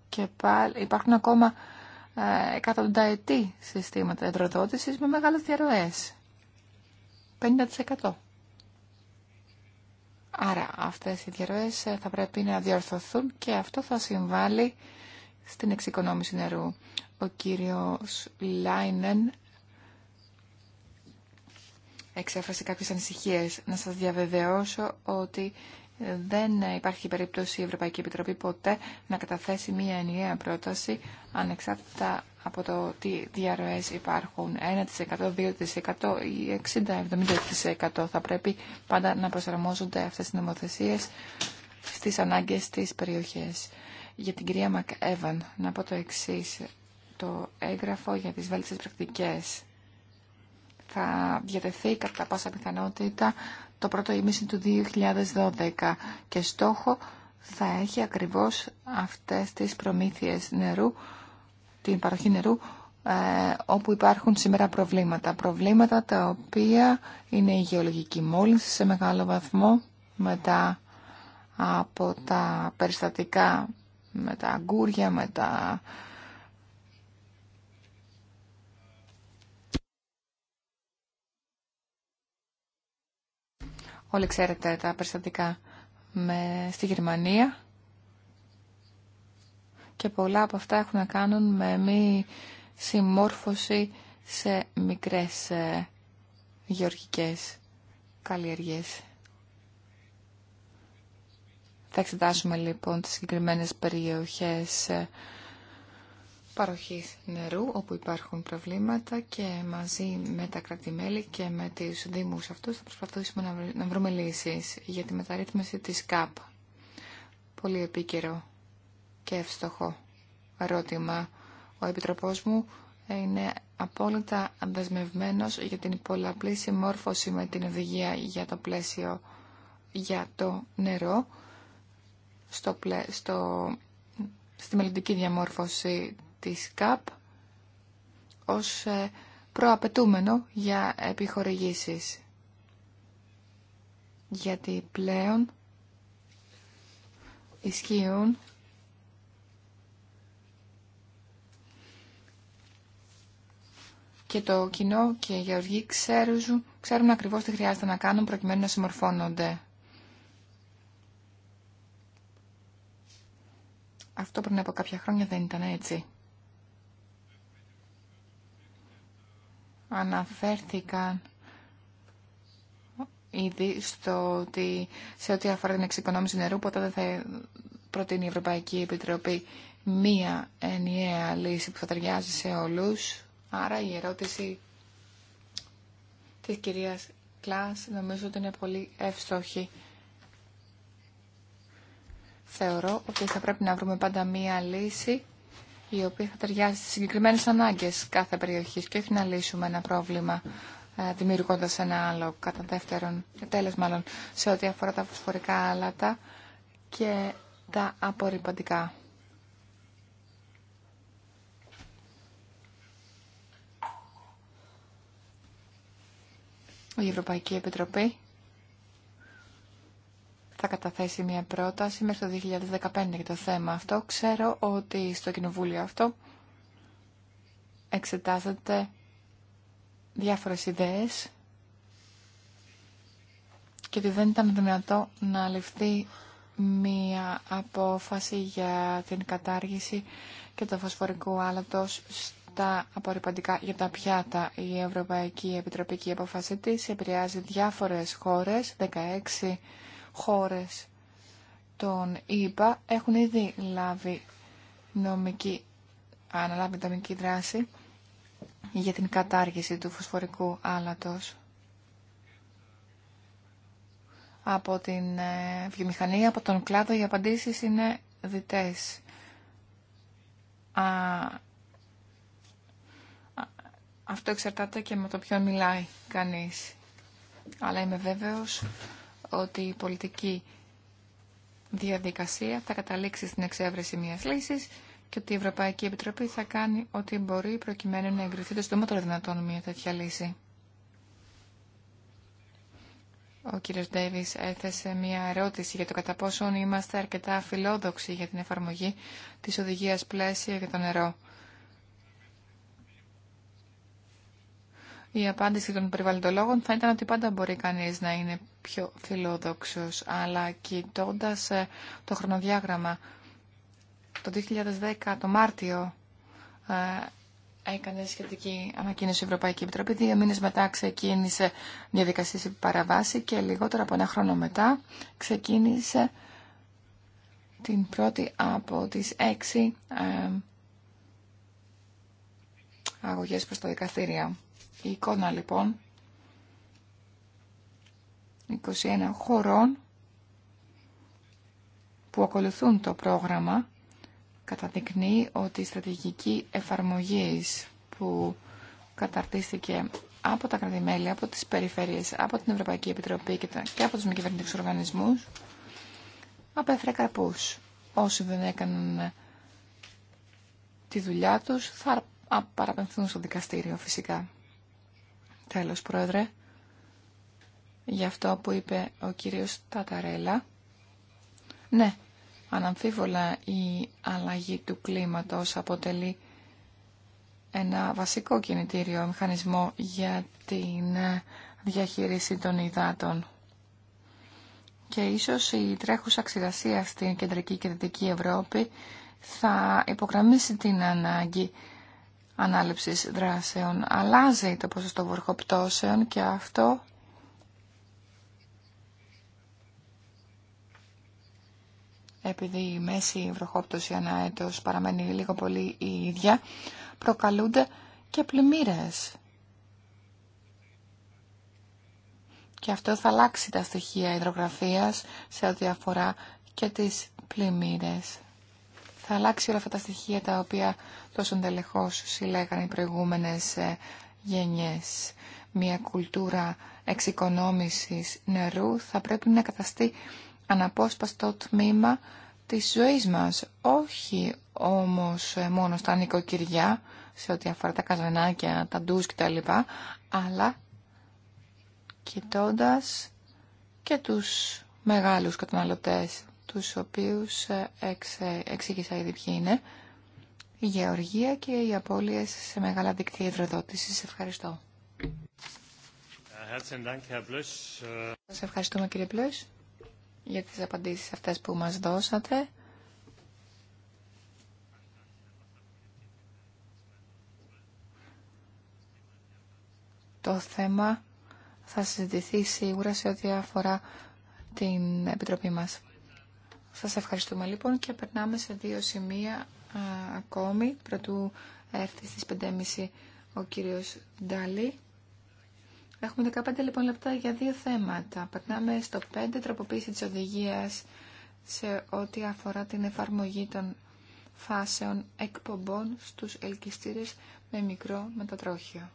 A: και υπάρχουν ακόμα ε, εκατονταετή συστήματα εδροδότησης με μεγάλες διαρροές. 50%. Άρα αυτές οι διαρροές ε, θα πρέπει να διορθωθούν και αυτό θα συμβάλλει στην εξοικονόμηση νερού. Ο κύριος Λάινεν εξέφρασε κάποιες ανησυχίες. Να σας διαβεβαιώσω ότι δεν υπάρχει περίπτωση η Ευρωπαϊκή Επιτροπή ποτέ να καταθέσει μία ενιαία πρόταση ανεξάρτητα από το τι διαρροές υπάρχουν 1%, 2% ή 60-70% θα πρέπει πάντα να προσαρμόζονται αυτές οι νομοθεσίες στις ανάγκες της περιοχής. Για την κυρία Μακέβαν να πω το εξή το έγγραφο για τις βέλτιστες πρακτικές θα διατεθεί κατά πάσα πιθανότητα το πρώτο ήμιση του 2012 και στόχο θα έχει ακριβώς αυτές τις προμήθειες νερού, την παροχή νερού, ε, όπου υπάρχουν σήμερα προβλήματα. Προβλήματα τα οποία είναι η γεωλογική μόλυνση σε μεγάλο βαθμό μετά από τα περιστατικά, με τα αγκούρια, με τα Όλοι ξέρετε τα περιστατικά με, στη Γερμανία και πολλά από αυτά έχουν να κάνουν με μη συμμόρφωση σε μικρές ε, γεωργικές καλλιεργίες. Θα εξετάσουμε λοιπόν τις συγκεκριμένες περιοχές ε, Παροχή νερού όπου υπάρχουν προβλήματα και μαζί με τα κρατημέλη και με τις δήμους αυτούς θα προσπαθήσουμε να βρούμε λύσεις για τη μεταρρύθμιση της ΚΑΠ. Πολύ επίκαιρο και εύστοχο ερώτημα. Ο Επιτροπός μου είναι απόλυτα δεσμευμένος για την πολλαπλή συμμόρφωση με την οδηγία για το πλαίσιο για το νερό στο, πλε... στο... στη μελλοντική διαμόρφωση της ΚΑΠ ως ε, προαπαιτούμενο για επιχορηγήσεις. Γιατί πλέον ισχύουν και το κοινό και οι γεωργοί ξέρουν, ξέρουν ακριβώς τι χρειάζεται να κάνουν προκειμένου να συμμορφώνονται. Αυτό πριν από κάποια χρόνια δεν ήταν έτσι. αναφέρθηκαν ήδη στο ότι σε ό,τι αφορά την εξοικονόμηση νερού, ποτέ δεν θα προτείνει η Ευρωπαϊκή Επιτροπή μία ενιαία λύση που θα ταιριάζει σε όλους. Άρα η ερώτηση της κυρίας Κλάς νομίζω ότι είναι πολύ εύστοχη. Θεωρώ ότι θα πρέπει να βρούμε πάντα μία λύση η οποία θα ταιριάζει στις συγκεκριμένες ανάγκες κάθε περιοχής και όχι να λύσουμε ένα πρόβλημα ε, δημιουργώντα ένα άλλο κατά δεύτερον, τέλος μάλλον, σε ό,τι αφορά τα φωσφορικά άλατα και τα απορριπαντικά. Η Ευρωπαϊκή Επιτροπή θα καταθέσει μια πρόταση μέχρι το 2015 για το θέμα αυτό. Ξέρω ότι στο κοινοβούλιο αυτό εξετάζεται διάφορες ιδέες και ότι δεν ήταν δυνατό να ληφθεί μία απόφαση για την κατάργηση και το φωσφορικό άλατος στα απορριπαντικά για τα πιάτα. Η Ευρωπαϊκή Επιτροπή και η απόφαση της επηρεάζει διάφορες χώρες, 16 χώρες των ΙΠΑ έχουν ήδη λάβει νομική, αναλάβει νομική δράση για την κατάργηση του φωσφορικού άλατος από την ε, βιομηχανία, από τον κλάδο, οι απαντήσεις είναι διτές. αυτό εξαρτάται και με το ποιον μιλάει κανείς. Αλλά είμαι βέβαιος ότι η πολιτική διαδικασία θα καταλήξει στην εξέβρεση μιας λύσης και ότι η Ευρωπαϊκή Επιτροπή θα κάνει ό,τι μπορεί προκειμένου να εγκριθεί το συντομότερο δυνατόν μια τέτοια λύση. Ο κύριος Ντέιβις έθεσε μια ερώτηση για το κατά πόσον είμαστε αρκετά φιλόδοξοι για την εφαρμογή της οδηγίας πλαίσια για το νερό. Η απάντηση των περιβαλλοντολόγων θα ήταν ότι πάντα μπορεί κανείς να είναι πιο φιλόδοξος, αλλά κοιτώντα ε, το χρονοδιάγραμμα, το 2010, το Μάρτιο, ε, έκανε σχετική ανακοίνωση η Ευρωπαϊκή Επιτροπή. Δύο μήνες μετά ξεκίνησε διαδικασία παραβάση και λιγότερο από ένα χρόνο μετά ξεκίνησε την πρώτη από τις έξι ε, αγωγές προς τα δικαστήρια. Η εικόνα λοιπόν 21 χωρών που ακολουθούν το πρόγραμμα καταδεικνύει ότι η στρατηγική εφαρμογής που καταρτίστηκε από τα κρατημέλη, από τις περιφέρειες, από την Ευρωπαϊκή Επιτροπή και από τους μη κυβερνητικούς οργανισμούς απέφερε καρπούς. Όσοι δεν έκαναν ε, τη δουλειά τους θα παραπεμφθούν στο δικαστήριο φυσικά. Τέλος, Πρόεδρε, για αυτό που είπε ο κύριος Ταταρέλα. Ναι, αναμφίβολα η αλλαγή του κλίματος αποτελεί ένα βασικό κινητήριο μηχανισμό για την διαχείριση των υδάτων. Και ίσως η τρέχουσα ξηρασία στην κεντρική και δυτική Ευρώπη θα υπογραμμίσει την ανάγκη ανάληψης δράσεων. Αλλάζει το ποσοστό βροχοπτώσεων και αυτό επειδή η μέση βροχόπτωση ανά έτος παραμένει λίγο πολύ η ίδια, προκαλούνται και πλημμύρες. Και αυτό θα αλλάξει τα στοιχεία υδρογραφίας σε ό,τι αφορά και τις πλημμύρες θα αλλάξει όλα αυτά τα στοιχεία τα οποία τόσο τελεχώς συλλέγανε οι προηγούμενες ε, γενιές. Μια κουλτούρα εξοικονόμησης νερού θα πρέπει να καταστεί αναπόσπαστο τμήμα της ζωής μας, όχι όμως ε, μόνο στα νοικοκυριά, σε ό,τι αφορά τα καζανάκια, τα ντους κτλ, αλλά κοιτώντα και τους μεγάλους καταναλωτές τους οποίους ε, ε, εξήγησα ήδη ποιοι είναι, η γεωργία και οι απώλειες σε μεγάλα δίκτυα υδροδότησης. Ευχαριστώ. Σας ευχαριστούμε κύριε Πλούς για τις απαντήσεις αυτές που μας δώσατε. Το θέμα θα συζητηθεί σίγουρα σε ό,τι αφορά την Επιτροπή μας. Σας ευχαριστούμε λοιπόν και περνάμε σε δύο σημεία α, ακόμη πρωτού έρθει στις 5.30 ο κύριος Ντάλι. Έχουμε 15 λοιπόν λεπτά για δύο θέματα. Περνάμε στο 5 τροποποίηση της οδηγίας σε ό,τι αφορά την εφαρμογή των φάσεων εκπομπών στους ελκυστήρες με μικρό μετατρόχιο.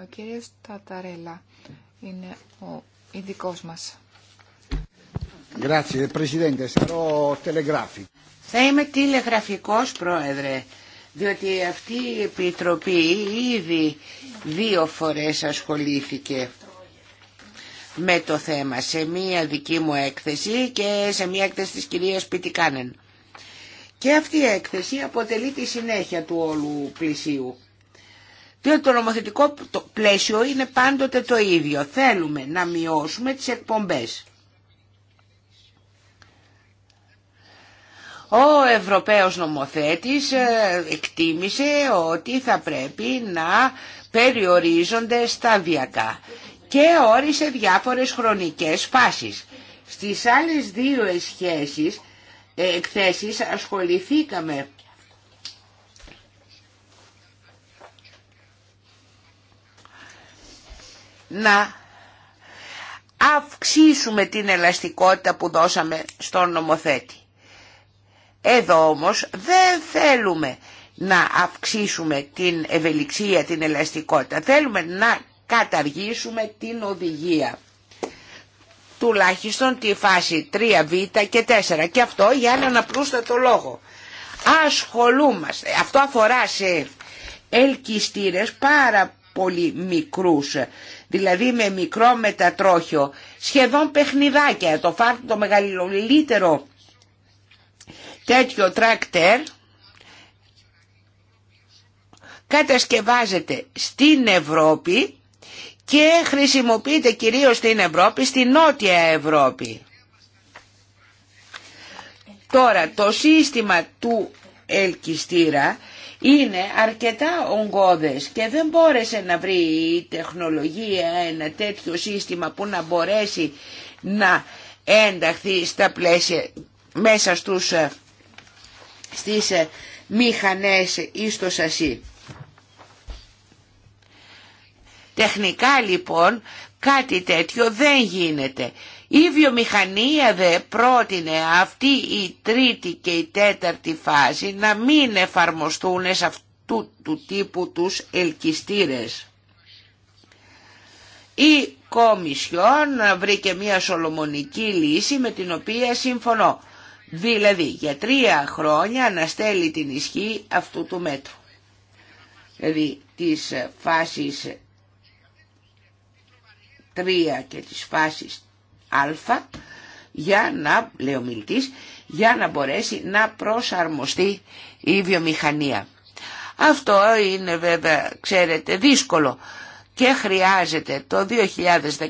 A: Ο κύριος Ταταρέλα είναι ο ειδικός μας.
B: Θα είμαι τηλεγραφικός πρόεδρε, διότι αυτή η Επιτροπή ήδη δύο φορές ασχολήθηκε με το θέμα σε μία δική μου έκθεση και σε μία έκθεση της κυρίας Πιτικάνεν. Και αυτή η έκθεση αποτελεί τη συνέχεια του όλου πλησίου. Διότι το νομοθετικό πλαίσιο είναι πάντοτε το ίδιο. Θέλουμε να μειώσουμε τις εκπομπές. Ο Ευρωπαίος νομοθέτης ε, εκτίμησε ότι θα πρέπει να περιορίζονται σταδιακά και όρισε διάφορες χρονικές φάσεις. Στις άλλες δύο σχέσεις, ε, εκθέσεις ασχοληθήκαμε να αυξήσουμε την ελαστικότητα που δώσαμε στον νομοθέτη. Εδώ όμως δεν θέλουμε να αυξήσουμε την ευελιξία, την ελαστικότητα. Θέλουμε να καταργήσουμε την οδηγία. Τουλάχιστον τη φάση 3β και 4. Και αυτό για έναν απλούστατο λόγο. Ασχολούμαστε. Αυτό αφορά σε ελκυστήρες πάρα πολύ μικρούς. Δηλαδή με μικρό μετατρόχιο. Σχεδόν παιχνιδάκια. Το, φάρτο το μεγαλύτερο τέτοιο τρακτέρ κατασκευάζεται στην Ευρώπη και χρησιμοποιείται κυρίως στην Ευρώπη, στην Νότια Ευρώπη. Τώρα, το σύστημα του ελκυστήρα είναι αρκετά ογκώδες και δεν μπόρεσε να βρει η τεχνολογία ένα τέτοιο σύστημα που να μπορέσει να ένταχθει στα πλαίσια μέσα στους ε, στις ε, μηχανές ή στο σασί. Τεχνικά λοιπόν κάτι τέτοιο δεν γίνεται. Η στο δε πρότεινε αυτή η τρίτη και η τέταρτη φάση να μην εφαρμοστούν σε αυτού του τύπου τους ελκυστήρες. Η Κομισιόν βρήκε μια σολομονική λύση με την οποία συμφωνώ. Δηλαδή για τρία χρόνια να στέλνει την ισχύ αυτού του μέτρου. Δηλαδή τις φάσεις 3 και τις φάσεις α για να, λέει για να μπορέσει να προσαρμοστεί η βιομηχανία. Αυτό είναι βέβαια, ξέρετε, δύσκολο και χρειάζεται το 2014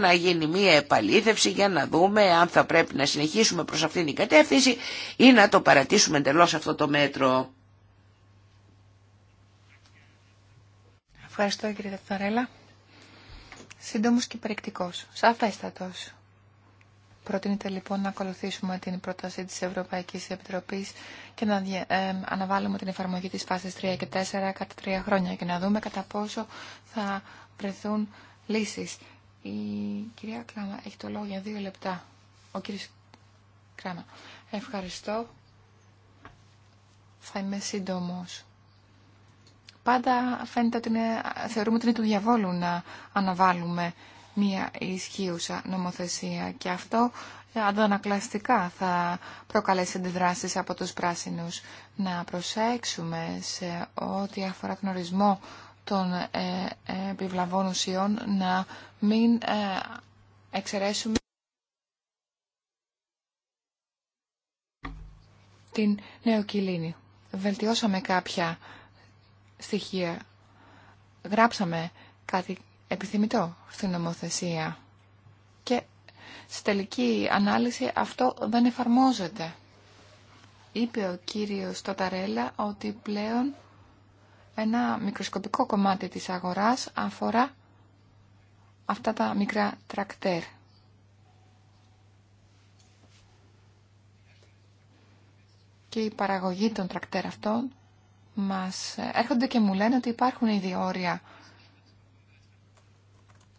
B: να γίνει μία επαλήθευση για να δούμε αν θα πρέπει να συνεχίσουμε προς αυτήν την κατεύθυνση ή να το παρατήσουμε εντελώς αυτό το μέτρο.
A: Ευχαριστώ κύριε Δευταρέλα. Σύντομος και περιεκτικός. Σαφέστατος. Προτείνεται λοιπόν να ακολουθήσουμε την πρόταση της Ευρωπαϊκής Επιτροπής και να ε, αναβάλουμε την εφαρμογή της φάσης 3 και 4 κατά τρία χρόνια και να δούμε κατά πόσο θα βρεθούν λύσεις. Η κυρία Κράμα έχει το λόγο για δύο λεπτά. Ο κύριος Κράμα. Ευχαριστώ. Θα είμαι σύντομος. Πάντα φαίνεται ότι θεωρούμε ότι είναι του διαβόλου να αναβάλουμε μια ισχύουσα νομοθεσία και αυτό αντανακλαστικά θα προκαλέσει αντιδράσεις από τους πράσινους. Να προσέξουμε σε ό,τι αφορά τον ορισμό των ε, επιβλαβών ουσιών να μην ε, εξαιρέσουμε την νεοκυλίνη. Βελτιώσαμε κάποια στοιχεία. Γράψαμε κάτι επιθυμητό στην νομοθεσία. Και στη τελική ανάλυση αυτό δεν εφαρμόζεται. Είπε ο κύριος Τοταρέλα ότι πλέον ένα μικροσκοπικό κομμάτι της αγοράς αφορά αυτά τα μικρά τρακτέρ. Και η παραγωγή των τρακτέρ αυτών μας έρχονται και μου λένε ότι υπάρχουν ήδη όρια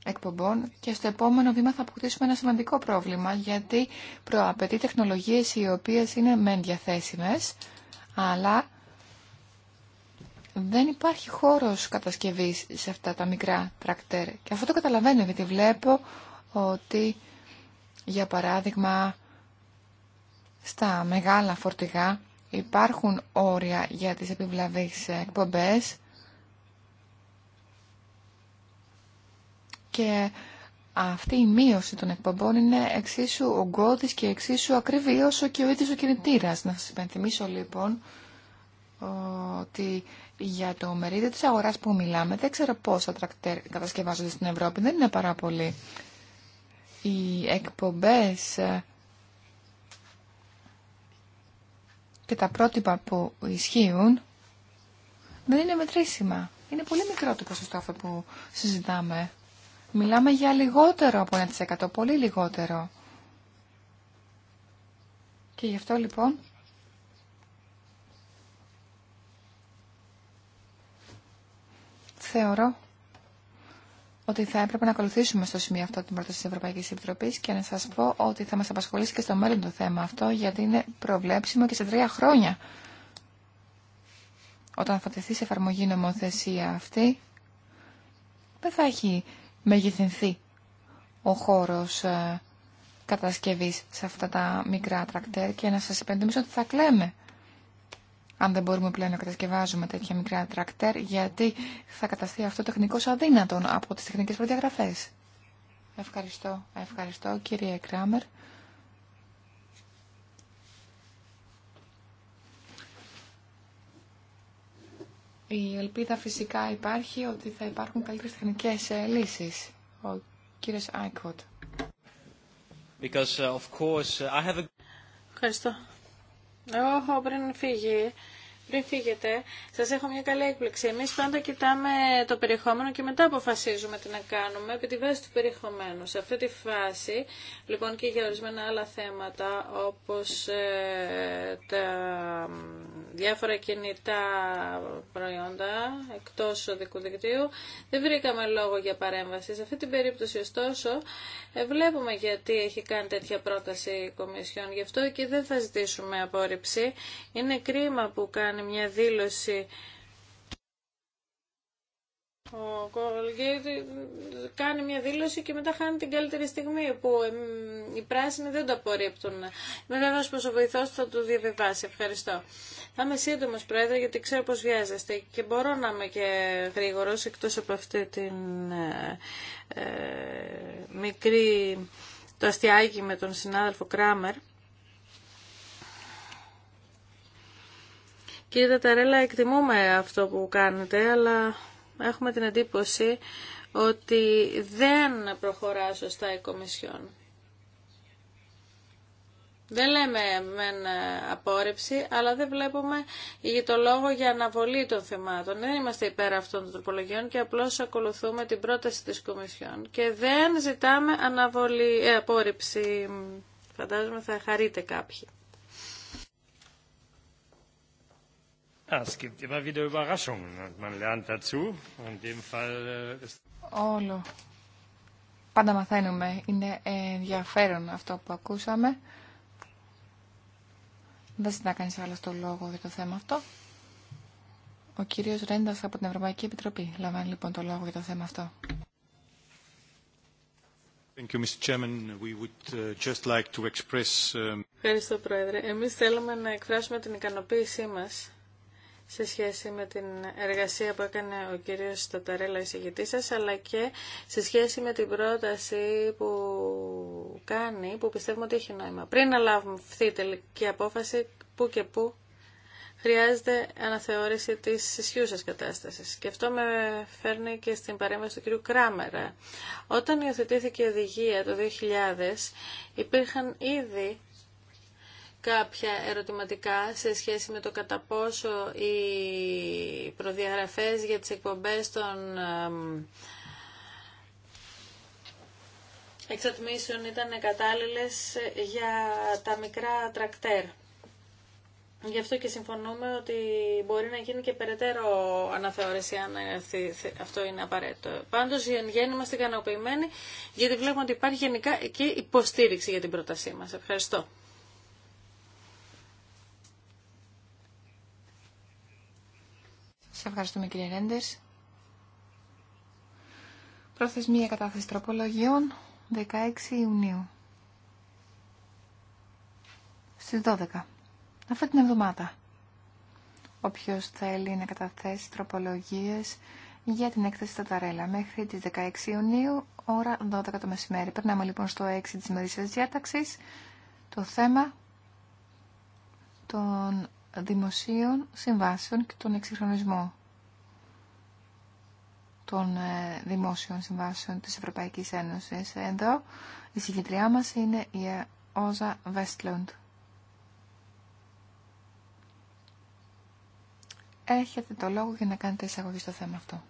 A: εκπομπών και στο επόμενο βήμα θα αποκτήσουμε ένα σημαντικό πρόβλημα γιατί προαπαιτεί τεχνολογίες οι οποίες είναι μεν διαθέσιμες αλλά δεν υπάρχει χώρος κατασκευής σε αυτά τα μικρά τρακτέρ. Και αυτό το καταλαβαίνω γιατί βλέπω ότι για παράδειγμα στα μεγάλα φορτηγά υπάρχουν όρια για τις επιβλαβείς εκπομπές Και αυτή η μείωση των εκπομπών είναι εξίσου ογκώδης και εξίσου ακριβή όσο και ο ίδιος ο κινητήρας. Να σας υπενθυμίσω λοιπόν ότι για το μερίδιο της αγοράς που μιλάμε δεν ξέρω πόσα τρακτέρ κατασκευάζονται στην Ευρώπη, δεν είναι πάρα πολύ. Οι εκπομπές και τα πρότυπα που ισχύουν δεν είναι μετρήσιμα. Είναι πολύ μικρό το ποσοστό αυτό που συζητάμε. Μιλάμε για λιγότερο από 1%, πολύ λιγότερο. Και γι' αυτό λοιπόν θεωρώ ότι θα έπρεπε να ακολουθήσουμε στο σημείο αυτό την πρόταση της Ευρωπαϊκής Επιτροπής και να σας πω ότι θα μας απασχολήσει και στο μέλλον το θέμα αυτό γιατί είναι προβλέψιμο και σε τρία χρόνια όταν θα τεθεί σε εφαρμογή νομοθεσία αυτή δεν θα έχει μεγεθυνθεί ο χώρος ε, κατασκευής σε αυτά τα μικρά τρακτέρ και να σας υπενθυμίσω ότι θα κλαίμε αν δεν μπορούμε πλέον να κατασκευάζουμε τέτοια μικρά τρακτέρ γιατί θα καταστεί αυτό τεχνικώς αδύνατον από τις τεχνικές προδιαγραφές. Ευχαριστώ, ευχαριστώ κύριε Κράμερ. Η ελπίδα φυσικά υπάρχει ότι θα υπάρχουν καλύτερες τεχνικές ε, λύσεις. Ο
C: κύριος Άικοτ.
B: Uh, uh,
C: Ευχαριστώ. Εγώ πριν φύγει, πριν φύγετε, σας έχω μια καλή έκπληξη. Εμείς πάντα κοιτάμε το περιεχόμενο και μετά αποφασίζουμε τι να κάνουμε επί τη βάση του περιεχομένου. Σε αυτή τη φάση, λοιπόν και για ορισμένα άλλα θέματα όπως ε, τα διάφορα κινητά προϊόντα εκτός οδικού δικτύου. Δεν βρήκαμε λόγο για παρέμβαση. Σε αυτή την περίπτωση, ωστόσο, ε, βλέπουμε γιατί έχει κάνει τέτοια πρόταση η Κομισιόν. Γι' αυτό και δεν θα ζητήσουμε απόρριψη. Είναι κρίμα που κάνει μια δήλωση ο Κολγκέτη κάνει μια δήλωση και μετά χάνει την καλύτερη στιγμή που οι πράσινοι δεν το απορρίπτουν. Είμαι βέβαιο πω ο βοηθό θα του διαβιβάσει. Ευχαριστώ. Θα είμαι σύντομο, Πρόεδρε, γιατί ξέρω πω βιάζεστε και μπορώ να είμαι και γρήγορο εκτό από αυτή την ε, ε, μικρή το αστιάκι με τον συνάδελφο Κράμερ. Κύριε Ταταρέλα, εκτιμούμε αυτό που κάνετε, αλλά έχουμε την εντύπωση ότι δεν προχωρά σωστά η Κομισιόν. Δεν λέμε μεν απόρριψη, αλλά δεν βλέπουμε το λόγο για αναβολή των θεμάτων. Δεν είμαστε υπέρ αυτών των τροπολογιών και απλώς ακολουθούμε την πρόταση της Κομισιόν. Και δεν ζητάμε αναβολή, ε, απόρριψη. Φαντάζομαι θα χαρείτε κάποιοι.
A: Όλο. Πάντα μαθαίνουμε. Είναι ενδιαφέρον αυτό που ακούσαμε. Δεν ζητά κανείς άλλο το λόγο για το θέμα αυτό. Ο κύριος Ρέντας από την Ευρωπαϊκή Επιτροπή λαμβάνει λοιπόν το λόγο για το θέμα αυτό.
C: Ευχαριστώ, Πρόεδρε. Εμείς θέλουμε να εκφράσουμε την ικανοποίησή μας σε σχέση με την εργασία που έκανε ο κύριος Σταταρέλα εισηγητής σας, αλλά και σε σχέση με την πρόταση που κάνει, που πιστεύουμε ότι έχει νόημα. Πριν να η τελική απόφαση, που και που χρειάζεται αναθεώρηση της ισχύου σας κατάστασης. Και αυτό με φέρνει και στην παρέμβαση του κ. Κράμερα. Όταν υιοθετήθηκε η οδηγία το 2000, υπήρχαν ήδη κάποια ερωτηματικά σε σχέση με το κατά πόσο οι προδιαγραφές για τις εκπομπές των εξατμίσεων ήταν κατάλληλες για τα μικρά τρακτέρ. Γι' αυτό και συμφωνούμε ότι μπορεί να γίνει και περαιτέρω αναθεώρηση αν αυτό είναι απαραίτητο. Πάντως η εν γέννη είμαστε ικανοποιημένοι γιατί βλέπουμε ότι υπάρχει γενικά και υποστήριξη για την πρότασή μας. Ευχαριστώ. Σε
A: ευχαριστούμε κύριε Ρέντες. Προθεσμία κατάθεση τροπολογιών 16 Ιουνίου. Στις 12. Αυτή την εβδομάδα. Όποιος θέλει να καταθέσει τροπολογίες για την έκθεση στα Ταρέλα μέχρι τις 16 Ιουνίου, ώρα 12 το μεσημέρι. Περνάμε λοιπόν στο 6 της μερίσιας διάταξης, το θέμα των δημοσίων συμβάσεων και τον εξυγχρονισμό των ε, δημόσιων συμβάσεων της Ευρωπαϊκής Ένωσης. Εδώ η συγκεντριά μας είναι η ε, Όζα Βέστλοντ. Έχετε το λόγο για να κάνετε εισαγωγή στο θέμα αυτό.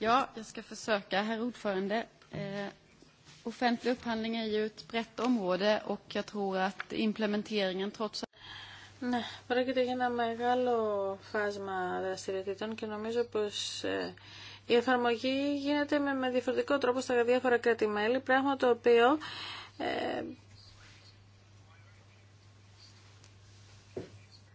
A: Ja, jag ska försöka, herr ordförande. Eh, Offentlig upphandling är ju ett brett område och jag
C: tror att implementeringen trots ναι, πρόκειται για ένα μεγάλο φάσμα δραστηριοτήτων και νομίζω πως ε, η εφαρμογή γίνεται με, διαφορετικό τρόπο στα διάφορα κράτη-μέλη, πράγμα το οποίο ε,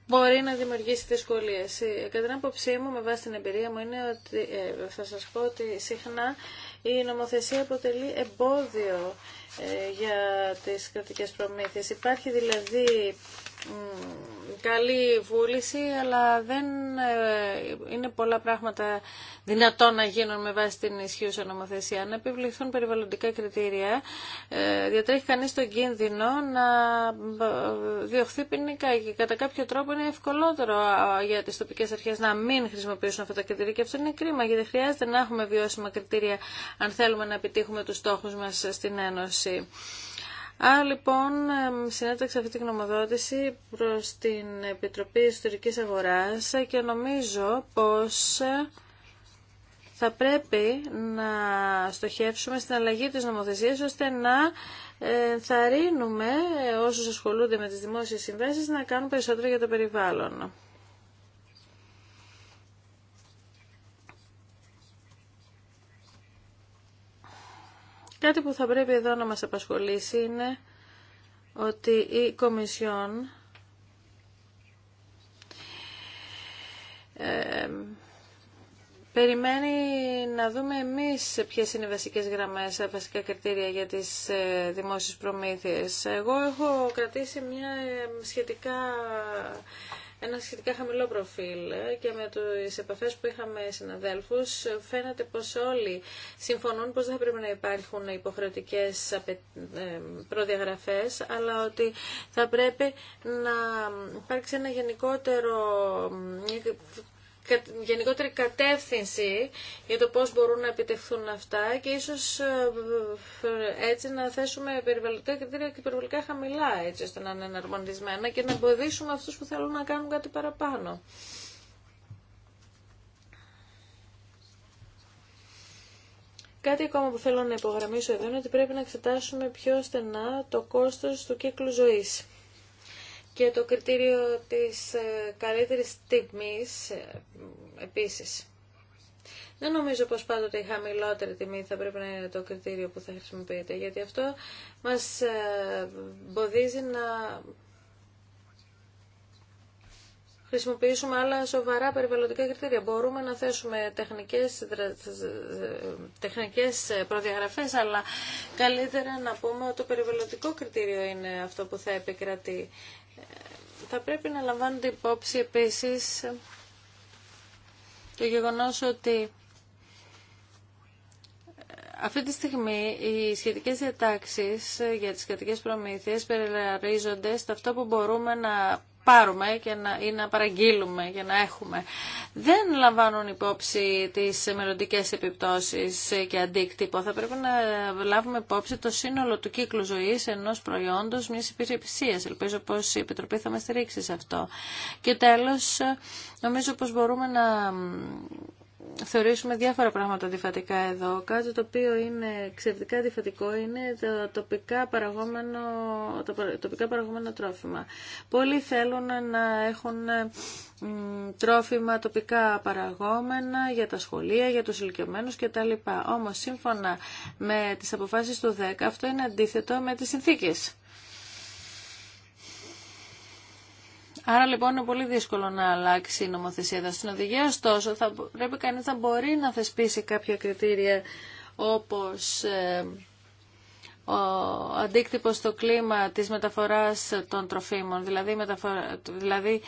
C: μπορεί να δημιουργήσει δυσκολίε. Ε, κατά την άποψή μου, με βάση την εμπειρία μου, είναι ότι, ε, θα σας πω ότι συχνά η νομοθεσία αποτελεί εμπόδιο ε, για τις κρατικές προμήθειες. Υπάρχει δηλαδή καλή βούληση, αλλά δεν ε, είναι πολλά πράγματα δυνατόν να γίνουν με βάση την ισχύουσα νομοθεσία. Να επιβληθούν περιβαλλοντικά κριτήρια, ε, διατρέχει κανείς τον κίνδυνο να ε, διωχθεί ποινικά και κατά κάποιο τρόπο είναι ευκολότερο για τις τοπικές αρχές να μην χρησιμοποιήσουν αυτά τα κριτήρια και αυτό είναι κρίμα γιατί χρειάζεται να έχουμε βιώσιμα κριτήρια αν θέλουμε να επιτύχουμε τους στόχους μας στην Ένωση. Άρα λοιπόν συνέταξα αυτή τη γνωμοδότηση προς την Επιτροπή Ιστορικής Αγοράς και νομίζω πως ε, θα πρέπει να στοχεύσουμε στην αλλαγή της νομοθεσίας ώστε να θαρρύνουμε ε, όσους ασχολούνται με τις δημόσιες συμβάσεις να κάνουν περισσότερο για το περιβάλλον. Κάτι που θα πρέπει εδώ να μας απασχολήσει είναι ότι η Κομισιόν περιμένει να δούμε εμείς ποιες είναι οι βασικές γραμμές, βασικά κριτήρια για τις ε, δημόσιες προμήθειες. Εγώ έχω κρατήσει μια σχετικά ένα σχετικά χαμηλό προφίλ και με τις επαφές που είχαμε συναδέλφους φαίνεται πως όλοι συμφωνούν πως δεν θα πρέπει να υπάρχουν υποχρεωτικές ε, προδιαγραφές αλλά ότι θα πρέπει να υπάρξει ένα γενικότερο γενικότερη κατεύθυνση για το πώς μπορούν να επιτευχθούν αυτά και ίσως ε, ε, έτσι να θέσουμε περιβαλλοντικά κριτήρια και περιβαλλοντικά χαμηλά έτσι ώστε να είναι εναρμονισμένα και να εμποδίσουμε αυτούς που θέλουν να κάνουν κάτι παραπάνω. Κάτι ακόμα που θέλω να υπογραμμίσω εδώ είναι ότι πρέπει να εξετάσουμε πιο στενά το κόστος του κύκλου ζωής και το κριτήριο της ε, καλύτερης τιμής ε, επίσης. Δεν νομίζω πως πάντοτε η χαμηλότερη τιμή θα πρέπει να είναι το κριτήριο που θα χρησιμοποιείται, γιατί αυτό μας ε, εμποδίζει να χρησιμοποιήσουμε άλλα σοβαρά περιβαλλοντικά κριτήρια. Μπορούμε να θέσουμε τεχνικές, τεχνικές προδιαγραφές, αλλά καλύτερα να πούμε ότι το περιβαλλοντικό κριτήριο είναι αυτό που θα επικρατεί θα πρέπει να λαμβάνονται υπόψη επίσης το γεγονός ότι ε, αυτή τη στιγμή οι σχετικές διατάξεις ε, για τις κρατικές προμήθειες περιλαμβάνονται τα αυτό που μπορούμε να πάρουμε και να, ή να παραγγείλουμε για να έχουμε. Δεν λαμβάνουν υπόψη τις μελλοντικέ επιπτώσεις και αντίκτυπο. Θα πρέπει να λάβουμε υπόψη το σύνολο του κύκλου ζωής ενός προϊόντος μιας υπηρεσίας. Ελπίζω πως η Επιτροπή θα με στηρίξει σε αυτό. Και τέλος, νομίζω πως μπορούμε να θεωρήσουμε διάφορα πράγματα αντιφατικά εδώ. Κάτι το οποίο είναι εξαιρετικά αντιφατικό είναι το τοπικά παραγόμενο, τοπικά παραγόμενο τρόφιμα. Πολλοί θέλουν να έχουν τρόφιμα τοπικά παραγόμενα για τα σχολεία, για τους ηλικιωμένους κτλ. Όμως σύμφωνα με τις αποφάσεις του 10 αυτό είναι αντίθετο με τις συνθήκες. Άρα λοιπόν είναι πολύ δύσκολο να αλλάξει η νομοθεσία εδώ στην οδηγία, ωστόσο θα πρέπει κανείς να μπορεί να θεσπίσει κάποια κριτήρια όπως ε, ο αντίκτυπο στο κλίμα τη μεταφορά των τροφίμων, δηλαδή, μεταφορά, δηλαδή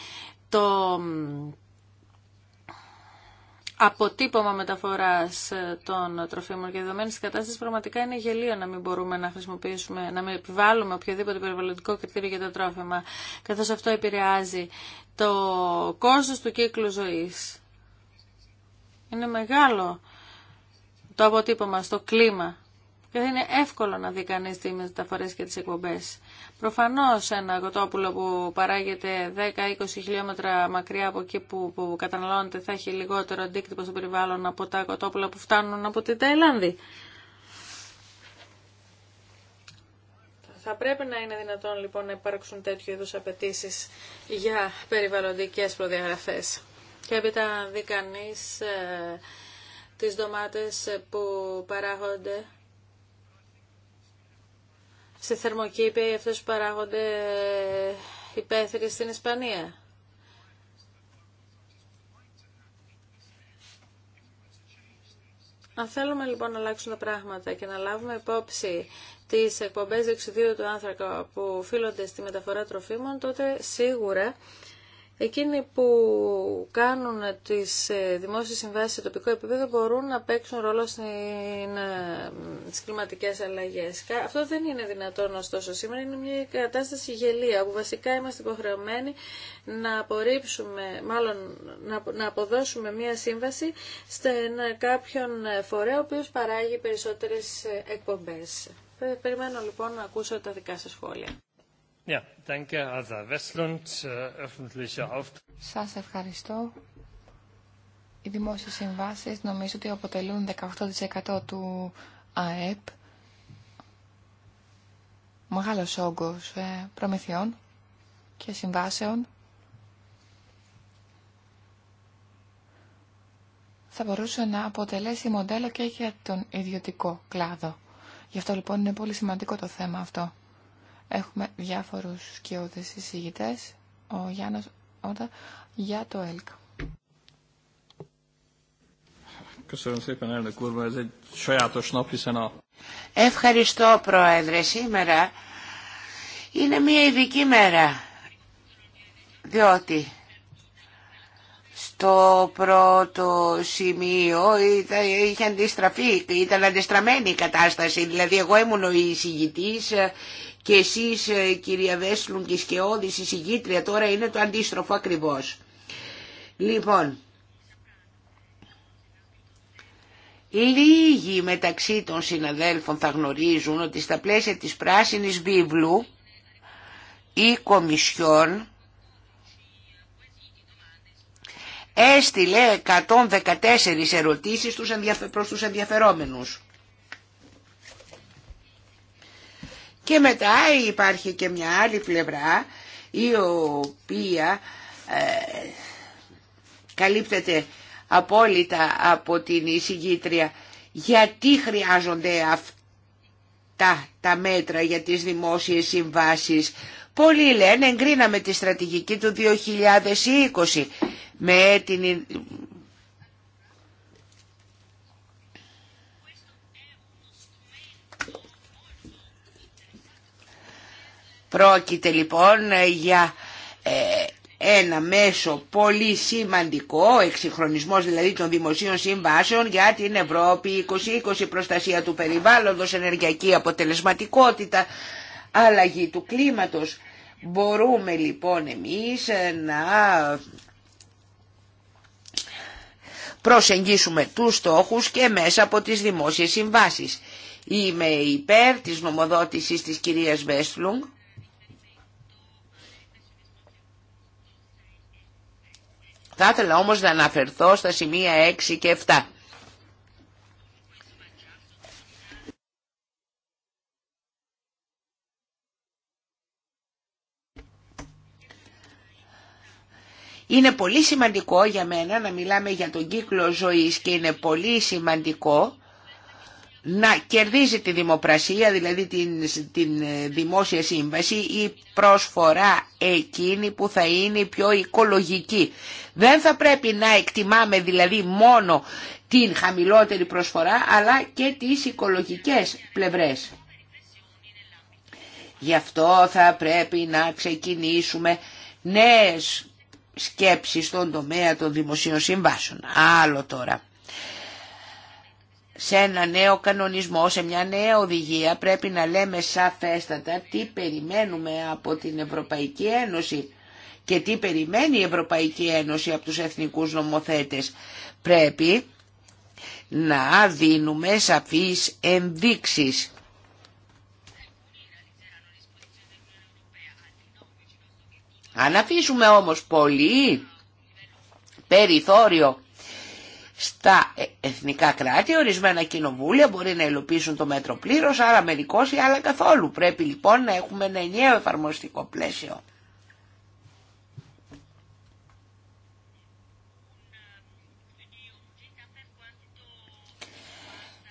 C: το αποτύπωμα μεταφοράς ε, των τροφίμων και δεδομένη τη κατάστασης πραγματικά είναι γελίο να μην μπορούμε να χρησιμοποιήσουμε, να μην επιβάλλουμε οποιοδήποτε περιβαλλοντικό κριτήριο για το τρόφιμα, καθώς αυτό επηρεάζει το κόστος του κύκλου ζωής. Είναι μεγάλο το αποτύπωμα στο κλίμα και δεν είναι εύκολο να δει κανείς τι μεταφορές και τις εκπομπές. Προφανώς ένα κοτόπουλο που παράγεται 10-20 χιλιόμετρα μακριά από εκεί που, που καταναλώνεται θα έχει λιγότερο αντίκτυπο στο περιβάλλον από τα κοτόπουλα που φτάνουν από την Ταϊλάνδη. Θα πρέπει να είναι δυνατόν λοιπόν να υπάρξουν τέτοιου είδους απαιτήσει για περιβαλλοντικές προδιαγραφές. Και έπειτα δει κανείς ε, τις ντομάτες που παράγονται σε θερμοκήπια ή αυτούς που παράγονται ε, υπαίθριοι στην Ισπανία. Αν θέλουμε λοιπόν να αλλάξουμε τα πράγματα και να λάβουμε υπόψη τις εκπομπές διεξιδίου του άνθρακα που οφείλονται στη μεταφορά τροφίμων, τότε σίγουρα Εκείνοι που κάνουν τις ε, δημόσιες συμβάσεις σε τοπικό επίπεδο μπορούν να παίξουν ρόλο ε, στις κλιματικές αλλαγές. Αυτό δεν είναι δυνατόν ωστόσο σήμερα, είναι μια κατάσταση γελία που βασικά είμαστε υποχρεωμένοι να απορρίψουμε, μάλλον να αποδώσουμε μια σύμβαση σε κάποιον φορέα ο οποίος παράγει περισσότερες ε, εκπομπές. Περιμένω λοιπόν να ακούσω τα δικά σας σχόλια.
A: Äh, Σας ευχαριστώ. Οι δημόσιες συμβάσεις νομίζω ότι αποτελούν 18% του ΑΕΠ. Μεγάλος όγκος ε, προμηθειών και συμβάσεων. Θα μπορούσε να αποτελέσει μοντέλο και για τον ιδιωτικό κλάδο. Γι' αυτό λοιπόν είναι πολύ σημαντικό το θέμα αυτό. Έχουμε διάφορους σκιώδες εισηγητές. Ο Γιάννος Όντα για το ΕΛΚ.
B: Ευχαριστώ Πρόεδρε. Σήμερα είναι μια ειδική μέρα διότι στο πρώτο σημείο ήταν, είχε αντιστραφεί, ήταν αντιστραμμένη η κατάσταση. Δηλαδή εγώ ήμουν ο εισηγητής και εσείς ε, κυρία Βέσλουν και η Σκεώδης, η συγκήτρια, τώρα είναι το αντίστροφο ακριβώς. Λοιπόν, λίγοι μεταξύ των συναδέλφων θα γνωρίζουν ότι στα πλαίσια της πράσινης βίβλου η Κομισιόν έστειλε 114 ερωτήσεις προς τους ενδιαφερόμενους. Και μετά υπάρχει και μια άλλη πλευρά η οποία ε, καλύπτεται απόλυτα από την εισηγήτρια γιατί χρειάζονται αυτά τα μέτρα για τις δημόσιες συμβάσεις. Πολλοί λένε εγκρίναμε τη στρατηγική του 2020 με την Πρόκειται λοιπόν ε, για ε, ένα μέσο πολύ σημαντικό, εξυγχρονισμός δηλαδή των δημοσίων συμβάσεων για την Ευρώπη 2020, προστασία του περιβάλλοντος, ενεργειακή αποτελεσματικότητα, αλλαγή του κλίματος. Μπορούμε λοιπόν εμείς ε, να προσεγγίσουμε τους στόχους και μέσα από τις δημόσιες συμβάσεις. Είμαι υπέρ της νομοδότησης της κυρίας Βέστλουγκ, Θα ήθελα όμως να αναφερθώ στα σημεία 6 και 7. Είναι πολύ σημαντικό για μένα να μιλάμε για τον κύκλο ζωής και είναι πολύ σημαντικό να κερδίζει τη δημοπρασία, δηλαδή την, την ε, δημόσια σύμβαση, η προσφορά εκείνη που θα είναι πιο οικολογική. Δεν θα πρέπει να εκτιμάμε δηλαδή μόνο την χαμηλότερη προσφορά, αλλά και τις οικολογικές πλευρές. Γι' αυτό θα πρέπει να ξεκινήσουμε νέες σκέψεις στον τομέα των δημοσίων συμβάσεων. Άλλο τώρα σε ένα νέο κανονισμό, σε μια νέα οδηγία πρέπει να λέμε σαφέστατα τι περιμένουμε από την Ευρωπαϊκή Ένωση και τι περιμένει η Ευρωπαϊκή Ένωση από τους εθνικούς νομοθέτες. Πρέπει να δίνουμε σαφείς ενδείξεις. Αν αφήσουμε όμως πολύ περιθώριο στα εθνικά κράτη, ορισμένα κοινοβούλια μπορεί να υλοποιήσουν το μέτρο πλήρω, άρα μερικώ ή άλλα καθόλου. Πρέπει λοιπόν να έχουμε ένα ενιαίο εφαρμοστικό πλαίσιο.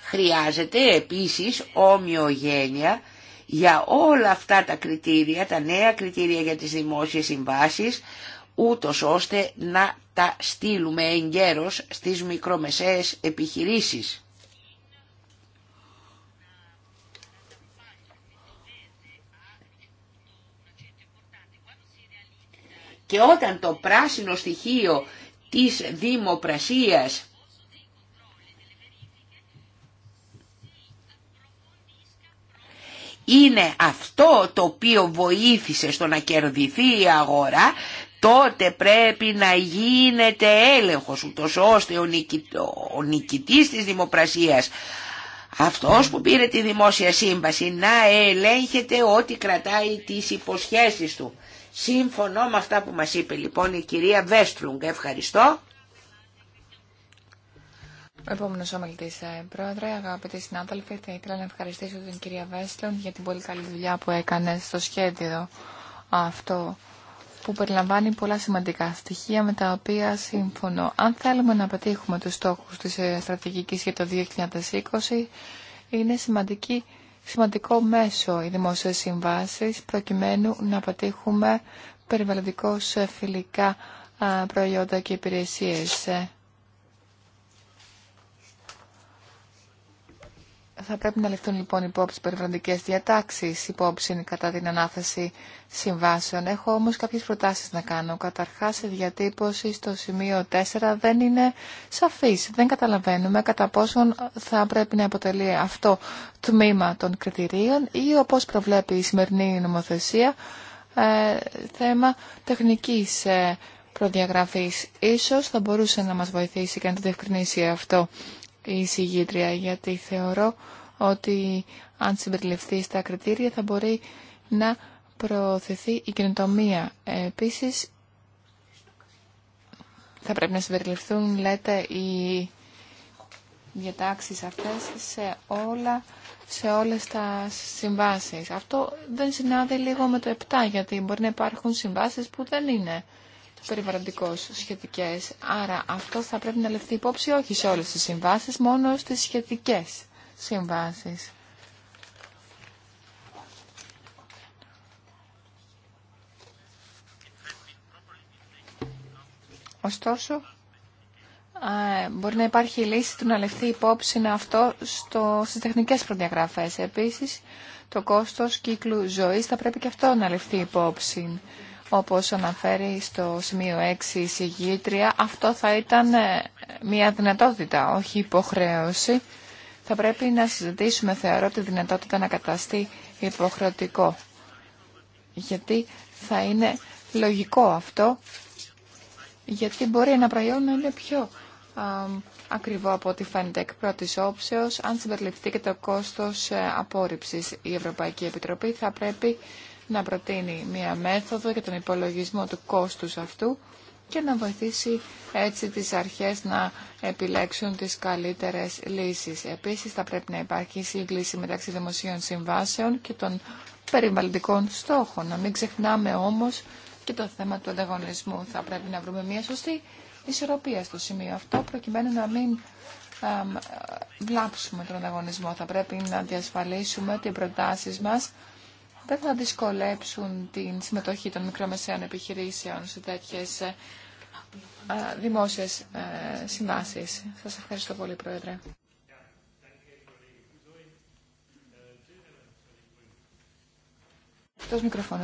B: Χρειάζεται επίσης ομοιογένεια για όλα αυτά τα κριτήρια, τα νέα κριτήρια για τις δημόσιες συμβάσεις ούτως ώστε να τα στείλουμε εγκαίρως στις μικρομεσαίες επιχειρήσεις. Και όταν το πράσινο στοιχείο της δημοπρασίας είναι αυτό το οποίο βοήθησε στο να κερδιθεί η αγορά, τότε πρέπει να γίνεται έλεγχος ούτως ώστε ο, ο νικητής της δημοπρασίας αυτός που πήρε τη δημόσια σύμβαση να ελέγχεται ότι κρατάει τις υποσχέσεις του. Σύμφωνο με αυτά που μας είπε λοιπόν η κυρία Βέστρουγκ. Ευχαριστώ.
A: Ο επόμενος ομιλητής, ε, πρόεδρε, αγαπητοί συνάδελφοι, θα ήθελα να ευχαριστήσω την κυρία Βέστρουγκ για την πολύ καλή δουλειά που έκανε στο σχέδιο αυτό που περιλαμβάνει πολλά σημαντικά στοιχεία με τα οποία συμφωνώ. Αν θέλουμε να πετύχουμε τους στόχους της ε, στρατηγικής για το 2020, είναι σημαντική, σημαντικό μέσο οι δημόσιες συμβάσεις προκειμένου να πετύχουμε περιβαλλοντικώς ε, φιλικά ε, προϊόντα και υπηρεσίες. Θα πρέπει να ληφθούν λοιπόν υπόψη περιβαλλοντικέ διατάξει υπόψη κατά την ανάθεση συμβάσεων. Έχω όμω κάποιε προτάσει να κάνω. Καταρχά, η διατύπωση στο σημείο 4 δεν είναι σαφή. Δεν καταλαβαίνουμε κατά πόσον θα πρέπει να αποτελεί αυτό τμήμα των κριτηρίων ή όπως προβλέπει η οπω προβλεπει νομοθεσία ε, θέμα τεχνικής τεχνικης προδιαγραφη σω θα μπορούσε να μα βοηθήσει και να το διευκρινίσει αυτό η συγγήτρια, γιατί θεωρώ ότι αν συμπεριληφθεί στα κριτήρια θα μπορεί να προωθηθεί η κοινοτομία. Επίσης, θα πρέπει να συμπεριληφθούν, λέτε, οι διατάξεις αυτές σε, όλα, σε όλες τα συμβάσεις. Αυτό δεν συνάδει λίγο με το 7, γιατί μπορεί να υπάρχουν συμβάσεις που δεν είναι περιβαλλοντικώς σχετικές. Άρα αυτό θα πρέπει να λεφθεί υπόψη όχι σε όλες τις συμβάσεις, μόνο στις σχετικές συμβάσεις. Ωστόσο, μπορεί να υπάρχει η λύση του να λεφθεί υπόψη αυτό στο, στις τεχνικές προδιαγραφές. Επίσης, το κόστος κύκλου ζωής θα πρέπει και αυτό να λεφθεί υπόψη όπως αναφέρει στο σημείο 6 η συγγήτρια, αυτό θα ήταν ε, μια δυνατότητα, όχι υποχρέωση. Θα πρέπει να συζητήσουμε, θεωρώ, τη δυνατότητα να καταστεί υποχρεωτικό. Γιατί θα είναι λογικό αυτό, γιατί μπορεί ένα προϊόν να είναι πιο ακριβό από ό,τι φαίνεται εκ πρώτη όψεως, αν συμπεριληφθεί και το κόστος ε, απόρριψης. Η Ευρωπαϊκή Επιτροπή θα πρέπει να προτείνει μία μέθοδο για τον υπολογισμό του κόστους αυτού και να βοηθήσει έτσι τις αρχές να επιλέξουν τις καλύτερες λύσεις. Επίσης θα πρέπει να υπάρχει σύγκληση μεταξύ δημοσίων συμβάσεων και των περιβαλλοντικών στόχων. Να μην ξεχνάμε όμως και το θέμα του ανταγωνισμού. Θα πρέπει να βρούμε μια σωστή ισορροπία στο σημείο αυτό προκειμένου να μην βλάψουμε τον ανταγωνισμό. Θα πρέπει να διασφαλίσουμε ότι οι προτάσεις μας δεν θα δυσκολέψουν την συμμετοχή των μικρομεσαίων επιχειρήσεων σε τέτοιες ε, δημόσιες ε, συμβάσεις. Σας ευχαριστώ πολύ, Πρόεδρε.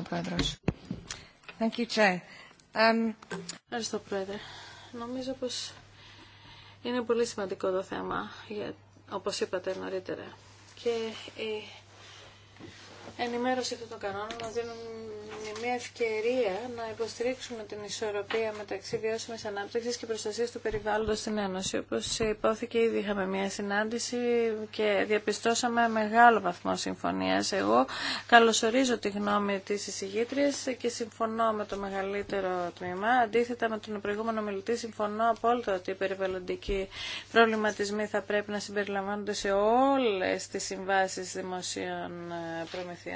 A: Πρόεδρος.
C: Thank you, um, Ευχαριστώ, Πρόεδρε. Νομίζω πως είναι πολύ σημαντικό το θέμα, για, όπως είπατε νωρίτερα. Και η ε, ενημέρωση αυτών των κανόνων μας δίνουν μια ευκαιρία να υποστηρίξουμε την ισορροπία μεταξύ βιώσιμη ανάπτυξη και προστασία του περιβάλλοντος στην Ένωση. Όπω υπόθηκε, ήδη είχαμε μια συνάντηση και διαπιστώσαμε μεγάλο βαθμό συμφωνία. Εγώ καλωσορίζω τη γνώμη τη εισηγήτρια και συμφωνώ με το μεγαλύτερο τμήμα. Αντίθετα με τον προηγούμενο μιλητή, συμφωνώ απόλυτα ότι οι περιβαλλοντικοί προβληματισμοί θα πρέπει να συμπεριλαμβάνονται σε όλε τι συμβάσει δημοσίων προμηθειών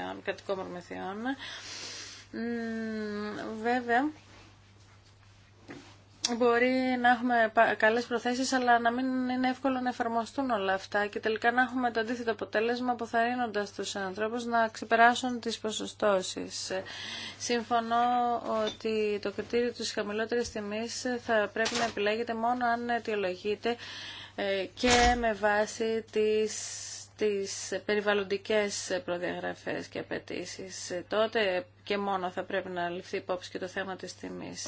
C: προμηθειών, κρατικών Βέβαια, Μπορεί να έχουμε καλές προθέσεις, αλλά να μην είναι εύκολο να εφαρμοστούν όλα αυτά και τελικά να έχουμε το αντίθετο αποτέλεσμα αποθαρρύνοντας τους ανθρώπους να ξεπεράσουν τις ποσοστώσεις. Συμφωνώ ότι το κριτήριο της χαμηλότερης τιμής θα πρέπει να επιλέγεται μόνο αν αιτιολογείται ε, και με βάση τις τις περιβαλλοντικές προδιαγραφές και απαιτήσει. Ε, τότε και μόνο θα πρέπει να ληφθεί υπόψη και το θέμα της τιμής.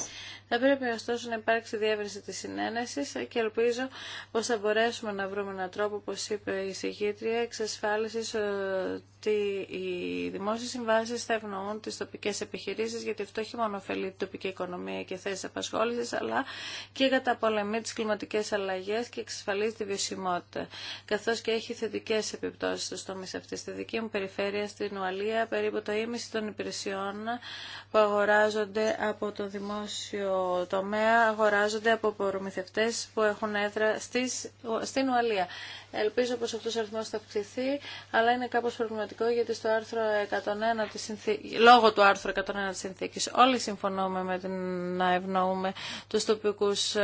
C: Θα πρέπει ωστόσο να υπάρξει διεύρυνση της συνένεσης και ελπίζω πως θα μπορέσουμε να βρούμε έναν τρόπο, όπως είπε η συγκήτρια, εξασφάλισης ότι οι δημόσιες συμβάσεις θα ευνοούν τις τοπικές επιχειρήσεις, γιατί αυτό έχει μόνο ωφελεί την τοπική οικονομία και θέσεις απασχόλησης, αλλά και καταπολεμεί τις κλιματικές αλλαγές και εξασφαλίζει τη βιωσιμότητα, καθώς και έχει θετικές επιπτώσεις στους τομείς αυτής. Στη δική μου περιφέρεια, στην Ουαλία, περίπου το ίμιση των υπηρεσιών που αγοράζονται από το δημόσιο τομέα αγοράζονται από προμηθευτές που έχουν έδρα στις, στην Ουαλία. Ελπίζω πως αυτός ο αριθμός θα αυξηθεί, αλλά είναι κάπως προβληματικό γιατί στο άρθρο 101 της λόγω του άρθρου 101 της συνθήκης όλοι συμφωνούμε με την να ευνοούμε τους τοπικούς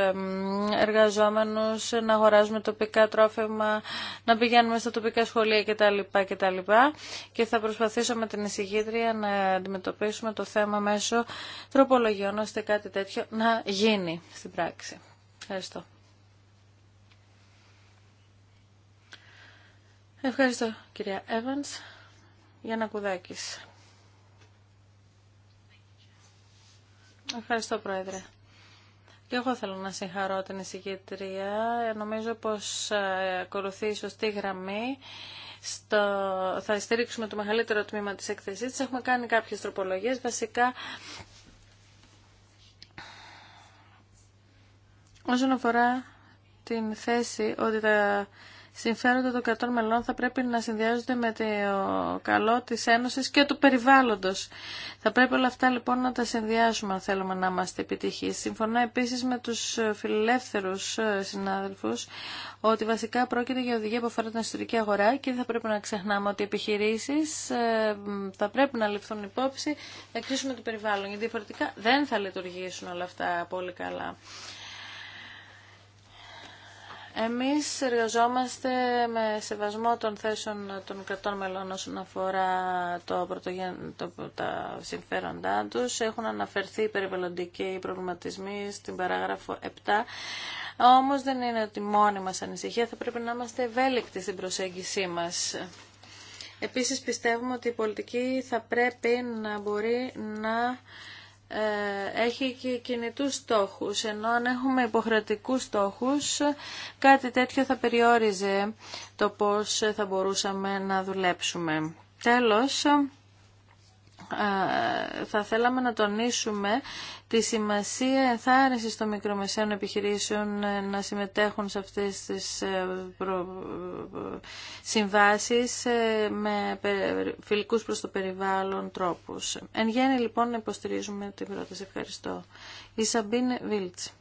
C: εργαζόμενους, να αγοράζουμε τοπικά τρόφιμα, να πηγαίνουμε στα τοπικά σχολεία κτλ. Και θα προσπαθήσω με την εισηγήτρια να αντιμετωπίσουμε αντιμετωπίσουμε το θέμα μέσω τροπολογιών ώστε κάτι τέτοιο να γίνει στην πράξη. Ευχαριστώ. Ευχαριστώ κυρία Evans για να κουδάκεις. Ευχαριστώ Πρόεδρε. Και εγώ θέλω να συγχαρώ την εισηγήτρια. Νομίζω πως ε, ακολουθεί η σωστή γραμμή στο... θα στηρίξουμε το μεγαλύτερο τμήμα της εκθεσής της. Έχουμε κάνει κάποιες τροπολογίες. Βασικά όσον αφορά την θέση ότι τα συμφέροντα των κρατών μελών θα πρέπει να συνδυάζονται με το καλό της Ένωσης και του περιβάλλοντος. Θα πρέπει όλα αυτά λοιπόν να τα συνδυάσουμε αν θέλουμε να είμαστε επιτυχείς. Συμφωνώ επίσης με τους φιλελεύθερους ε, συνάδελφους ότι βασικά πρόκειται για οδηγία που αφορά την ιστορική αγορά και δεν θα πρέπει να ξεχνάμε ότι οι επιχειρήσεις ε, θα πρέπει να ληφθούν υπόψη να κρίσουμε το περιβάλλον γιατί διαφορετικά δεν θα λειτουργήσουν όλα αυτά πολύ καλά. Εμείς εργαζόμαστε με σεβασμό των θέσεων των κρατών μελών όσον αφορά το πρωτογεν... το... τα συμφέροντά τους. Έχουν αναφερθεί περιβαλλοντικοί προβληματισμοί στην παράγραφο 7. Όμως δεν είναι ότι μόνη μας ανησυχία, θα πρέπει να είμαστε ευέλικτοι στην προσέγγισή μας. Επίσης πιστεύουμε ότι η πολιτική θα πρέπει να μπορεί να ε, έχει και κινητούς στόχους, ενώ αν έχουμε υποχρεωτικούς στόχους, κάτι τέτοιο θα περιόριζε το πώς θα μπορούσαμε να δουλέψουμε. Τέλος, θα θέλαμε να τονίσουμε τη σημασία ενθάρρυνσης των μικρομεσαίων επιχειρήσεων ε, να συμμετέχουν σε αυτές τις ε, συμβάσεις ε, με φιλικούς προς το περιβάλλον τρόπους. Εν γέννη λοιπόν να υποστηρίζουμε την πρόταση. Ευχαριστώ. Η Σαμπίν Βίλτς.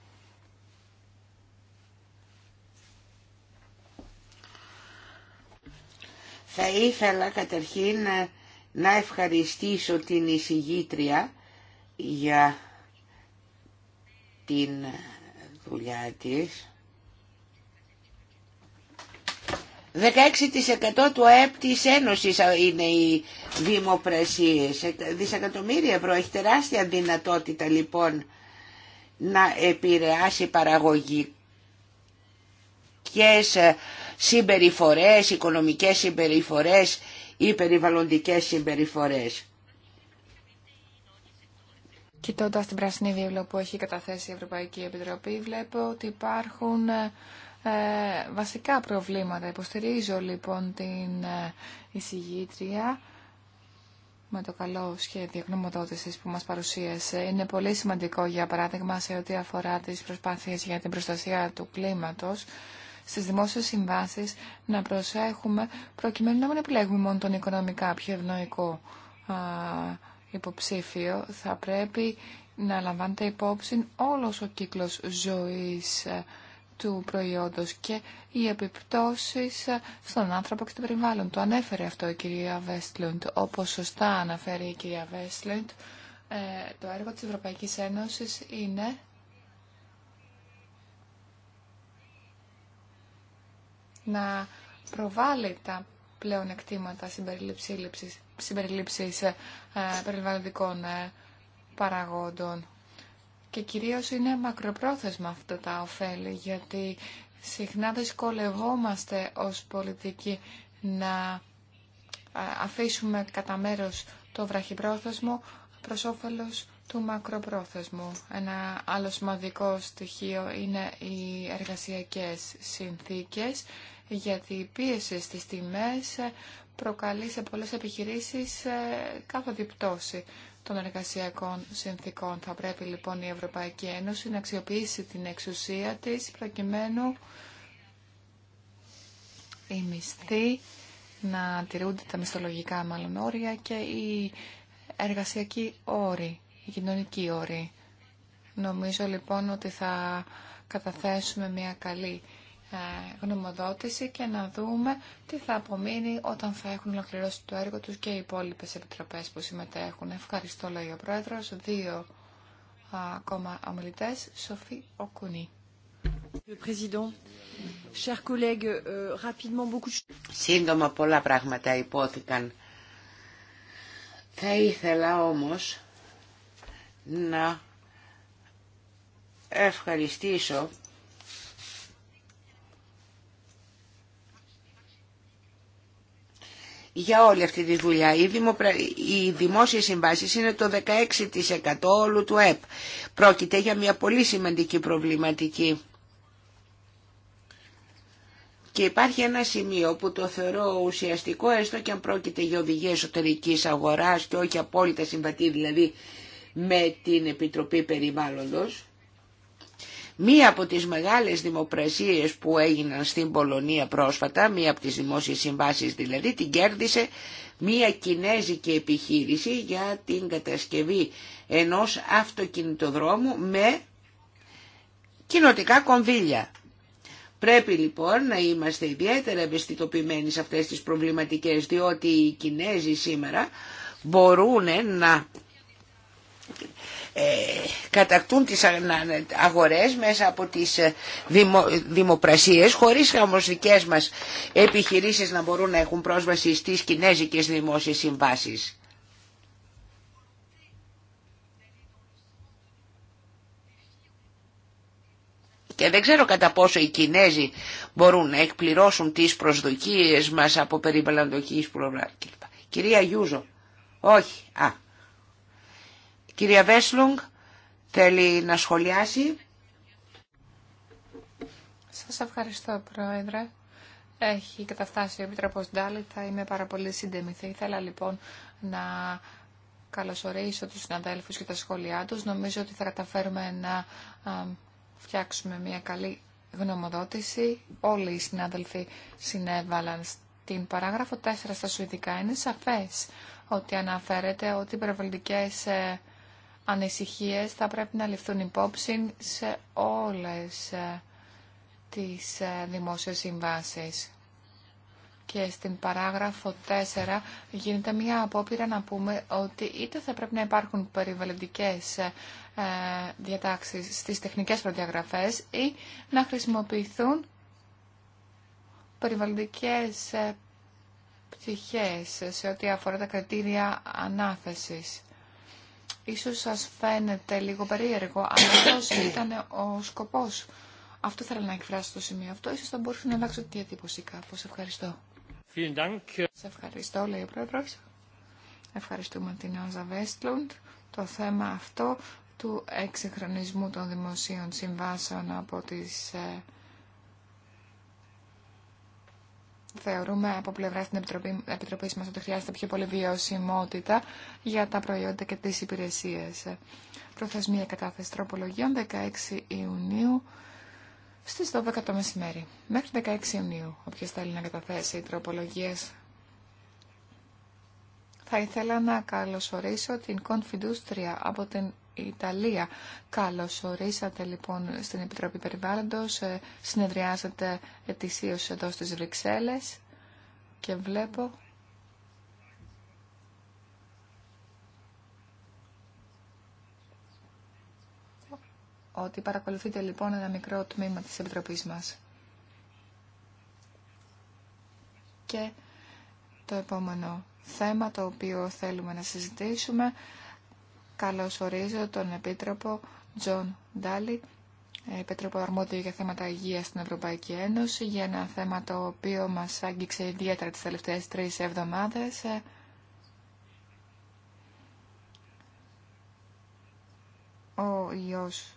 B: Θα ήθελα καταρχήν να ευχαριστήσω την εισηγήτρια για την δουλειά της. 16% του ΑΕΠ της Ένωσης είναι οι δημοπρασίες. Δισεκατομμύρια ευρώ. Έχει τεράστια δυνατότητα λοιπόν να επηρεάσει και ε, συμπεριφορές, οικονομικές συμπεριφορές ή περιβαλλοντικές συμπεριφορές.
A: Κοιτώντα την πράσινη βίβλο που έχει καταθέσει η Ευρωπαϊκή Επιτροπή, βλέπω ότι υπάρχουν ε, βασικά προβλήματα. Υποστηρίζω λοιπόν την πρασινη βιβλο που εχει καταθεσει η ευρωπαικη επιτροπη βλεπω οτι υπαρχουν βασικα προβληματα υποστηριζω λοιπον την εισηγητρια με το καλό σχέδιο γνωμοδότησης που μας παρουσίασε. Είναι πολύ σημαντικό για παράδειγμα σε ό,τι αφορά τις προσπάθειε για την προστασία του κλίματος στι δημόσιε συμβάσει να προσέχουμε προκειμένου να μην επιλέγουμε μόνο τον οικονομικά πιο ευνοϊκό υποψήφιο. Θα πρέπει να λαμβάνεται υπόψη όλος ο κύκλος ζωής ε, του προϊόντος και οι επιπτώσεις ε, στον άνθρωπο και το περιβάλλον. Το ανέφερε αυτό η κυρία Βέστλουντ. Όπως σωστά αναφέρει η κυρία Βέστλουντ, ε, το έργο της Ευρωπαϊκής Ένωσης είναι να προβάλλει τα πλέον εκτήματα συμπεριλήψης, ε, περιβαλλοντικών ε, παραγόντων. Και κυρίως είναι μακροπρόθεσμα αυτά τα ωφέλη, γιατί συχνά δυσκολευόμαστε ως πολιτικοί να ε, αφήσουμε κατά μέρος το βραχυπρόθεσμο προς όφελος του μακροπρόθεσμου. Ένα άλλο σημαντικό στοιχείο είναι οι εργασιακές συνθήκες, γιατί η πίεση στις τιμές προκαλεί σε πολλές επιχειρήσεις ε, κάθε διπτώση των εργασιακών συνθήκων. Θα πρέπει λοιπόν η Ευρωπαϊκή Ένωση να αξιοποιήσει την εξουσία της προκειμένου οι μισθοί να τηρούνται τα μισθολογικά μάλλον όρια και οι εργασιακοί όροι οι κοινωνικοί όροι. Νομίζω λοιπόν ότι θα καταθέσουμε μια καλή ε, γνωμοδότηση και να δούμε τι θα απομείνει όταν θα έχουν ολοκληρώσει το έργο τους και οι υπόλοιπε επιτροπές που συμμετέχουν. Ευχαριστώ, λέει ο Πρόεδρος. Δύο ακόμα ομιλητές. Σοφή Οκουνή. Euh,
B: Σύντομα πολλά πράγματα υπόθηκαν. Θα ήθελα όμως να ευχαριστήσω για όλη αυτή τη δουλειά. Οι, δημοπρα... οι δημόσιες συμβάσεις είναι το 16% όλου του ΕΠ. Πρόκειται για μια πολύ σημαντική προβληματική. Και υπάρχει ένα σημείο που το θεωρώ ουσιαστικό, έστω και αν πρόκειται για οδηγία εσωτερικής αγοράς και όχι απόλυτα συμβατή, δηλαδή με την Επιτροπή Περιβάλλοντος. Μία από τις μεγάλες δημοπρασίες που έγιναν στην Πολωνία πρόσφατα, μία από τις δημόσιες συμβάσεις δηλαδή, την κέρδισε μία κινέζικη επιχείρηση για την κατασκευή ενός αυτοκινητοδρόμου με κοινοτικά κονδύλια. Πρέπει λοιπόν να είμαστε ιδιαίτερα ευαισθητοποιημένοι σε αυτές τις προβληματικές, διότι οι Κινέζοι σήμερα μπορούν να ε, κατακτούν τις αγορές μέσα από τις ε, δημο, δημοπρασίες χωρίς όμως δικές μας επιχειρήσεις να μπορούν να έχουν πρόσβαση στις κινέζικες δημόσιες συμβάσεις. Και δεν ξέρω κατά πόσο οι Κινέζοι μπορούν να εκπληρώσουν τις προσδοκίες μας από περιβαλλοντική Κυρία Γιούζο, όχι, α, Κυρία Βέσλουγκ, θέλει να σχολιάσει.
A: Σας ευχαριστώ, Πρόεδρε. Έχει καταφτάσει ο Επίτροπος Ντάλι, θα είμαι πάρα πολύ σύντομη. Θα ήθελα λοιπόν να καλωσορίσω τους συναδέλφους και τα σχόλιά τους. Νομίζω ότι θα καταφέρουμε να φτιάξουμε μια καλή γνωμοδότηση. Όλοι οι συνάδελφοι συνέβαλαν στην παράγραφο 4 στα Σουηδικά. Είναι σαφές ότι αναφέρεται ότι οι περιβαλλοντικές ε, ανησυχίες θα πρέπει να ληφθούν υπόψη σε όλες ε, τις ε, δημόσιες συμβάσεις. Και στην παράγραφο 4 γίνεται μια απόπειρα να πούμε ότι είτε θα πρέπει να υπάρχουν περιβαλλοντικές ε, διατάξεις στις τεχνικές προδιαγραφές ή να χρησιμοποιηθούν περιβαλλοντικές πτυχές σε ό,τι αφορά τα κριτήρια ανάθεσης. Ίσως σας φαίνεται λίγο περίεργο, αλλά αυτός ήταν ο σκοπός. Αυτό θέλω να εκφράσω στο σημείο αυτό. Ίσως θα μπορούσα να αλλάξω τη διατύπωση κάπως. Ευχαριστώ. Σε ευχαριστώ, λέει ο Πρόεδρος. Ευχαριστούμε την Άζα Βέστλουντ. Το θέμα αυτό του εξυγχρονισμού των δημοσίων συμβάσεων από τις ε, Θεωρούμε από πλευρά στην Επιτροπή, Επιτροπής μας ότι χρειάζεται πιο πολύ βιωσιμότητα για τα προϊόντα και τις υπηρεσίες. Προθεσμία κατάθεση τροπολογιών 16 Ιουνίου στις 12 το μεσημέρι. Μέχρι 16 Ιουνίου, όποιος θέλει να καταθέσει τροπολογίες. Θα ήθελα να καλωσορίσω την Confidustria από την Ιταλία. Καλώς ορίσατε λοιπόν στην Επιτροπή Περιβάλλοντος, ε, Συνεδριάσατε ετησίως εδώ στις Βρυξέλλες και βλέπω ότι παρακολουθείτε λοιπόν ένα μικρό τμήμα της Επιτροπής μας. Και το επόμενο θέμα το οποίο θέλουμε να συζητήσουμε ορίζω τον Επίτροπο Τζον Ντάλι, Επίτροπο Αρμόδιο για θέματα υγείας στην Ευρωπαϊκή Ένωση, για ένα θέμα το οποίο μας άγγιξε ιδιαίτερα τις τελευταίες τρεις εβδομάδες. Ο ιός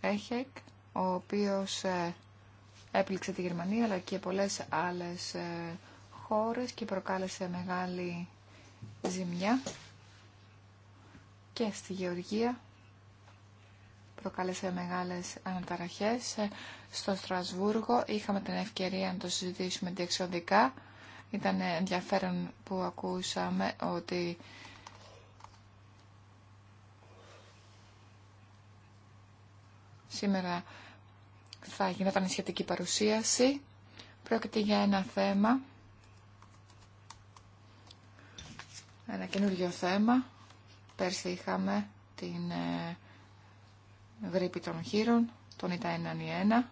A: Έχεκ, ο οποίος ε, έπληξε τη Γερμανία αλλά και πολλές άλλες ε, χώρες και προκάλεσε μεγάλη ζημιά και στη Γεωργία προκάλεσε μεγάλες αναταραχές. Στο Στρασβούργο είχαμε την ευκαιρία να το συζητήσουμε διεξοδικά. Ήταν ενδιαφέρον που ακούσαμε ότι σήμερα θα γινόταν η σχετική παρουσίαση. Πρόκειται για ένα θέμα, ένα καινούργιο θέμα Πέρσι είχαμε την ε, γρήπη των χείρων, τον ΙΤΑ 1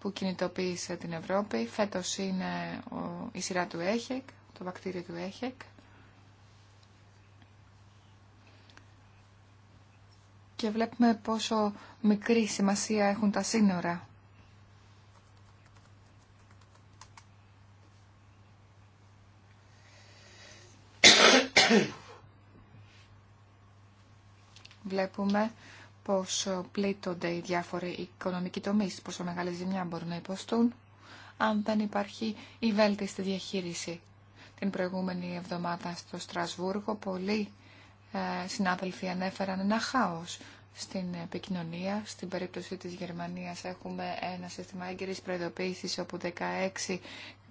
A: που κινητοποίησε την Ευρώπη. Φέτος είναι η σειρά του ΕΧΕΚ, το βακτήριο του ΕΧΕΚ. Και βλέπουμε πόσο μικρή σημασία έχουν τα σύνορα βλέπουμε πως πλήττονται οι διάφοροι οικονομικοί τομείς, πόσο μεγάλη ζημιά μπορούν να υποστούν, αν δεν υπάρχει η βέλτιστη διαχείριση. Την προηγούμενη εβδομάδα στο Στρασβούργο πολλοί ε, συνάδελφοι ανέφεραν ένα χάος στην επικοινωνία. Στην περίπτωση της Γερμανίας έχουμε ένα σύστημα έγκυρης προειδοποίησης όπου 16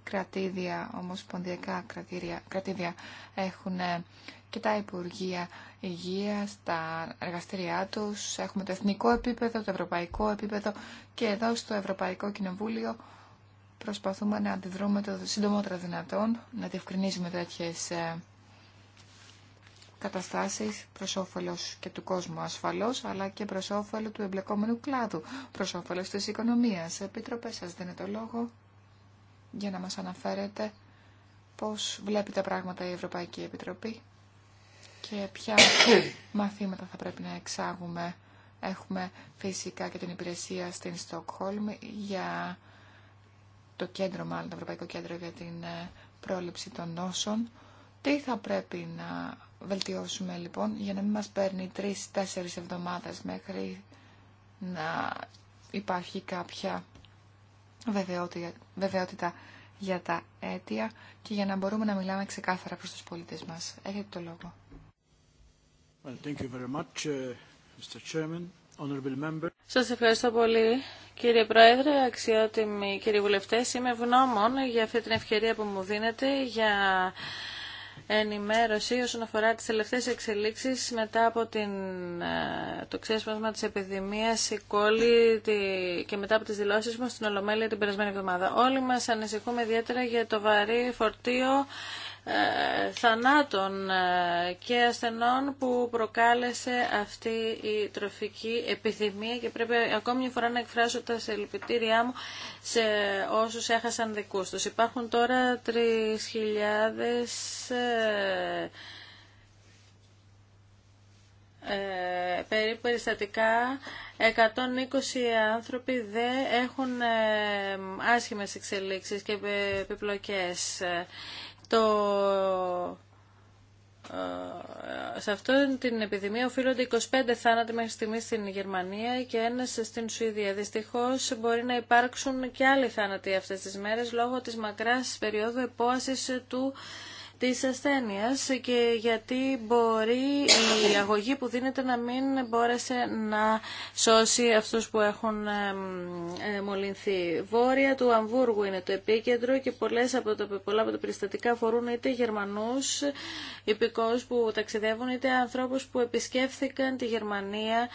A: κρατήδια, ομοσπονδιακά κρατήρια, κρατήδια έχουν ε, και τα Υπουργεία Υγεία τα εργαστήριά τους. Έχουμε το εθνικό επίπεδο, το ευρωπαϊκό επίπεδο και εδώ στο Ευρωπαϊκό Κοινοβούλιο προσπαθούμε να αντιδρούμε το σύντομότερα δυνατόν, να διευκρινίζουμε τέτοιες ε, καταστάσεις προς όφελος και του κόσμου ασφαλώς, αλλά και προς όφελο του εμπλεκόμενου κλάδου, προς όφελος της οικονομίας. Επίτροπε, σα δίνω το λόγο για να μας αναφέρετε πώς βλέπει τα πράγματα η Ευρωπαϊκή Επιτροπή και ποια μαθήματα θα πρέπει να εξάγουμε. Έχουμε φυσικά και την υπηρεσία στην Στοκχόλμη για το κέντρο, μάλλον το Ευρωπαϊκό Κέντρο για την ε, πρόληψη των νόσων. Τι θα πρέπει να βελτιώσουμε λοιπόν για να μην μας παίρνει τρεις-τέσσερις εβδομάδες μέχρι να υπάρχει κάποια βεβαιότητα για τα αίτια και για να μπορούμε να μιλάμε ξεκάθαρα
C: προς τους πολίτες μας. Έχετε το λόγο.
B: Well, thank you very much,
A: uh, Mr.
C: Σας ευχαριστώ πολύ κύριε Πρόεδρε, αξιότιμοι κύριοι βουλευτές. Είμαι ευγνώμων για αυτή την ευκαιρία που μου δίνετε για ενημέρωση όσον αφορά τις τελευταίες εξελίξεις μετά από την, ε, το ξέσπασμα της επιδημίας, η κόλλη και μετά από τις δηλώσεις μας στην Ολομέλεια την περασμένη εβδομάδα. Όλοι μας ανησυχούμε ιδιαίτερα για το βαρύ φορτίο ε, θανάτων ε, και ασθενών που προκάλεσε αυτή η τροφική επιθυμία και πρέπει ακόμη μια φορά να εκφράσω τα συλληπιτήριά μου σε όσους έχασαν δικούς τους. Υπάρχουν τώρα 3.000 ε, ε, περίπου περιστατικά 120 άνθρωποι δεν έχουν άσχημες εξελίξεις και επιπλοκές το ε, σε αυτή την επιδημία οφείλονται 25 θάνατοι μέχρι στιγμή στην Γερμανία και ένα στην Σουηδία. Δυστυχώ μπορεί να υπάρξουν και άλλοι θάνατοι αυτέ τι μέρε λόγω τη μακρά περίοδου επόαση του Τη ασθένειας και γιατί μπορεί η αγωγή που δίνεται να μην μπόρεσε να σώσει αυτούς που έχουν μολυνθεί. Βόρεια του Αμβούργου είναι το επίκεντρο και πολλές από τα, πολλά από τα περιστατικά αφορούν είτε Γερμανούς υπηκόους που ταξιδεύουν είτε ανθρώπους που επισκέφθηκαν τη Γερμανία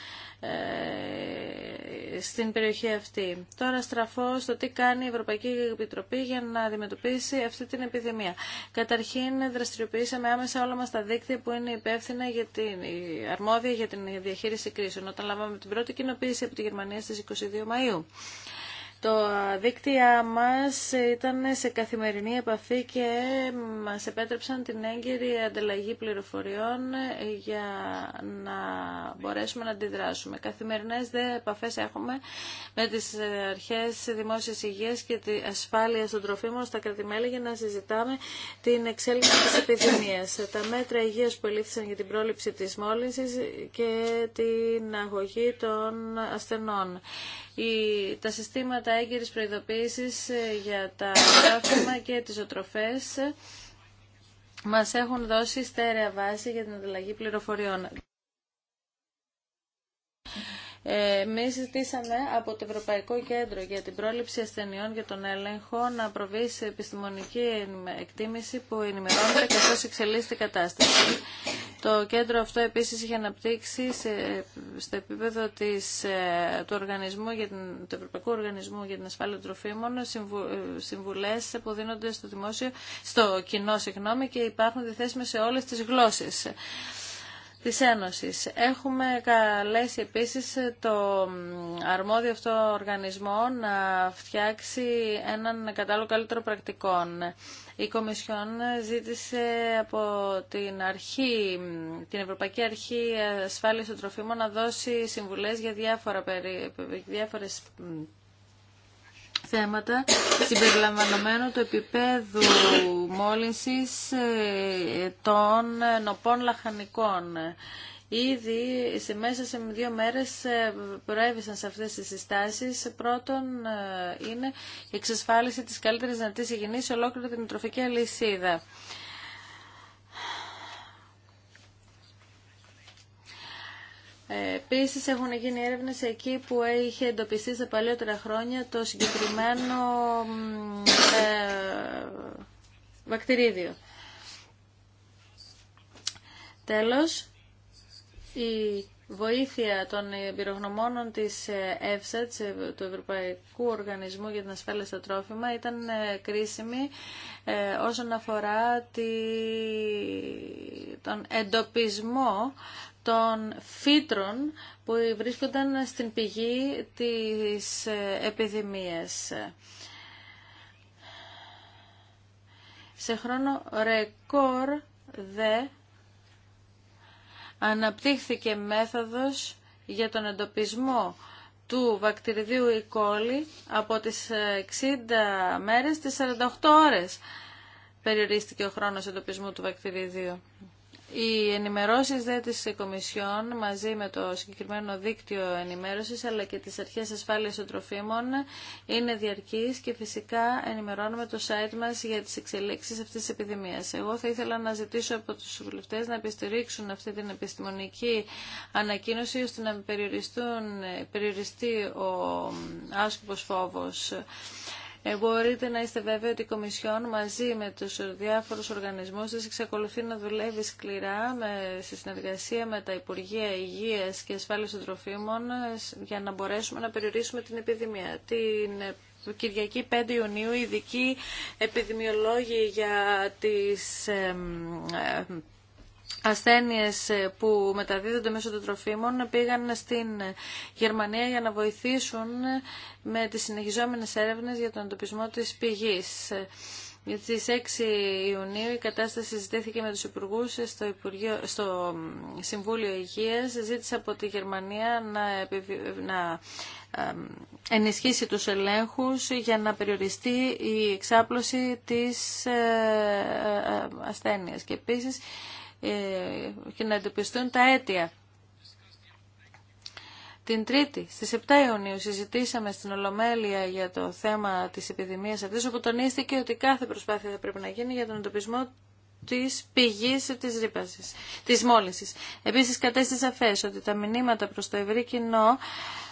C: ε, στην περιοχή αυτή. Τώρα στραφώ στο τι κάνει η Ευρωπαϊκή Επιτροπή για να αντιμετωπίσει αυτή την επιδημία. Καταρχήν δραστηριοποιήσαμε άμεσα όλα μας τα δίκτυα που είναι υπεύθυνα για την αρμόδια για την διαχείριση κρίσεων όταν λάβαμε την πρώτη κοινοποίηση από τη Γερμανία στις 22 Μαΐου. Το δίκτυά μας ήταν σε καθημερινή επαφή και μας επέτρεψαν την έγκυρη ανταλλαγή πληροφοριών για να μπορέσουμε να αντιδράσουμε. Καθημερινές δε επαφές έχουμε με τις αρχές δημόσιας υγείας και τη ασφάλεια των τροφίμων στα κρατημέλη για να συζητάμε την εξέλιξη της επιδημίας. Τα μέτρα υγείας που ελήφθησαν για την πρόληψη της μόλυνσης και την αγωγή των ασθενών τα συστήματα έγκαιρης προειδοποίησης ε, για τα τρόφιμα και τις οτροφές ε, μας έχουν δώσει στέρεα βάση για την ανταλλαγή πληροφοριών. Εμεί ζητήσαμε από το Ευρωπαϊκό Κέντρο για την Πρόληψη Ασθενειών για τον Έλεγχο να προβεί σε επιστημονική εκτίμηση που ενημερώνεται καθώ εξελίσσεται η κατάσταση. Το κέντρο αυτό επίση είχε αναπτύξει σε, στο επίπεδο της, ε, του, οργανισμού για την, του Ευρωπαϊκού Οργανισμού για την Ασφάλεια Τροφίμων συμβου, ε, συμβουλέ που δίνονται στο, δημόσιο, στο κοινό συγγνώμη, και υπάρχουν διθέσιμε σε όλε τι γλώσσε της Ένωσης. Έχουμε καλέσει επίσης το αρμόδιο αυτό οργανισμό να φτιάξει έναν κατάλογο καλύτερο πρακτικών. Η Κομισιόν ζήτησε από την, αρχή, την Ευρωπαϊκή Αρχή Ασφάλειας των Τροφίμων να δώσει συμβουλές για διάφορα, περι διάφορες θέματα συμπεριλαμβανομένου του επίπεδου μόλυνσης ε, των νοπών λαχανικών. Ήδη σε μέσα σε δύο μέρες ε, προέβησαν σε αυτές τις συστάσεις. Πρώτον ε, είναι η εξασφάλιση της καλύτερης δυνατής υγιεινής σε ολόκληρη την τροφική αλυσίδα. Επίση έχουν γίνει έρευνες εκεί που είχε εντοπιστεί σε παλιότερα χρόνια το συγκεκριμένο ε, βακτηρίδιο. Τέλος, η βοήθεια των εμπειρογνωμόνων της ε, ΕΦΣΑ, ε, του Ευρωπαϊκού Οργανισμού για την Ασφάλεια στα Τρόφιμα, ήταν κρίσιμη όσον αφορά τη... τον εντοπισμό των φύτρων που βρίσκονταν στην πηγή της ε, επιδημίας. Σε χρόνο ρεκόρ δε αναπτύχθηκε μέθοδος για τον εντοπισμό του βακτηριδίου E. coli από τις 60 ε, μέρες στις 48 ώρες περιορίστηκε ο χρόνος εντοπισμού του βακτηριδίου. Οι ενημερώσεις δε της Κομισιόν μαζί με το συγκεκριμένο δίκτυο ενημέρωσης αλλά και τις αρχές ασφάλειας των τροφίμων είναι διαρκείς και φυσικά ενημερώνουμε το site μας για τις εξελίξεις αυτής της επιδημίας. Εγώ θα ήθελα να ζητήσω από τους βουλευτές να επιστηρίξουν αυτή την επιστημονική ανακοίνωση ώστε να περιοριστεί ο άσκοπος φόβος. Ε, μπορείτε να είστε βέβαιοι ότι η Κομισιόν μαζί με τους διάφορους οργανισμούς της εξακολουθεί να δουλεύει σκληρά με, σε συνεργασία με τα Υπουργεία Υγείας και Ασφάλειας των Τροφίμων ε, για να μπορέσουμε να περιορίσουμε την επιδημία. Την ε, Κυριακή 5 Ιουνίου, ειδικοί επιδημιολόγοι για τις Ασθένειε ε, που μεταδίδονται μέσω των τροφίμων πήγαν στην Γερμανία για να βοηθήσουν ε, με τις συνεχιζόμενες έρευνες για τον εντοπισμό της πηγής. Ε, Στι 6 Ιουνίου η κατάσταση συζητήθηκε με τους υπουργούς στο, Υπουργείο, στο Συμβούλιο Υγείας. Ζήτησε από τη Γερμανία να, να ενισχύσει τους ελέγχους για να περιοριστεί η εξάπλωση της ασθένειας. Και επίσης ε, και να εντοπιστούν τα αίτια. Την Τρίτη, στις 7 Ιουνίου, συζητήσαμε στην Ολομέλεια για το θέμα της επιδημίας αυτής, όπου τονίστηκε ότι κάθε προσπάθεια θα πρέπει να γίνει για τον εντοπισμό της πηγής της ρήπασης, της μόλυνσης. Επίσης, κατέστησα σαφές ότι τα μηνύματα προς το ευρύ κοινό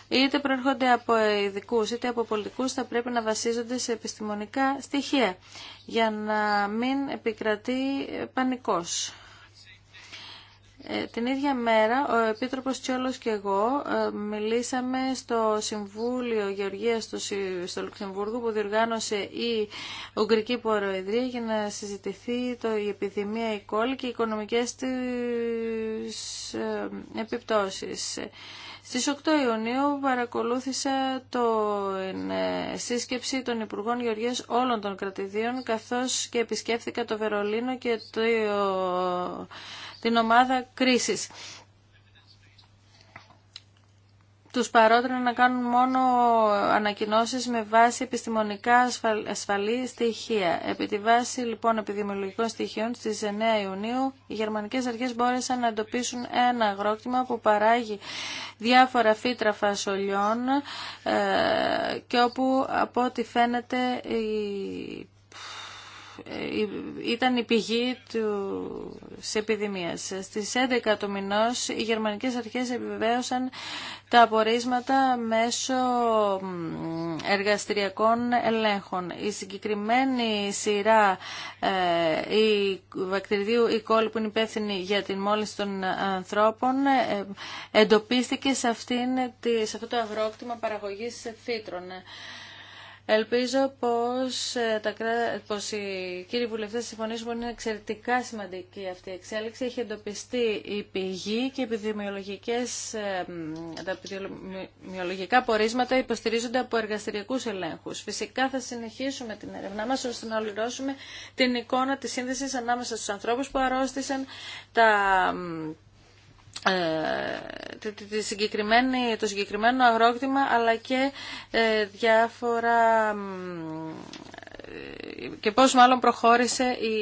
C: είτε προέρχονται από ειδικού είτε από πολιτικού, θα πρέπει να βασίζονται σε επιστημονικά στοιχεία για να μην επικρατεί πανικός. Ε, την ίδια μέρα ο Επίτροπος Τσιόλος και εγώ ε, μιλήσαμε στο Συμβούλιο Γεωργίας στο Λουξεμβούργο που διοργάνωσε η Ουγγρική Προεδρία για να συζητηθεί το, η επιδημία η κόλλη και οι οικονομικές της ε, επιπτώσεις. Στις 8 Ιουνίου παρακολούθησα το σύσκεψη των Υπουργών Γεωργίας όλων των κρατηδίων καθώς και επισκέφθηκα το Βερολίνο και το την ομάδα κρίσης. Τους παρότριναν να κάνουν μόνο ανακοινώσεις με βάση επιστημονικά ασφαλή στοιχεία. Επί τη βάση λοιπόν επιδημιολογικών στοιχείων στις 9 Ιουνίου οι γερμανικές αρχές μπόρεσαν να εντοπίσουν ένα αγρόκτημα που παράγει διάφορα φύτρα φασολιών ε, και όπου από ό,τι φαίνεται ήταν η πηγή του επιδημίας. Στις 11 του μηνός οι γερμανικές αρχές επιβεβαίωσαν τα απορίσματα μέσω εργαστηριακών ελέγχων. Η συγκεκριμένη σειρά ε, η βακτηριδίου η κόλλη που είναι υπεύθυνη για την μόλυνση των ανθρώπων ε, εντοπίστηκε σε, αυτήν, σε αυτό το αγρόκτημα παραγωγής φύτρων. Ελπίζω πως, ε, τα, πως οι κύριοι βουλευτές συμφωνήσουν ότι είναι εξαιρετικά σημαντική αυτή η εξέλιξη. Έχει εντοπιστεί η πηγή και επιδημιολογικές, ε, τα επιδημιολογικά πορίσματα υποστηρίζονται από εργαστηριακούς ελέγχους. Φυσικά θα συνεχίσουμε την έρευνά μας ώστε να ολυρώσουμε την εικόνα της σύνδεσης ανάμεσα στους ανθρώπους που αρρώστησαν, τα ε, το συγκεκριμένο αγρόκτημα αλλά και ε, διάφορα ε, και πώς μάλλον προχώρησε η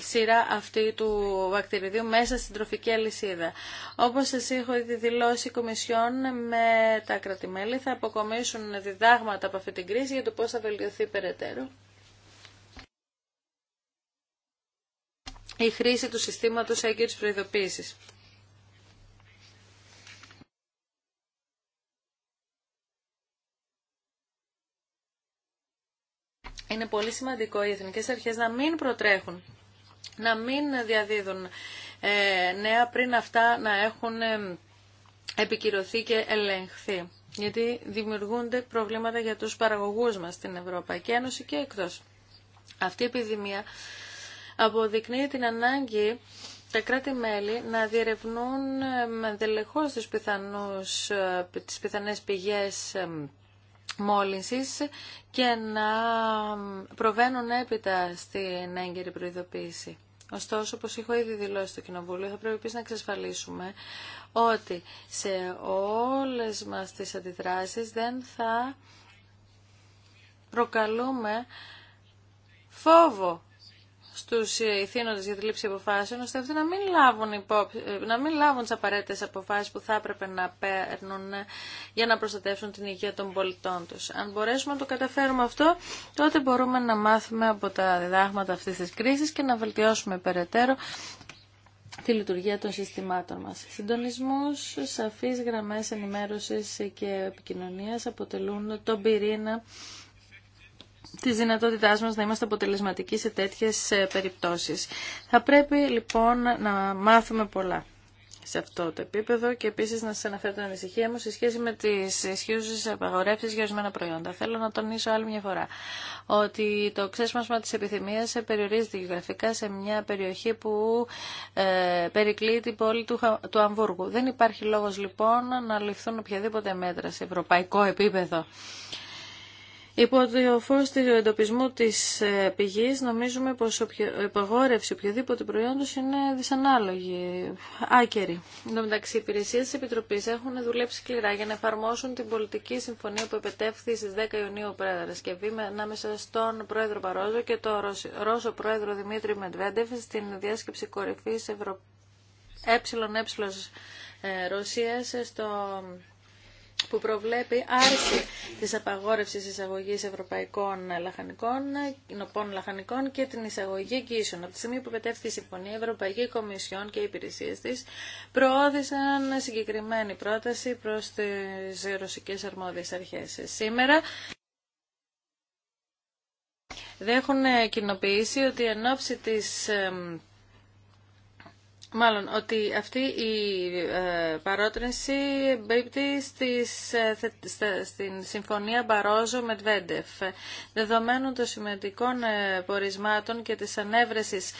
C: σειρά αυτή του βακτηριδίου μέσα στην τροφική αλυσίδα. Όπως σας έχω ήδη δηλώσει, η Κομισιόν με τα κρατημέλη θα αποκομίσουν διδάγματα από αυτή την κρίση για το πώς θα βελτιωθεί περαιτέρω. Η χρήση του συστήματος έγκυρης προειδοποίησης. Είναι πολύ σημαντικό οι εθνικές αρχές να μην προτρέχουν, να μην διαδίδουν ε, νέα πριν αυτά να έχουν ε, επικυρωθεί και ελεγχθεί. Γιατί δημιουργούνται προβλήματα για τους παραγωγούς μας στην Ευρωπαϊκή Ένωση και εκτός. Αυτή η επιδημία αποδεικνύει την ανάγκη τα κράτη-μέλη να διερευνούν ε, με δελεχώς τις, πιθανούς, τις πιθανές πηγές μόλυνσης και να προβαίνουν έπειτα στην έγκαιρη προειδοποίηση. Ωστόσο, όπως έχω ήδη δηλώσει στο Κοινοβούλιο, θα πρέπει επίσης να εξασφαλίσουμε ότι σε όλες μας τις αντιδράσεις δεν θα προκαλούμε φόβο Στου ηθήνοντε για τη λήψη αποφάσεων, ώστε αυτοί να μην λάβουν, να μην λάβουν τις απαραίτητες αποφάσεις που θα έπρεπε να παίρνουν για να προστατεύσουν την υγεία των πολιτών τους. Αν μπορέσουμε να το καταφέρουμε αυτό, τότε μπορούμε να μάθουμε από τα διδάγματα αυτή τη κρίσης και να βελτιώσουμε περαιτέρω τη λειτουργία των συστημάτων μας. Συντονισμούς, σαφείς γραμμές ενημέρωσης και επικοινωνίας αποτελούν τον πυρήνα Τη δυνατότητά μα να είμαστε αποτελεσματικοί σε τέτοιε περιπτώσει. Θα πρέπει λοιπόν να μάθουμε πολλά σε αυτό το επίπεδο και επίση να σα αναφέρω την ανησυχία μου σε σχέση με τι ισχύουσε απαγορεύσει για ορισμένα προϊόντα. Θέλω να τονίσω άλλη μια φορά ότι το ξέσπασμα τη επιθυμία περιορίζεται γεωγραφικά σε μια περιοχή που ε, περικλεί την πόλη του, του Αμβούργου. Δεν υπάρχει λόγο λοιπόν να ληφθούν οποιαδήποτε μέτρα σε ευρωπαϊκό επίπεδο. Υπό το φως του εντοπισμού της ε, πηγής νομίζουμε πως η υπαγόρευση οποιοδήποτε προϊόντος είναι δυσανάλογη, άκερη. Εν τω μεταξύ, οι υπηρεσίες της Επιτροπής έχουν δουλέψει σκληρά για να εφαρμόσουν την πολιτική συμφωνία που επετεύχθη στις 10 Ιουνίου Παρασκευή ανάμεσα στον Πρόεδρο Παρόζο και τον Ρώσο Πρόεδρο Δημήτρη Μετβέντεφ στην διάσκεψη κορυφής ΕΕ Ρωσίας στο που προβλέπει άρση της απαγόρευσης εισαγωγής ευρωπαϊκών λαχανικών, νοπών λαχανικών και την εισαγωγή εγγύσεων. Από τη στιγμή που πετεύχθη η συμφωνία, η Ευρωπαϊκή Κομισιόν και οι Υπηρεσίε της προώθησαν συγκεκριμένη πρόταση προς τις ρωσικέ αρμόδιες αρχές. Σήμερα δεν έχουν κοινοποιήσει ότι εν ώψη της Μάλλον ότι αυτή η ε, παρότρινση μπήκε στην συμφωνία Μπαρόζο Μετβέντεφ. Δεδομένου των σημαντικών ε, πορισμάτων και της ανέβρεσης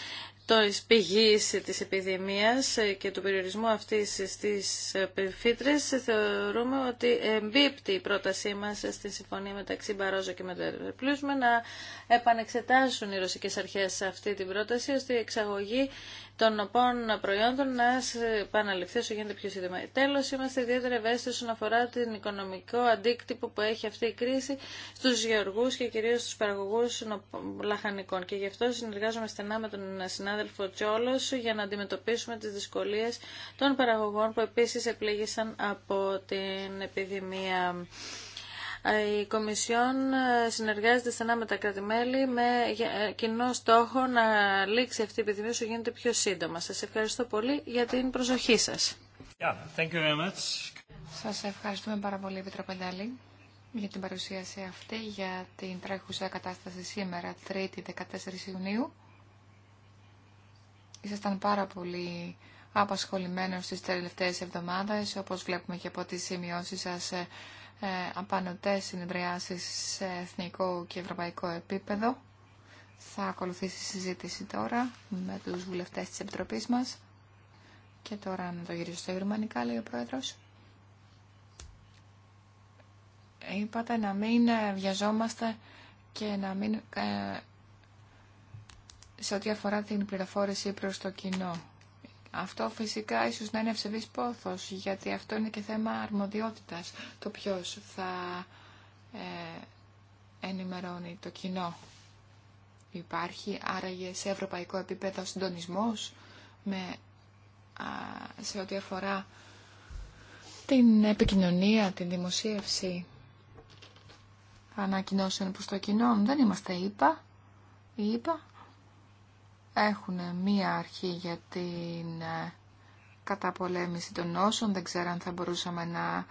C: το πηγής της επιδημίας ε, και του περιορισμού αυτής στις φύτρες θεωρούμε ότι εμπίπτει η πρότασή μας στη συμφωνία μεταξύ Μπαρόζο και Μετβέντεφ, Πλούσουμε να επανεξετάσουν οι ρωσικές αρχές αυτή την πρόταση ώστε η εξαγωγή των όπών προϊόντων να επαναληφθεί όσο γίνεται πιο σύντομα. Τέλο, είμαστε ιδιαίτερα ευαίσθητοι όσον αφορά την οικονομικό αντίκτυπο που έχει αυτή η κρίση στου γεωργού και κυρίω στου παραγωγού λαχανικών. Και γι' αυτό συνεργάζομαι στενά με τον συνάδελφο Τσόλο για να αντιμετωπίσουμε τι δυσκολίε των παραγωγών που επίση επλήγησαν από την επιδημία. Η Κομισιόν ε, συνεργάζεται στενά με τα κρατη με ε, κοινό στόχο να λήξει αυτή η επιδημία όσο γίνεται πιο σύντομα. Σας ευχαριστώ πολύ για την προσοχή σας.
A: Yeah, Σας ευχαριστούμε πάρα πολύ, Ντάλη, για την παρουσίαση αυτή, για την τρέχουσα κατάσταση σήμερα, 3η 14 Ιουνίου. Ήσασταν πάρα πολύ απασχολημένος στις τελευταίες εβδομάδες, όπως βλέπουμε και από τις σημειώσεις σας ε, ε, απανοτές συνεδριάσεις σε εθνικό και ευρωπαϊκό επίπεδο. Θα ακολουθήσει η συζήτηση τώρα με τους βουλευτές της Επιτροπής μας. Και τώρα να το γυρίσω στα γερμανικά, λέει ο Πρόεδρος. Είπατε να μην ε, βιαζόμαστε και να μην... Ε, σε ό,τι αφορά την πληροφόρηση προς το κοινό. Αυτό φυσικά ίσως να είναι ευσεβής πόθος, γιατί αυτό είναι και θέμα αρμοδιότητας, το ποιος θα ε, ενημερώνει το κοινό. Υπάρχει άραγε σε ευρωπαϊκό επίπεδο συντονισμός με, σε ό,τι αφορά την επικοινωνία, την δημοσίευση ανακοινώσεων προς το κοινό. Δεν είμαστε ΙΠΑ, ΙΠΑ έχουν μία αρχή για την ε, καταπολέμηση των νόσων. Δεν ξέρω αν θα μπορούσαμε να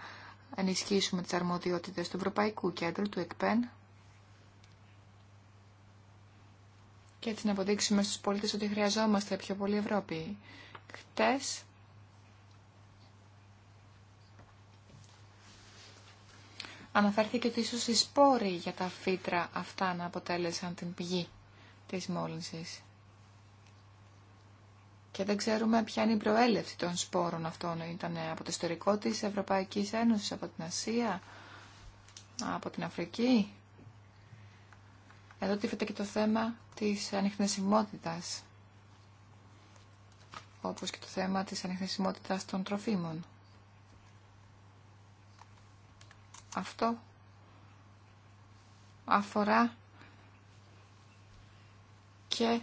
A: ενισχύσουμε τις αρμοδιότητες του Ευρωπαϊκού Κέντρου, του ΕΚΠΕΝ. Και έτσι να αποδείξουμε στους πολίτες ότι χρειαζόμαστε πιο πολύ Ευρώπη. Χτες αναφέρθηκε ότι ίσως οι σπόροι για τα φύτρα αυτά να αποτέλεσαν την πηγή της μόλυνσης και δεν ξέρουμε ποια είναι η προέλευση των σπόρων αυτών. Ήταν από το ιστορικό της Ευρωπαϊκής Ένωσης, από την Ασία, από την Αφρική. Εδώ τίθεται και το θέμα της ανιχνεσιμότητας, όπως και το θέμα της ανιχνεσιμότητας των τροφίμων. Αυτό αφορά και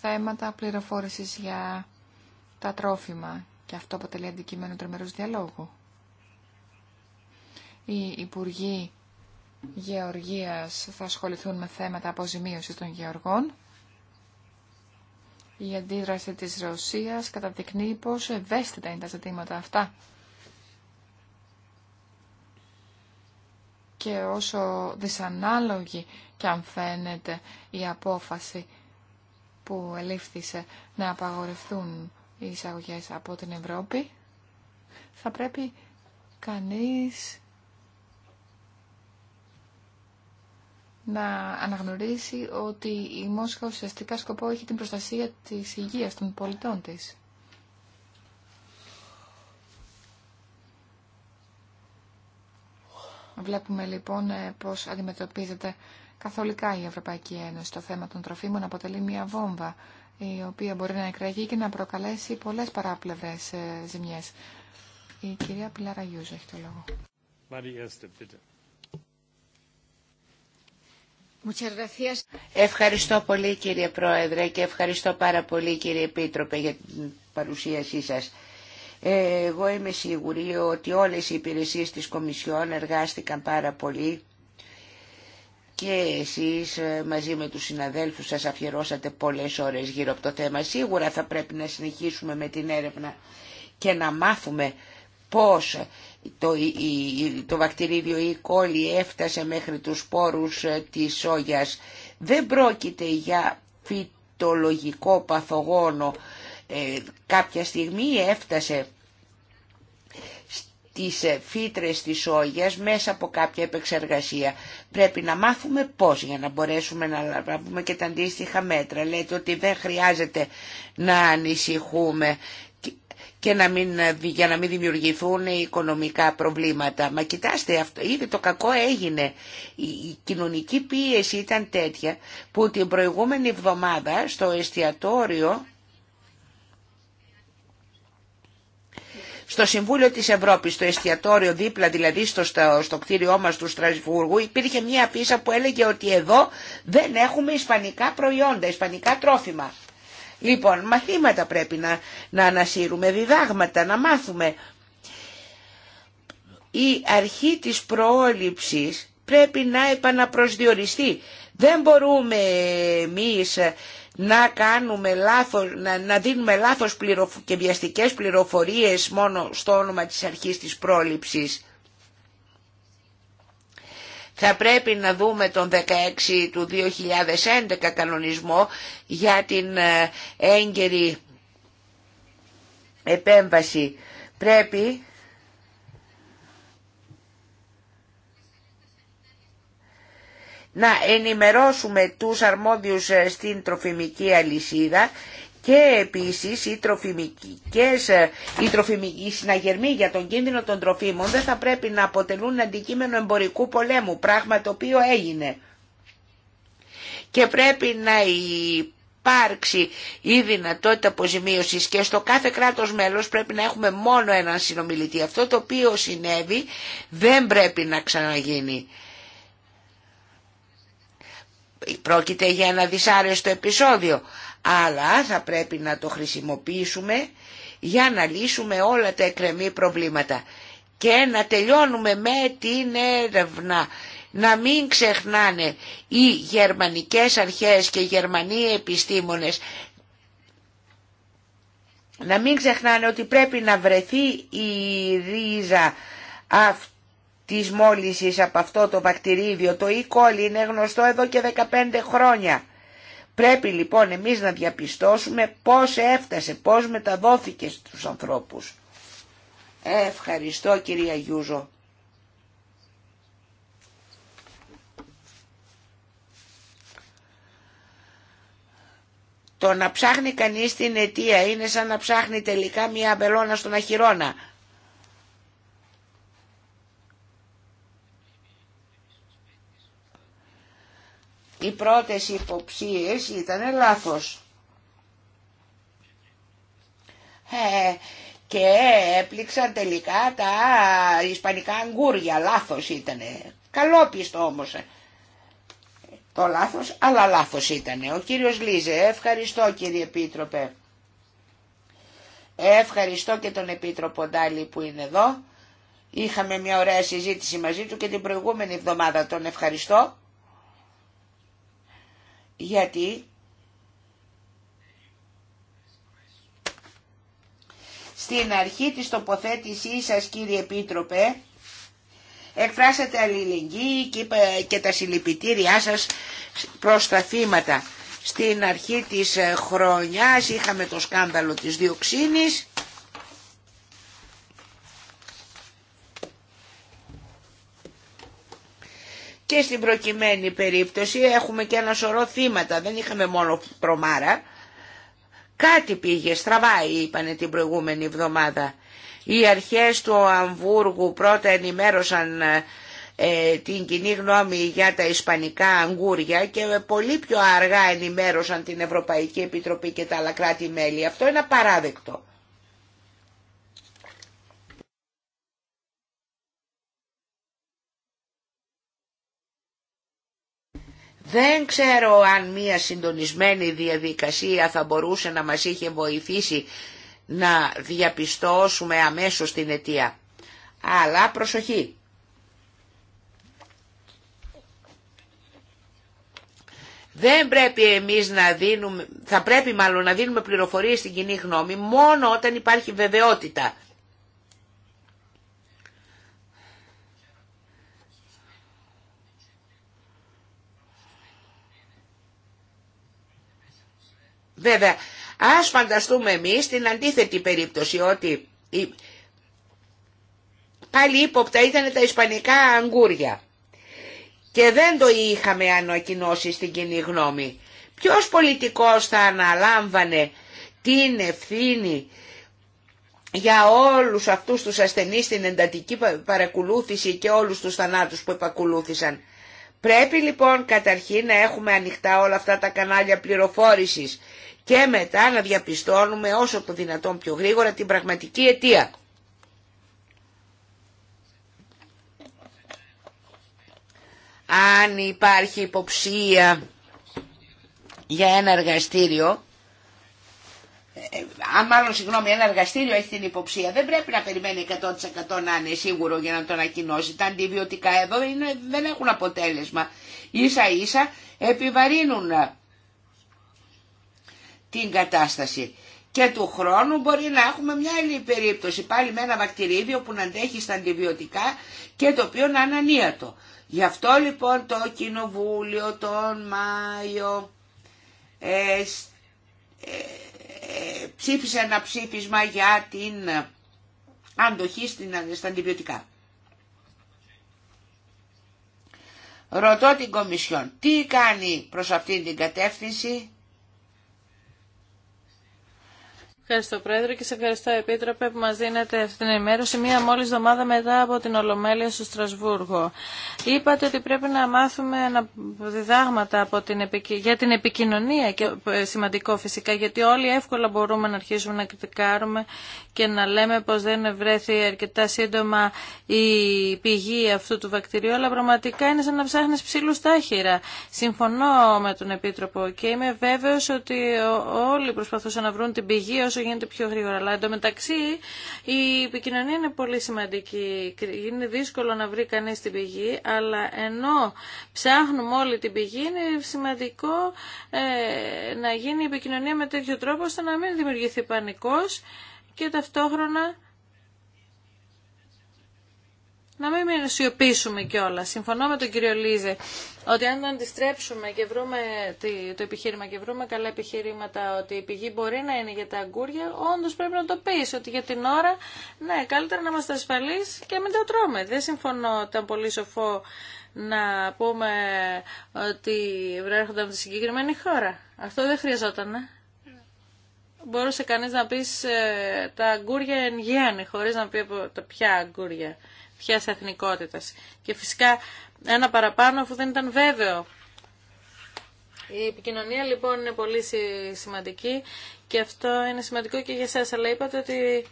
A: θέματα πληροφόρησης για τα τρόφιμα και αυτό αποτελεί αντικείμενο τρομερούς διαλόγου. Οι Υπουργοί Γεωργίας θα ασχοληθούν με θέματα αποζημίωσης των γεωργών. Η αντίδραση της Ρωσίας καταδεικνύει πόσο ευαίσθητα είναι τα ζητήματα αυτά. Και όσο δυσανάλογη και αν φαίνεται η απόφαση που ελήφθησε να απαγορευτούν οι εισαγωγές από την Ευρώπη, θα πρέπει κανείς να αναγνωρίσει ότι η Μόσχα ουσιαστικά σκοπό έχει την προστασία της υγείας των πολιτών της. Βλέπουμε λοιπόν ε, πώς αντιμετωπίζεται καθολικά η Ευρωπαϊκή Ένωση. Το θέμα των τροφίμων αποτελεί μια βόμβα η οποία μπορεί να εκραγεί και να προκαλέσει πολλές παράπλευρες ε, ζημιές. Η κυρία Πιλάρα Γιούζο έχει το λόγο.
B: Ευχαριστώ πολύ κύριε Πρόεδρε και ευχαριστώ πάρα πολύ κύριε Επίτροπε για την παρουσίασή σας. Ε, εγώ είμαι σίγουρη ότι όλες οι υπηρεσίες της Κομισιόν εργάστηκαν πάρα πολύ και εσείς ε, μαζί με τους συναδέλφους σας αφιερώσατε πολλές ώρες γύρω από το θέμα. Σίγουρα θα πρέπει να συνεχίσουμε με την έρευνα και να μάθουμε πώς το, το βακτηρίδιο ή κόλλη έφτασε μέχρι τους σπόρους ε, της σόγιας. Δεν πρόκειται για φυτολογικό παθογόνο. Ε, κάποια στιγμή έφτασε τις ε, φύτρες της όγιας μέσα από κάποια επεξεργασία. Πρέπει να μάθουμε πώς για να μπορέσουμε να λάβουμε και τα αντίστοιχα μέτρα. Λέτε ότι δεν χρειάζεται να ανησυχούμε και να μην, ε, για να μην δημιουργηθούν οικονομικά προβλήματα. Μα κοιτάστε, αυτό, ήδη το κακό έγινε. Η, κοινωνική πίεση ήταν τέτοια που την προηγούμενη εβδομάδα στο εστιατόριο Στο Συμβούλιο της Ευρώπης, στο εστιατόριο δίπλα, δηλαδή στο, στο κτίριό μας του Στρασβούργου, υπήρχε μια πίσα που έλεγε ότι εδώ δεν έχουμε ισπανικά προϊόντα, ισπανικά τρόφιμα. Λοιπόν, μαθήματα πρέπει να, να ανασύρουμε, διδάγματα, να μάθουμε. Η αρχή της προόληψης πρέπει να επαναπροσδιοριστεί. Δεν μπορούμε εμείς να, κάνουμε λάθος, να, δίνουμε λάθος και βιαστικές πληροφορίες μόνο στο όνομα της αρχής της πρόληψης. Θα πρέπει να δούμε τον 16 του 2011 κανονισμό για την ε, έγκαιρη επέμβαση. Πρέπει να ενημερώσουμε τους αρμόδιους ε, στην τροφιμική αλυσίδα και επίσης οι, τροφιμικές, ε, οι, συναγερμοί για τον κίνδυνο των τροφίμων δεν θα πρέπει να αποτελούν αντικείμενο εμπορικού πολέμου, πράγμα το οποίο έγινε. Και πρέπει να υπάρξει η δυνατότητα αποζημίωσης και στο κάθε κράτος μέλος πρέπει να έχουμε μόνο έναν συνομιλητή. Αυτό το οποίο συνέβη δεν πρέπει να ξαναγίνει πρόκειται για ένα δυσάρεστο επεισόδιο, αλλά θα πρέπει να το χρησιμοποιήσουμε για να λύσουμε όλα τα εκκρεμή προβλήματα και να τελειώνουμε με την έρευνα. Να μην ξεχνάνε οι γερμανικές αρχές και οι γερμανοί επιστήμονες να μην ξεχνάνε ότι πρέπει να βρεθεί η ρίζα αυτή της μόλυσης από αυτό το βακτηρίδιο, το E. coli είναι γνωστό εδώ και 15 χρόνια. Πρέπει λοιπόν εμείς να διαπιστώσουμε πώς έφτασε, πώς μεταδόθηκε στους ανθρώπους. Ευχαριστώ κυρία Γιούζο. Το να ψάχνει κανείς την αιτία είναι σαν να ψάχνει τελικά μια αμπελώνα στον αχυρώνα. οι πρώτες υποψίες ήταν λάθος. Ε, και έπληξαν τελικά τα ισπανικά αγγούρια, λάθος ήτανε. Καλόπιστο όμως. Το λάθος, αλλά λάθος ήτανε. Ο κύριος Λίζε, ευχαριστώ κύριε Επίτροπε. Ευχαριστώ και τον Επίτροπο Ντάλη που είναι εδώ. Είχαμε μια ωραία συζήτηση μαζί του και την προηγούμενη εβδομάδα τον ευχαριστώ γιατί στην αρχή της τοποθέτησής σας κύριε Επίτροπε εκφράσατε αλληλεγγύη και τα συλληπιτήριά σας προς τα θύματα. Στην αρχή της ε, χρονιάς είχαμε το σκάνδαλο της διοξίνης Και στην προκειμένη περίπτωση έχουμε και ένα σωρό θύματα, δεν είχαμε μόνο προμάρα. Κάτι πήγε στραβά, είπανε την προηγούμενη εβδομάδα. Οι αρχές του Αμβούργου πρώτα ενημέρωσαν ε, την κοινή γνώμη για τα ισπανικά αγγούρια και πολύ πιο αργά ενημέρωσαν την Ευρωπαϊκή Επιτροπή και τα άλλα κράτη-μέλη. Αυτό είναι απαράδεκτο. Δεν ξέρω αν μία συντονισμένη διαδικασία θα μπορούσε να μας είχε βοηθήσει να διαπιστώσουμε αμέσως την αιτία. Αλλά προσοχή. Δεν πρέπει εμείς να δίνουμε, θα πρέπει μάλλον να δίνουμε πληροφορίες στην κοινή γνώμη μόνο όταν υπάρχει βεβαιότητα. Βέβαια, ας φανταστούμε εμείς την αντίθετη περίπτωση ότι πάλι ύποπτα ήταν τα ισπανικά αγγούρια και δεν το είχαμε ανακοινώσει στην κοινή γνώμη. Ποιος πολιτικός θα αναλάμβανε την ευθύνη για όλους αυτούς τους ασθενείς στην εντατική παρακολούθηση και όλους τους θανάτους που επακολούθησαν. Πρέπει λοιπόν καταρχήν να έχουμε ανοιχτά όλα αυτά τα κανάλια πληροφόρησης και μετά να διαπιστώνουμε όσο το δυνατόν πιο γρήγορα την πραγματική αιτία. Αν υπάρχει υποψία για ένα εργαστήριο, ε, αν μάλλον συγγνώμη ένα εργαστήριο έχει την υποψία δεν πρέπει να περιμένει 100% να είναι σίγουρο για να το ανακοινώσει. Τα αντιβιωτικά εδώ είναι, δεν έχουν αποτέλεσμα. Ίσα ίσα επιβαρύνουν την κατάσταση. Και του χρόνου μπορεί να έχουμε μια άλλη περίπτωση, πάλι με ένα βακτηρίδιο που να αντέχει στα αντιβιωτικά και το οποίο να ανίατο. Γι' αυτό λοιπόν το Κοινοβούλιο τον Μάιο ε, ε, ε, ψήφισε ένα ψήφισμα για την αντοχή στην, στα αντιβιωτικά. Ρωτώ την Κομισιόν, τι κάνει
C: προς αυτήν την κατεύθυνση Ευχαριστώ Πρόεδρε και σε ευχαριστώ Επίτροπε που μας δίνετε αυτήν την ενημέρωση μία μόλις εβδομάδα μετά από την Ολομέλεια στο Στρασβούργο. Είπατε ότι πρέπει να μάθουμε διδάγματα από την για την επικοινωνία και ε, σημαντικό φυσικά γιατί όλοι εύκολα μπορούμε να αρχίσουμε να κριτικάρουμε και να λέμε πως δεν βρέθη αρκετά σύντομα η πηγή αυτού του βακτηρίου αλλά πραγματικά είναι σαν να ψάχνεις ψήλου τάχυρα. Συμφωνώ με τον Επίτροπο και είμαι βέβαιος ότι όλοι προσπαθούσαν να βρουν την πηγή όσο γίνεται πιο γρήγορα. Αλλά εντωμεταξύ η επικοινωνία είναι πολύ σημαντική. Είναι δύσκολο να βρει κανεί την πηγή, αλλά ενώ ψάχνουμε όλη την πηγή είναι σημαντικό ε, να γίνει η επικοινωνία με τέτοιο τρόπο ώστε να μην δημιουργηθεί πανικός και ταυτόχρονα να μην αισιοποίησουμε κιόλα. Συμφωνώ με τον κύριο Λίζε ότι αν το αντιστρέψουμε και βρούμε το επιχείρημα και βρούμε καλά επιχειρήματα ότι η πηγή μπορεί να είναι για τα αγκούρια, όντω πρέπει να το πει ότι για την ώρα, ναι, καλύτερα να είμαστε ασφαλεί και μην τα τρώμε. Δεν συμφωνώ ότι ήταν πολύ σοφό να πούμε ότι βρέχονται από τη συγκεκριμένη χώρα. Αυτό δεν χρειαζόταν, ε. Μπορούσε κανείς να πεις ε, τα αγκούρια εν γέννη, χωρίς να πει από τα ποια αγκούρια ποιας εθνικότητα. Και φυσικά ένα παραπάνω αφού δεν ήταν βέβαιο. Η επικοινωνία λοιπόν είναι πολύ σημαντική και αυτό είναι σημαντικό και για εσάς. Αλλά είπατε ότι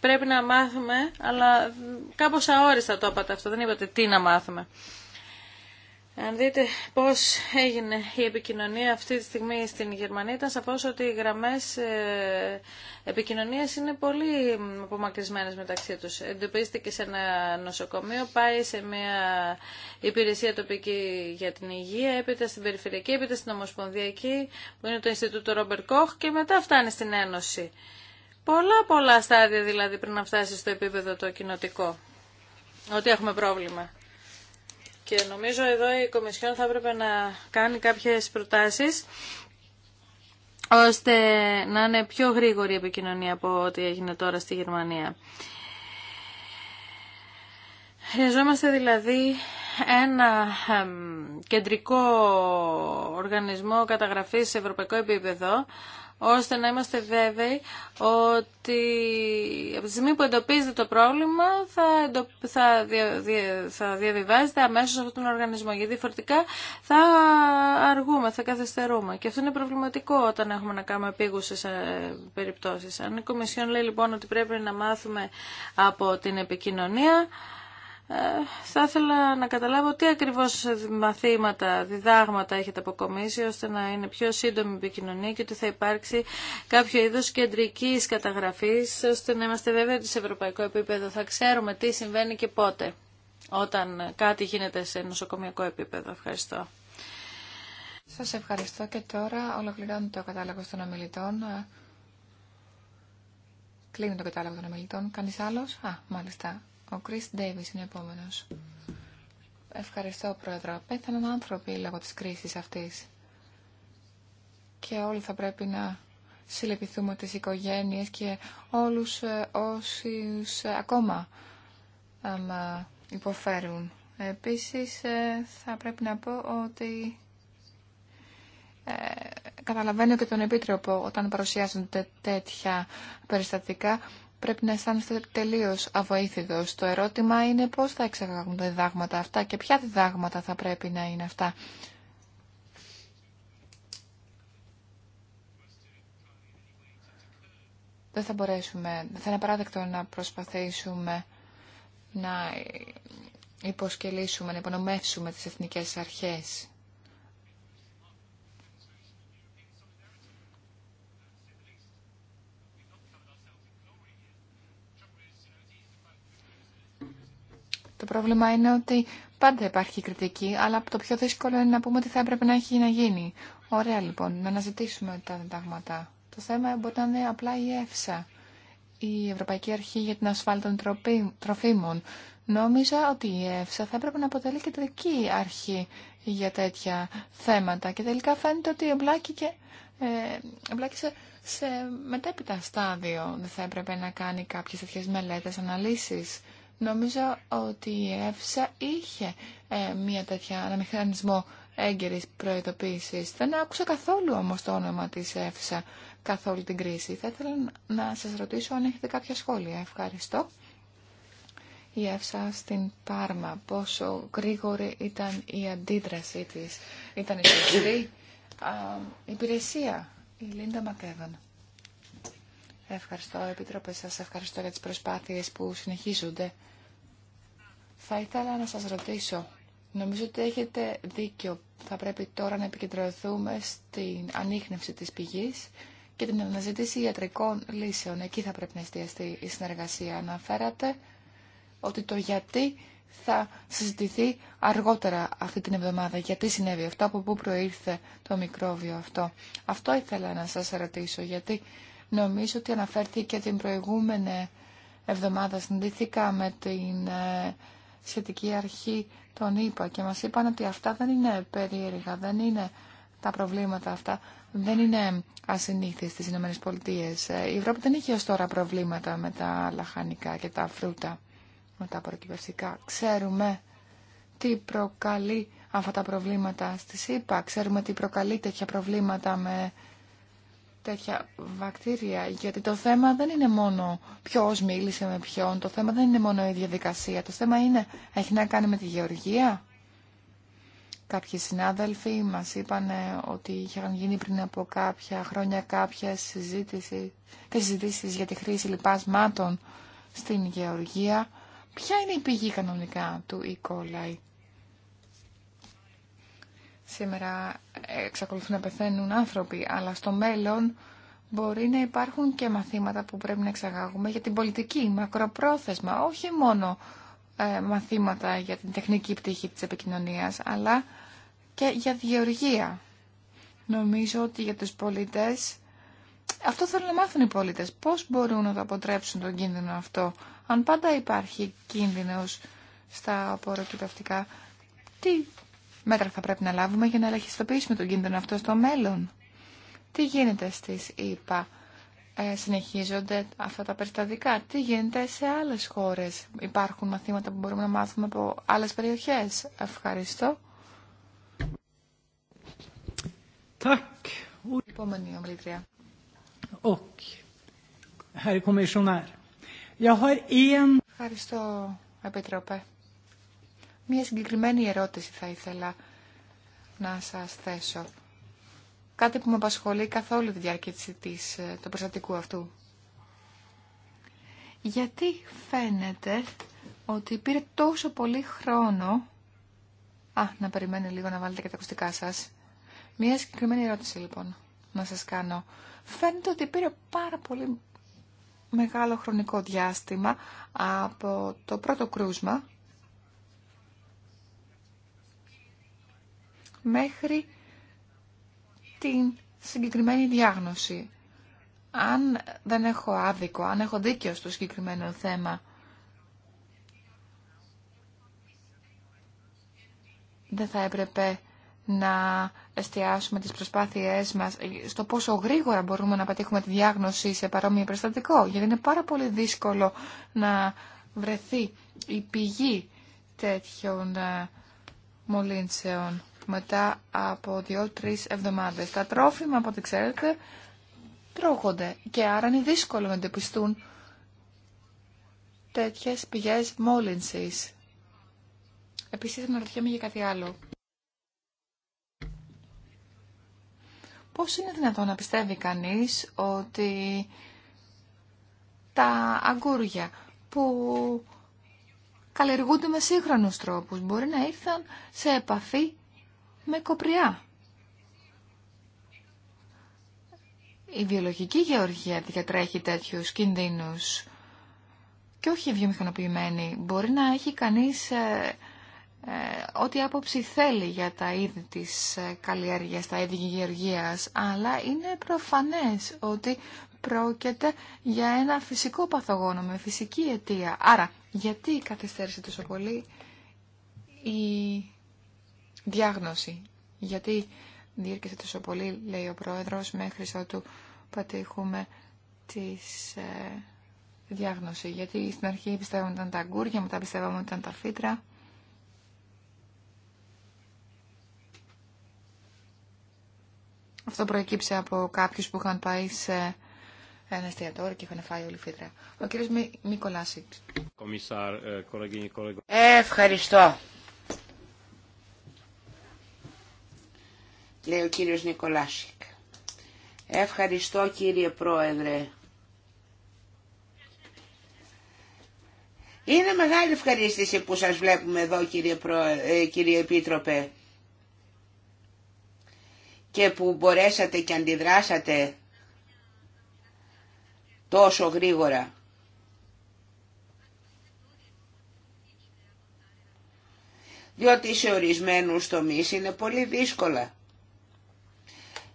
C: πρέπει να μάθουμε, αλλά κάπως αόριστα το είπατε αυτό, δεν είπατε τι να μάθουμε. Αν δείτε πώς έγινε η επικοινωνία αυτή τη στιγμή στην Γερμανία, ήταν σαφώς ότι οι γραμμές ε, επικοινωνίας είναι πολύ απομακρυσμένες μεταξύ τους. Εντοπίστηκε σε ένα νοσοκομείο, πάει σε μια υπηρεσία τοπική για την υγεία, έπειτα στην περιφερειακή, έπειτα στην ομοσπονδιακή, που είναι το Ινστιτούτο Ρόμπερ Κόχ και μετά φτάνει στην Ένωση. Πολλά πολλά στάδια δηλαδή πριν να φτάσει στο επίπεδο το κοινοτικό, ότι έχουμε πρόβλημα. Και νομίζω εδώ η Κομισιόν θα έπρεπε να κάνει κάποιες προτάσεις ώστε να είναι πιο γρήγορη η επικοινωνία από ό,τι έγινε τώρα στη Γερμανία. Χρειαζόμαστε δηλαδή ένα κεντρικό οργανισμό καταγραφής σε ευρωπαϊκό επίπεδο ώστε να είμαστε βέβαιοι ότι από τη στιγμή που εντοπίζετε το πρόβλημα θα, εντοπ... θα, δια... θα διαβιβάζετε αμέσως αυτόν τον οργανισμό γιατί φορτικά θα αργούμε, θα καθυστερούμε και αυτό είναι προβληματικό όταν έχουμε να κάνουμε επίγουσες ε, περιπτώσεις. Αν η Κομισιόν λέει λοιπόν ότι πρέπει να μάθουμε από την επικοινωνία ε, θα ήθελα να καταλάβω τι ακριβώς μαθήματα, διδάγματα έχετε αποκομίσει ώστε να είναι πιο σύντομη η επικοινωνία και ότι θα υπάρξει κάποιο είδος κεντρικής καταγραφής ώστε να είμαστε βέβαιοι ότι σε ευρωπαϊκό επίπεδο θα ξέρουμε τι συμβαίνει και πότε όταν κάτι γίνεται σε νοσοκομιακό επίπεδο. Ευχαριστώ.
A: Σας ευχαριστώ και τώρα ολοκληρώνω το κατάλογο των ομιλητών. Ε, Κλείνω το κατάλογο των ομιλητών. Κανείς άλλος? Α, μάλιστα. Ο Κρίς Ντέιβις είναι επόμενος. Ευχαριστώ, Πρόεδρο. Πέθαναν άνθρωποι λόγω της κρίσης αυτής. Και όλοι θα πρέπει να συλλεπιθούμε τις οικογένειες και όλους ε, όσους ε, ακόμα ε, υποφέρουν. Επίσης, θα πρέπει να πω ότι καταλαβαίνω και τον Επίτροπο όταν παρουσιάζονται τέτοια περιστατικά πρέπει να αισθάνεστε τελείω αβοήθητο. Το ερώτημα είναι πώ θα εξαγάγουν τα διδάγματα αυτά και ποια διδάγματα θα πρέπει να είναι αυτά. Δεν θα μπορέσουμε, δεν θα είναι παράδεκτο να προσπαθήσουμε να υποσκελίσουμε, να υπονομεύσουμε τις εθνικές αρχές. Το πρόβλημα είναι ότι πάντα υπάρχει κριτική, αλλά το πιο δύσκολο είναι να πούμε ότι θα έπρεπε να έχει να γίνει. Ωραία λοιπόν, να αναζητήσουμε τα διδάγματα. Το θέμα μπορεί να είναι απλά η ΕΦΣΑ, η Ευρωπαϊκή Αρχή για την Ασφάλεια των Τροφίμων. Νόμιζα ότι η ΕΦΣΑ θα έπρεπε να αποτελεί κεντρική αρχή για τέτοια θέματα και τελικά φαίνεται ότι εμπλάκηκε, ε, εμπλάκησε σε μετέπειτα στάδιο. Δεν θα έπρεπε να κάνει κάποιες τέτοιες μελέτες, αναλύσεις. Νομίζω ότι η Εύσα είχε ε, μια τέτοια, ένα μηχανισμό έγκαιρης προειδοποίησης. Δεν άκουσα καθόλου όμως το όνομα της Εύσα καθ' την κρίση. Θα ήθελα να σας ρωτήσω αν έχετε κάποια σχόλια. Ευχαριστώ. Η Εύσα στην Πάρμα, πόσο γρήγορη ήταν η αντίδρασή της. Ήταν η σωστή υπηρεσία. Η Λίντα Μακέβαν. Ευχαριστώ, Επίτροπε, σας ευχαριστώ για τις προσπάθειες που συνεχίζονται θα ήθελα να σας ρωτήσω, νομίζω ότι έχετε δίκιο. Θα πρέπει τώρα να επικεντρωθούμε στην ανείχνευση της πηγής και την αναζήτηση ιατρικών λύσεων. Εκεί θα πρέπει να εστιαστεί η συνεργασία. Αναφέρατε ότι το γιατί θα συζητηθεί αργότερα αυτή την εβδομάδα. Γιατί συνέβη αυτό, από πού προήρθε το μικρόβιο αυτό. Αυτό ήθελα να σας ρωτήσω, γιατί νομίζω ότι αναφέρθηκε την προηγούμενη εβδομάδα. Συνδύθηκα με την ε, σχετική αρχή τον είπα και μας είπαν ότι αυτά δεν είναι περίεργα, δεν είναι τα προβλήματα αυτά, δεν είναι ασυνήθιες στις Ηνωμένες Πολιτείες. Ε, η Ευρώπη δεν είχε ως τώρα προβλήματα με τα λαχανικά και τα φρούτα, με τα προκυπευτικά. Ξέρουμε τι προκαλεί αυτά τα προβλήματα στις ήπα. ξέρουμε τι προκαλεί τέτοια προβλήματα με τέτοια βακτήρια, γιατί το θέμα δεν είναι μόνο ποιος μίλησε με ποιον, το θέμα δεν είναι μόνο η διαδικασία, το θέμα είναι, έχει να κάνει με τη γεωργία. Κάποιοι συνάδελφοι μας είπαν ότι είχαν γίνει πριν από κάποια χρόνια κάποια συζήτηση, συζητήσεις για τη χρήση λιπασμάτων στην γεωργία. Ποια είναι η πηγή κανονικά του E. coli. Σήμερα εξακολουθούν να πεθαίνουν άνθρωποι, αλλά στο μέλλον μπορεί να υπάρχουν και μαθήματα που πρέπει να εξαγάγουμε για την πολιτική, μακροπρόθεσμα, όχι μόνο ε, μαθήματα για την τεχνική πτυχή της επικοινωνίας, αλλά και για διοργία. Νομίζω ότι για τους πολίτες, αυτό θέλουν να μάθουν οι πολίτες, πώς μπορούν να το αποτρέψουν τον κίνδυνο αυτό, αν πάντα υπάρχει κίνδυνος στα απορροκυπευτικά, τι μέτρα θα πρέπει να λάβουμε για να ελαχιστοποιήσουμε τον κίνδυνο αυτό στο μέλλον. Τι γίνεται στις ΗΠΑ, ε, συνεχίζονται αυτά τα περιστατικά, τι γίνεται σε άλλες χώρες, υπάρχουν μαθήματα που μπορούμε να μάθουμε από άλλες περιοχές. Ευχαριστώ. Επόμενη ομιλητρία. Ευχαριστώ, Επιτροπέ. Μία συγκεκριμένη ερώτηση θα ήθελα να σας θέσω. Κάτι που με απασχολεί καθόλου τη διάρκεια της, ε, του προστατικού αυτού. Γιατί φαίνεται ότι πήρε τόσο πολύ χρόνο... Α, να περιμένει λίγο να βάλετε και τα ακουστικά σας. Μία συγκεκριμένη ερώτηση λοιπόν να σας κάνω. Φαίνεται ότι πήρε πάρα πολύ μεγάλο χρονικό διάστημα από το πρώτο κρούσμα μέχρι την συγκεκριμένη διάγνωση. Αν δεν έχω άδικο, αν έχω δίκιο στο συγκεκριμένο θέμα, δεν θα έπρεπε να εστιάσουμε τις προσπάθειές μας στο πόσο γρήγορα μπορούμε να πετύχουμε τη διάγνωση σε παρόμοιο περιστατικό, γιατί είναι πάρα πολύ δύσκολο να βρεθεί η πηγή τέτοιων ε, μολύνσεων μετά από δύο-τρεις εβδομάδες. Τα τρόφιμα, από ό,τι ξέρετε, τρώγονται και άρα είναι δύσκολο να εντοπιστούν τέτοιε πηγέ μόλυνσης. Επίσης, αναρωτιέμαι για κάτι άλλο. Πώς είναι δυνατόν να πιστεύει κανείς ότι τα αγκούρια που καλλιεργούνται με σύγχρονους τρόπους μπορεί να ήρθαν σε επαφή με κοπριά. Η βιολογική γεωργία διατρέχει τέτοιους κινδύνους και όχι βιομηχανοποιημένη. Μπορεί να έχει κανείς ε, ε, ό,τι άποψη θέλει για τα είδη της ε, καλλιέργειας, τα είδη γεωργίας, αλλά είναι προφανές ότι πρόκειται για ένα φυσικό παθογόνο με φυσική αιτία. Άρα, γιατί καθυστέρησε τόσο πολύ η διάγνωση. Γιατί διήρκεσε τόσο πολύ, λέει ο Πρόεδρος, μέχρι ότου πατήχουμε τις, ε, διάγνωση. Γιατί στην αρχή πιστεύαμε ότι ήταν τα αγκούρια, μετά πιστεύαμε ότι ήταν τα φύτρα. Αυτό προεκύψε από κάποιους που είχαν πάει σε ένα εστιατόριο και είχαν φάει όλη φύτρα. Ο κύριος Μικολάση. Ε, Ευχαριστώ.
B: λέει ο κύριος Νικολάσικ. Ευχαριστώ κύριε Πρόεδρε. Είναι μεγάλη ευχαρίστηση που σας βλέπουμε εδώ κύριε, ε, κύριε Επίτροπε και που μπορέσατε και αντιδράσατε τόσο γρήγορα. Διότι σε ορισμένους τομείς είναι πολύ δύσκολα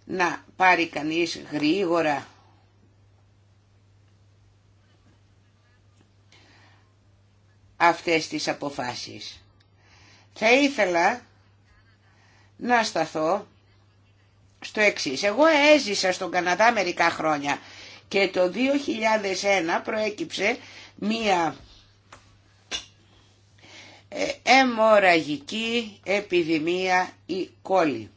B: να πάρει κανείς γρήγορα αυτές τις αποφάσεις. Θα ήθελα να σταθώ στο εξής. Εγώ έζησα στον Καναδά μερικά χρόνια και το 2001 προέκυψε μία εμοραγική επιδημία η κόλλη.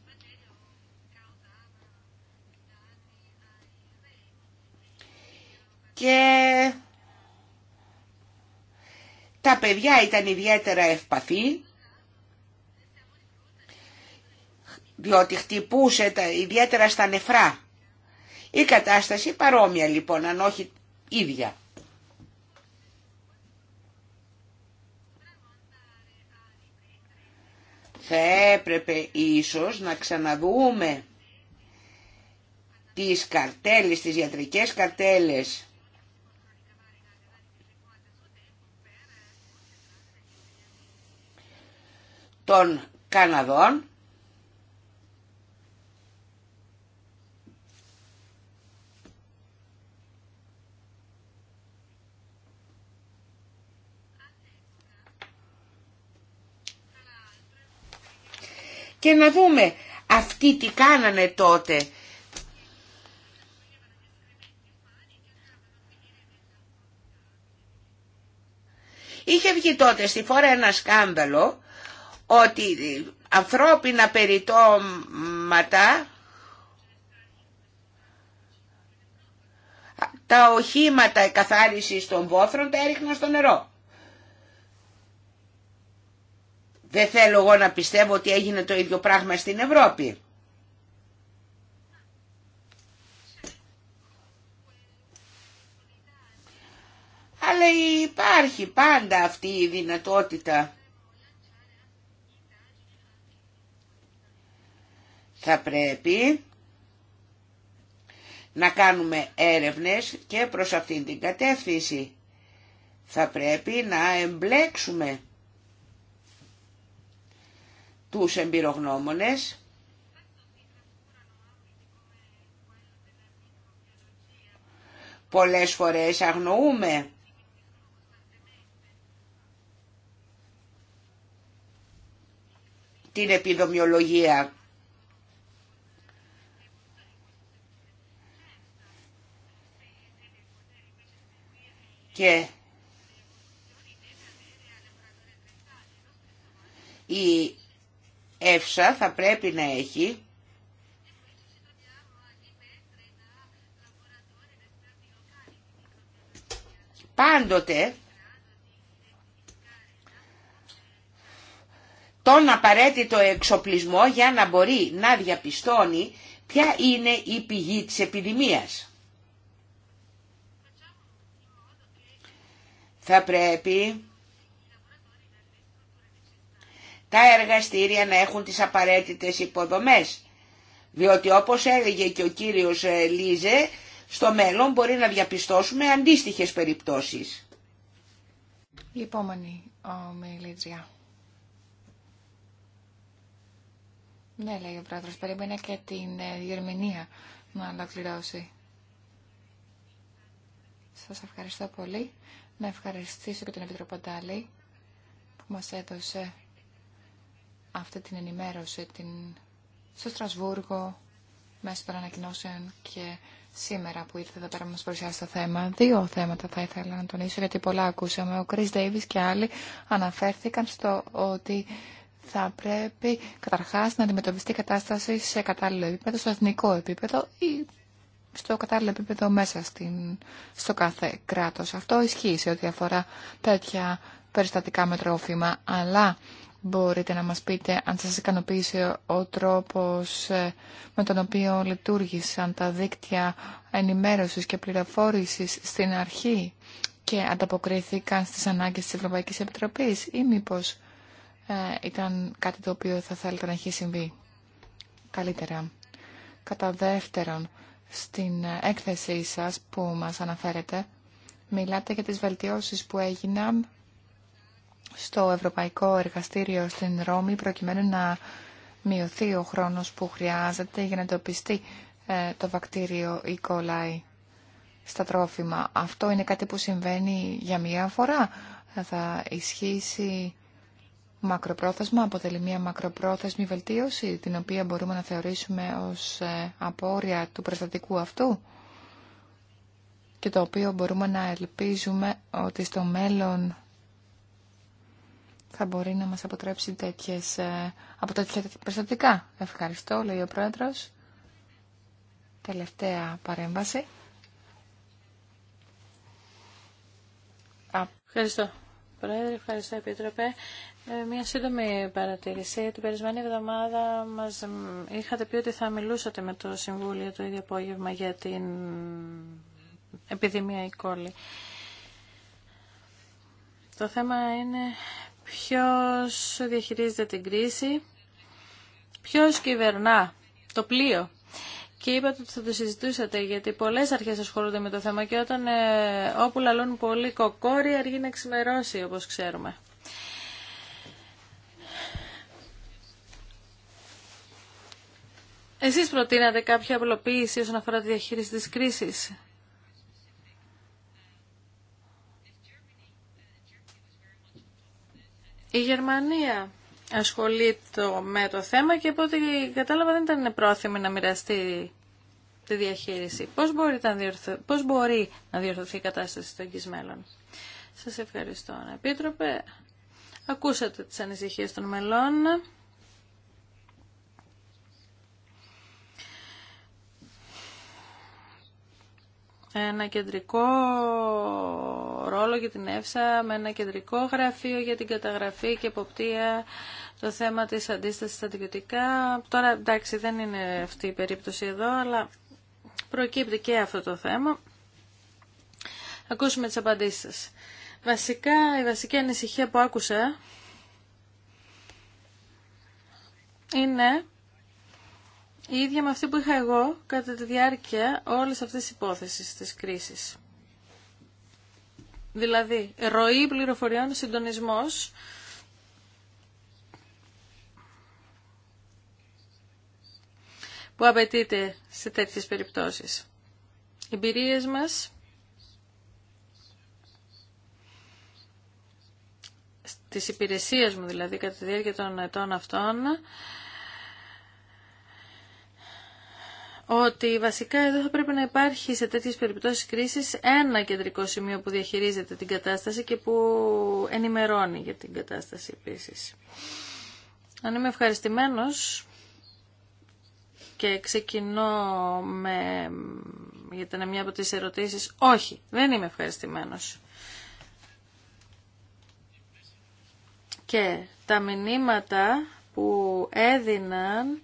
B: και τα παιδιά ήταν ιδιαίτερα ευπαθή διότι χτυπούσε τα, ιδιαίτερα στα νεφρά. Η κατάσταση παρόμοια λοιπόν, αν όχι ίδια. Θα έπρεπε ίσως να ξαναδούμε τις καρτέλες, τις ιατρικές καρτέλες των Καναδών και να δούμε αυτοί τι κάνανε τότε. Είχε βγει τότε στη φορά ένα σκάνδαλο ότι ανθρώπινα περιτώματα τα οχήματα καθάρισης των βόθρων τα έριχναν στο νερό. Δεν θέλω εγώ να πιστεύω ότι έγινε το ίδιο πράγμα στην Ευρώπη. Αλλά υπάρχει πάντα αυτή η δυνατότητα θα πρέπει να κάνουμε έρευνες και προς αυτήν την κατεύθυνση. Θα πρέπει να εμπλέξουμε τους εμπειρογνώμονες Πολλές φορές αγνοούμε την επιδομιολογία και η ΕΦΣΑ θα πρέπει να έχει πάντοτε τον απαραίτητο εξοπλισμό για να μπορεί να διαπιστώνει ποια είναι η πηγή της επιδημίας. θα πρέπει τα εργαστήρια να έχουν τις απαραίτητες υποδομές. Διότι όπως έλεγε και ο κύριος ε, Λίζε, στο μέλλον μπορεί να διαπιστώσουμε αντίστοιχες περιπτώσεις.
A: Η επόμενη Μιλιτζιά. Ναι, λέει ο πρόεδρος, περίμενε και την Γερμηνία ε, να ολοκληρώσει. Σας ευχαριστώ πολύ να ευχαριστήσω και τον Επιτροποντάλη που μας έδωσε αυτή την ενημέρωση την... στο Στρασβούργο μέσω των ανακοινώσεων και σήμερα που ήρθε εδώ πέρα να μας παρουσιάσει το θέμα. Δύο θέματα θα ήθελα να τονίσω γιατί πολλά ακούσαμε. Ο Κρίς Ντέιβις και άλλοι αναφέρθηκαν στο ότι θα πρέπει καταρχάς να αντιμετωπιστεί η κατάσταση σε κατάλληλο επίπεδο, στο εθνικό επίπεδο ή στο κατάλληλο επίπεδο μέσα στην, στο κάθε κράτος. Αυτό ισχύει σε ό,τι αφορά τέτοια περιστατικά με τρόφιμα, αλλά μπορείτε να μας πείτε αν σας ικανοποίησε ο τρόπος ε, με τον οποίο λειτουργήσαν τα δίκτυα ενημέρωσης και πληροφόρησης στην αρχή και ανταποκρίθηκαν στις ανάγκες της Ευρωπαϊκής Επιτροπής ή μήπως ε, ήταν κάτι το οποίο θα θέλετε να έχει συμβεί καλύτερα. Κατά δεύτερον, στην έκθεσή σας που μας αναφέρετε, μιλάτε για τις βελτιώσεις που έγιναν στο Ευρωπαϊκό Εργαστήριο στην Ρώμη προκειμένου να μειωθεί ο χρόνος που χρειάζεται για να εντοπιστεί ε, το βακτήριο E. coli στα τρόφιμα. Αυτό είναι κάτι που συμβαίνει για μία φορά. Θα ισχύσει μακροπρόθεσμα, αποτελεί μια μακροπρόθεσμη βελτίωση, την οποία μπορούμε να θεωρήσουμε ως ε, απόρρια του προστατικού αυτού και το οποίο μπορούμε να ελπίζουμε ότι στο μέλλον θα μπορεί να μας αποτρέψει τέτοιες, ε, από τέτοια προστατικά. Ευχαριστώ, λέει ο Πρόεδρος. Τελευταία παρέμβαση.
C: Ευχαριστώ. Πρόεδρε, ευχαριστώ Επίτροπε. Ε, μια σύντομη παρατήρηση. Την περισμένη εβδομάδα μας είχατε πει ότι θα μιλούσατε με το Συμβούλιο το ίδιο απόγευμα για την επιδημία η κόλλη. Το θέμα είναι ποιος διαχειρίζεται την κρίση, ποιος κυβερνά το πλοίο. Και είπατε ότι θα το συζητούσατε, γιατί πολλέ αρχές ασχολούνται με το θέμα και όταν ε, όπου λαλούν πολύ κοκόρι, αργεί να ξημερώσει, όπω ξέρουμε. Εσείς προτείνατε κάποια απλοποίηση όσον αφορά τη διαχείριση της κρίσης. Η Γερμανία ασχολείται με το θέμα και από ό,τι κατάλαβα δεν ήταν πρόθυμη να μοιραστεί τη διαχείριση. Πώς μπορεί να, να διορθωθεί η κατάσταση των κυσμέλων. Σας ευχαριστώ. Επίτροπε, ακούσατε τις ανησυχίες των μελών. με ένα κεντρικό ρόλο για την ΕΦΣΑ, με ένα κεντρικό γραφείο για την καταγραφή και εποπτεία το θέμα της αντίστασης στα αντιβιωτικά. Τώρα εντάξει δεν είναι αυτή η περίπτωση εδώ, αλλά προκύπτει και αυτό το θέμα. Ακούσουμε τις απαντήσεις σας. Βασικά, η βασική ανησυχία που άκουσα είναι η ίδια με αυτή που είχα εγώ κατά τη διάρκεια όλες αυτές τις υπόθεσεις της κρίσης. Δηλαδή, ροή πληροφοριών, συντονισμός, που απαιτείται σε τέτοιες περιπτώσεις. Οι εμπειρίες μας στις υπηρεσίες μου δηλαδή κατά τη διάρκεια των ετών αυτών ότι βασικά εδώ θα πρέπει να υπάρχει σε τέτοιες περιπτώσεις κρίσης ένα κεντρικό σημείο που διαχειρίζεται την κατάσταση και που ενημερώνει για την κατάσταση επίσης. Αν είμαι ευχαριστημένος και ξεκινώ με... γιατί είναι μια από τις ερωτήσεις. Όχι, δεν είμαι ευχαριστημένος. Και τα μηνύματα που έδιναν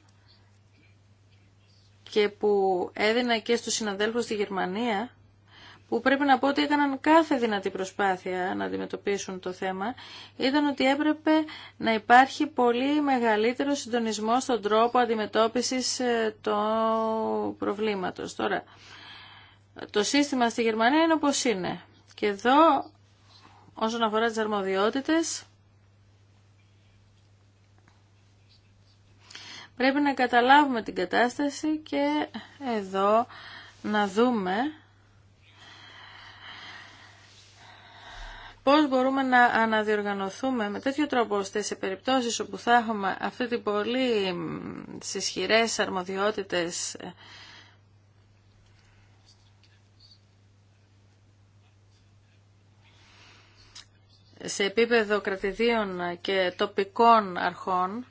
C: και που έδινα και στους συναδέλφους στη Γερμανία που πρέπει να πω ότι έκαναν κάθε δυνατή προσπάθεια να αντιμετωπίσουν το θέμα, ήταν ότι έπρεπε να υπάρχει πολύ μεγαλύτερο συντονισμό στον τρόπο αντιμετώπισης ε, του προβλήματος. Τώρα, το σύστημα στη Γερμανία είναι όπως είναι. Και εδώ, όσον αφορά τις αρμοδιότητες, Πρέπει να καταλάβουμε την κατάσταση και εδώ να δούμε πώς μπορούμε να αναδιοργανωθούμε με τέτοιο τρόπο ώστε σε περιπτώσεις όπου θα έχουμε αυτή την πολύ συσχυρές αρμοδιότητες σε επίπεδο κρατηδίων και τοπικών αρχών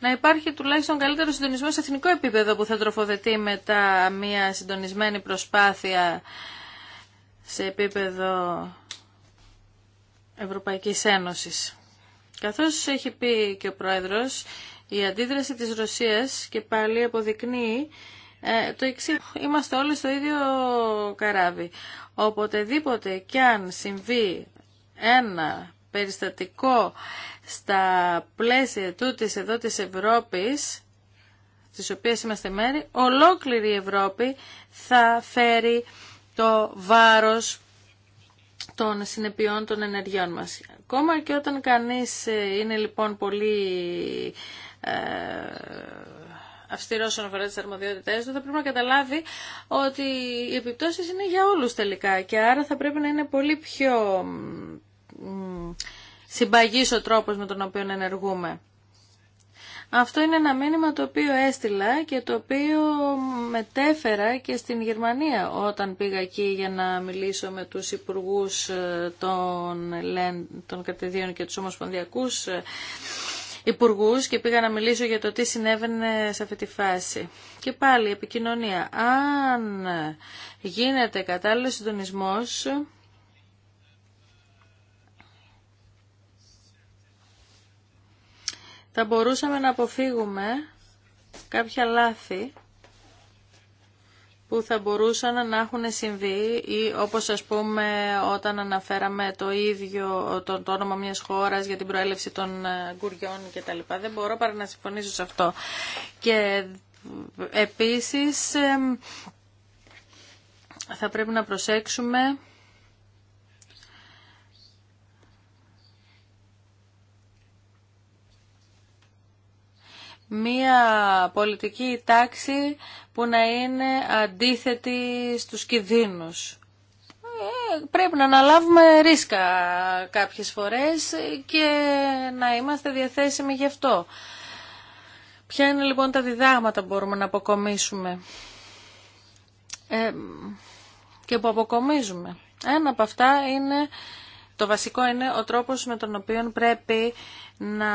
C: να υπάρχει τουλάχιστον καλύτερο συντονισμό σε εθνικό επίπεδο που θα τροφοδετεί μετά μια συντονισμένη προσπάθεια σε επίπεδο Ευρωπαϊκής Ένωσης. Καθώς έχει πει και ο Πρόεδρος, η αντίδραση της Ρωσίας και πάλι αποδεικνύει ε, το εξή, είμαστε όλοι στο ίδιο καράβι. Οποτεδήποτε κι αν συμβεί ένα περιστατικό στα πλαίσια τούτης εδώ της Ευρώπης, της οποίας είμαστε μέρη, ολόκληρη η Ευρώπη θα φέρει το βάρος των συνεπειών των ενεργειών μας. Ακόμα και όταν κανείς ε, είναι λοιπόν πολύ ε, αυστηρό όσον αφορά τι αρμοδιότητέ του, θα πρέπει να καταλάβει ότι οι επιπτώσει είναι για όλου τελικά. Και άρα θα πρέπει να είναι πολύ πιο συμπαγής ο τρόπος με τον οποίο ενεργούμε. Αυτό είναι ένα μήνυμα το οποίο έστειλα και το οποίο μετέφερα και στην Γερμανία όταν πήγα εκεί για να μιλήσω με τους υπουργούς ε, των, των κατεδίων και τους ομοσπονδιακούς ε, υπουργούς και πήγα να μιλήσω για το τι συνέβαινε σε αυτή τη φάση. Και πάλι επικοινωνία. Αν γίνεται κατάλληλο συντονισμός, θα μπορούσαμε να αποφύγουμε κάποια λάθη που θα μπορούσαν να έχουν συμβεί ή όπως σας πούμε όταν αναφέραμε το ίδιο το, το όνομα μιας χώρας για την προέλευση των ε, γκουριών κτλ. Δεν μπορώ παρά να συμφωνήσω σε αυτό. Και επίσης θα πρέπει να προσέξουμε μία πολιτική τάξη που να είναι αντίθετη στους κινδύνους. Ε, πρέπει να αναλάβουμε ρίσκα κάποιες φορές και να είμαστε διαθέσιμοι γι' αυτό. Ποια είναι λοιπόν τα διδάγματα που μπορούμε να αποκομίσουμε ε, και που αποκομίζουμε. Ένα από αυτά είναι το βασικό είναι ο τρόπος με τον οποίο πρέπει να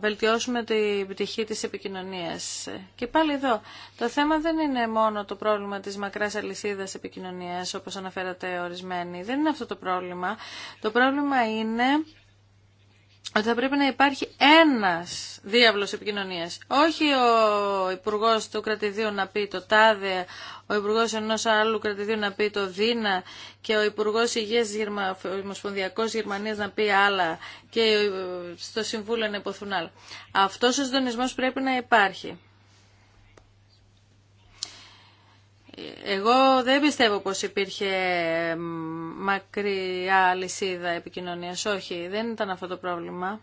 C: βελτιώσουμε την πτυχή της επικοινωνίας. Και πάλι εδώ, το θέμα δεν είναι μόνο το πρόβλημα της μακράς αλυσίδας επικοινωνίας, όπως αναφέρατε ορισμένοι. Δεν είναι αυτό το πρόβλημα. Το πρόβλημα είναι ότι θα πρέπει να υπάρχει ένας διάβλος επικοινωνίας. Όχι ο υπουργό του κρατηδίου να πει το τάδε, ο υπουργό ενός άλλου κρατηδίου να πει το δίνα και ο υπουργό υγείας Γερμα... Γερμανίας να πει άλλα και στο Συμβούλιο να υποθούν άλλα. Αυτός ο συντονισμός πρέπει να υπάρχει. Εγώ δεν πιστεύω πως υπήρχε μακριά λυσίδα επικοινωνίας. Όχι, δεν ήταν αυτό το πρόβλημα.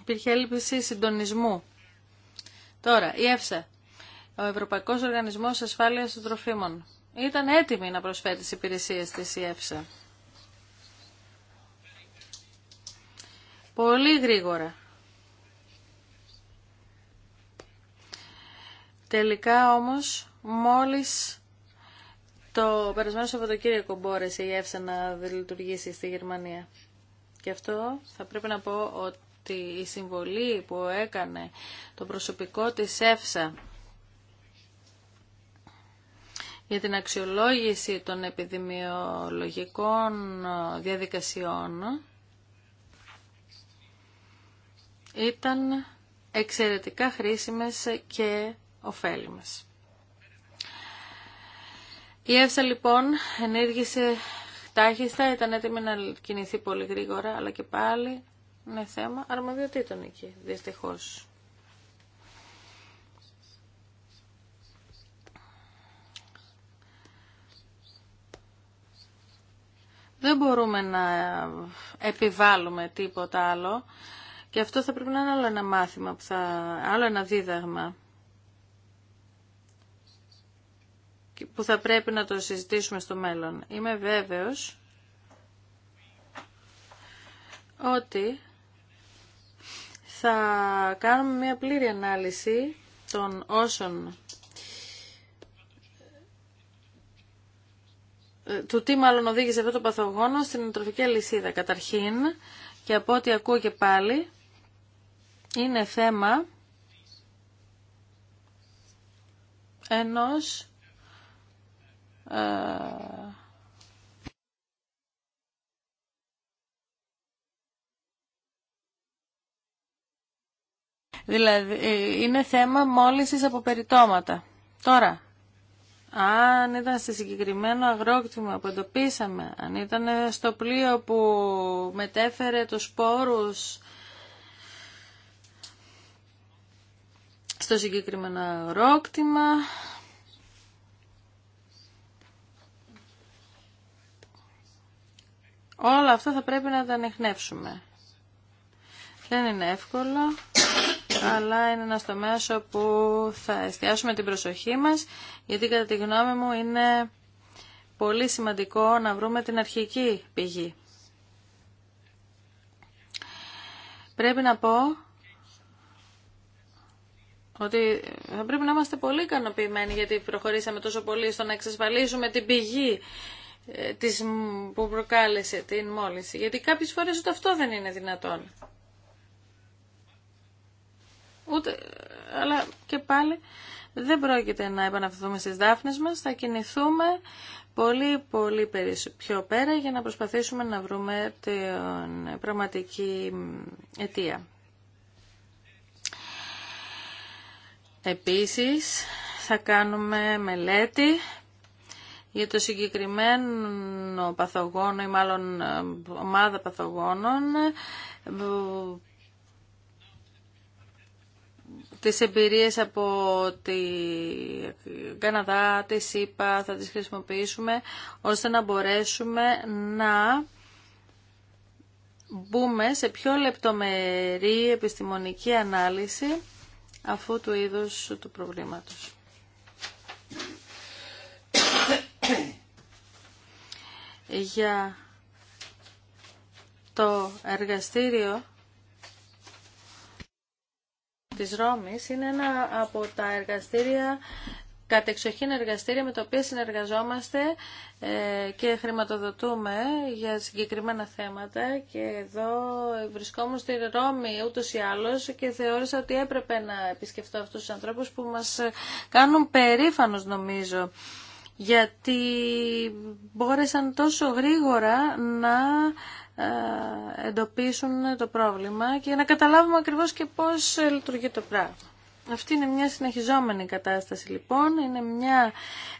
C: Υπήρχε έλλειψη συντονισμού. Τώρα, η ΕΦΣΑ, ο Ευρωπαϊκός Οργανισμός Ασφάλειας των Τροφίμων, ήταν έτοιμη να προσφέρει τις υπηρεσίες της η ΕΦΣΑ. Πολύ γρήγορα. Τελικά όμως μόλις το περασμένο Σαββατοκύριακο μπόρεσε η ΕΦΣΑ να λειτουργήσει στη Γερμανία. Και αυτό θα πρέπει να πω ότι η συμβολή που έκανε το προσωπικό της ΕΦΣΑ για την αξιολόγηση των επιδημιολογικών διαδικασιών ήταν εξαιρετικά χρήσιμες και ωφέλη μας. Η ΕΦΣΑ λοιπόν ενέργησε τάχιστα, ήταν έτοιμη να κινηθεί πολύ γρήγορα, αλλά και πάλι είναι θέμα αρμοδιοτήτων εκεί, δυστυχώς. Δεν μπορούμε να επιβάλλουμε τίποτα άλλο και αυτό θα πρέπει να είναι άλλο ένα μάθημα, που άλλο ένα δίδαγμα που θα πρέπει να το συζητήσουμε στο μέλλον. Είμαι βέβαιος ότι θα κάνουμε μια πλήρη ανάλυση των όσων ε, του τι μάλλον οδήγησε αυτό το παθογόνο στην τροφική αλυσίδα. Καταρχήν, και από ό,τι ακούω και πάλι, είναι θέμα ενός ε, δηλαδή, είναι θέμα μόλυσης από περιτώματα. Τώρα, αν ήταν σε συγκεκριμένο αγρόκτημα που εντοπίσαμε, αν ήταν στο πλοίο που μετέφερε τους σπόρους στο συγκεκριμένο αγρόκτημα, Όλα αυτά θα πρέπει να τα ανεχνεύσουμε. Δεν είναι εύκολο, αλλά είναι ένα τομέα που θα εστιάσουμε την προσοχή μας, γιατί κατά τη γνώμη μου είναι πολύ σημαντικό να βρούμε την αρχική πηγή. Πρέπει να πω ότι θα πρέπει να είμαστε πολύ ικανοποιημένοι γιατί προχωρήσαμε τόσο πολύ στο να εξασφαλίσουμε την πηγή ε, της, που προκάλεσε την μόλυνση. Γιατί κάποιες φορές ούτε αυτό δεν είναι δυνατόν. Ούτε, αλλά και πάλι δεν πρόκειται να επαναφερθούμε στις δάφνες μας, θα κινηθούμε πολύ πολύ πιο πέρα για να προσπαθήσουμε να βρούμε την πραγματική αιτία. Επίσης θα κάνουμε μελέτη για το συγκεκριμένο παθογόνο ή μάλλον ε, ομάδα παθογόνων ε, τις εμπειρίες από τη Καναδά, τη ΣΥΠΑ θα τις χρησιμοποιήσουμε ώστε να μπορέσουμε να μπούμε σε πιο λεπτομερή επιστημονική ανάλυση αφού του είδους του προβλήματος για το εργαστήριο της Ρώμης είναι ένα από τα εργαστήρια κατεξοχήν εργαστήρια με τα οποία συνεργαζόμαστε ε, και χρηματοδοτούμε για συγκεκριμένα θέματα και εδώ βρισκόμουν στη Ρώμη ούτως ή άλλως και θεώρησα ότι έπρεπε να επισκεφτώ αυτούς τους ανθρώπους που μας κάνουν περήφανος νομίζω γιατί μπόρεσαν τόσο γρήγορα να ε, εντοπίσουν το πρόβλημα και να καταλάβουμε ακριβώς και πώς ε, λειτουργεί το πράγμα. Αυτή είναι μια συνεχιζόμενη κατάσταση λοιπόν, είναι μια,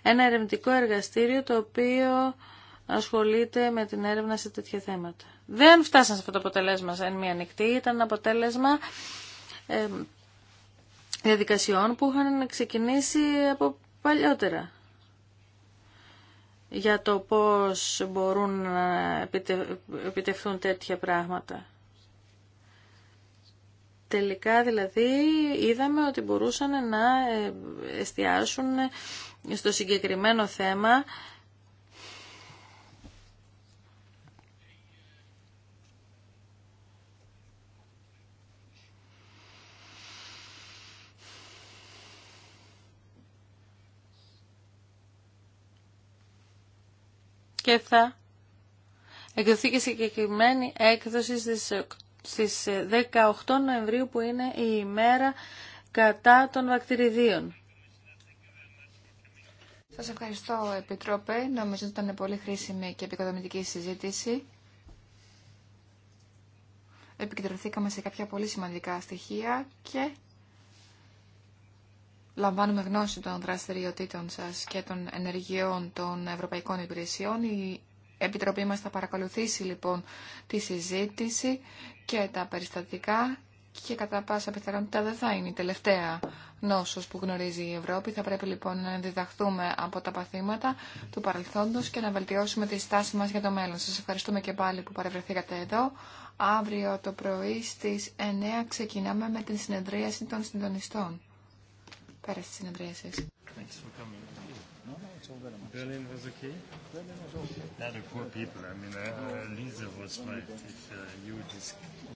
C: ένα ερευνητικό εργαστήριο το οποίο ασχολείται με την έρευνα σε τέτοια θέματα. Δεν φτάσαν σε αυτό το αποτελέσμα σαν μια νυχτή, ήταν αποτέλεσμα ε, διαδικασιών που είχαν ξεκινήσει από παλιότερα για το πώς μπορούν να επιτευχθούν τέτοια πράγματα. Τελικά δηλαδή είδαμε ότι μπορούσαν να ε, εστιάσουν στο συγκεκριμένο θέμα και θα εκδοθεί και συγκεκριμένη έκδοση στις 18 ε, Νοεμβρίου που είναι η ημέρα κατά των βακτηριδίων.
A: Σας ευχαριστώ Επιτρόπε. Νομίζω ότι ήταν πολύ χρήσιμη και επικοδομητική συζήτηση. Επικεντρωθήκαμε σε κάποια πολύ σημαντικά στοιχεία και λαμβάνουμε γνώση των δραστηριοτήτων σας και των ενεργειών των Ευρωπαϊκών Υπηρεσιών. Η Επιτροπή μας θα παρακολουθήσει λοιπόν τη συζήτηση και τα περιστατικά και κατά πάσα πιθανότητα δεν θα είναι η τελευταία νόσος που γνωρίζει η Ευρώπη. Θα πρέπει λοιπόν να διδαχθούμε από τα παθήματα του παρελθόντος και να βελτιώσουμε τη στάση μας για το μέλλον. Σας ευχαριστούμε και πάλι που παρευρεθήκατε εδώ. Αύριο το πρωί στις 9 ξεκινάμε με την συνεδρίαση των συντονιστών. Πέρα στις συνεδρίασεις.
C: Berlin was okay? Berlin was okay. Yeah, the poor
B: people. I mean, uh, Lisa was my, uh, huge.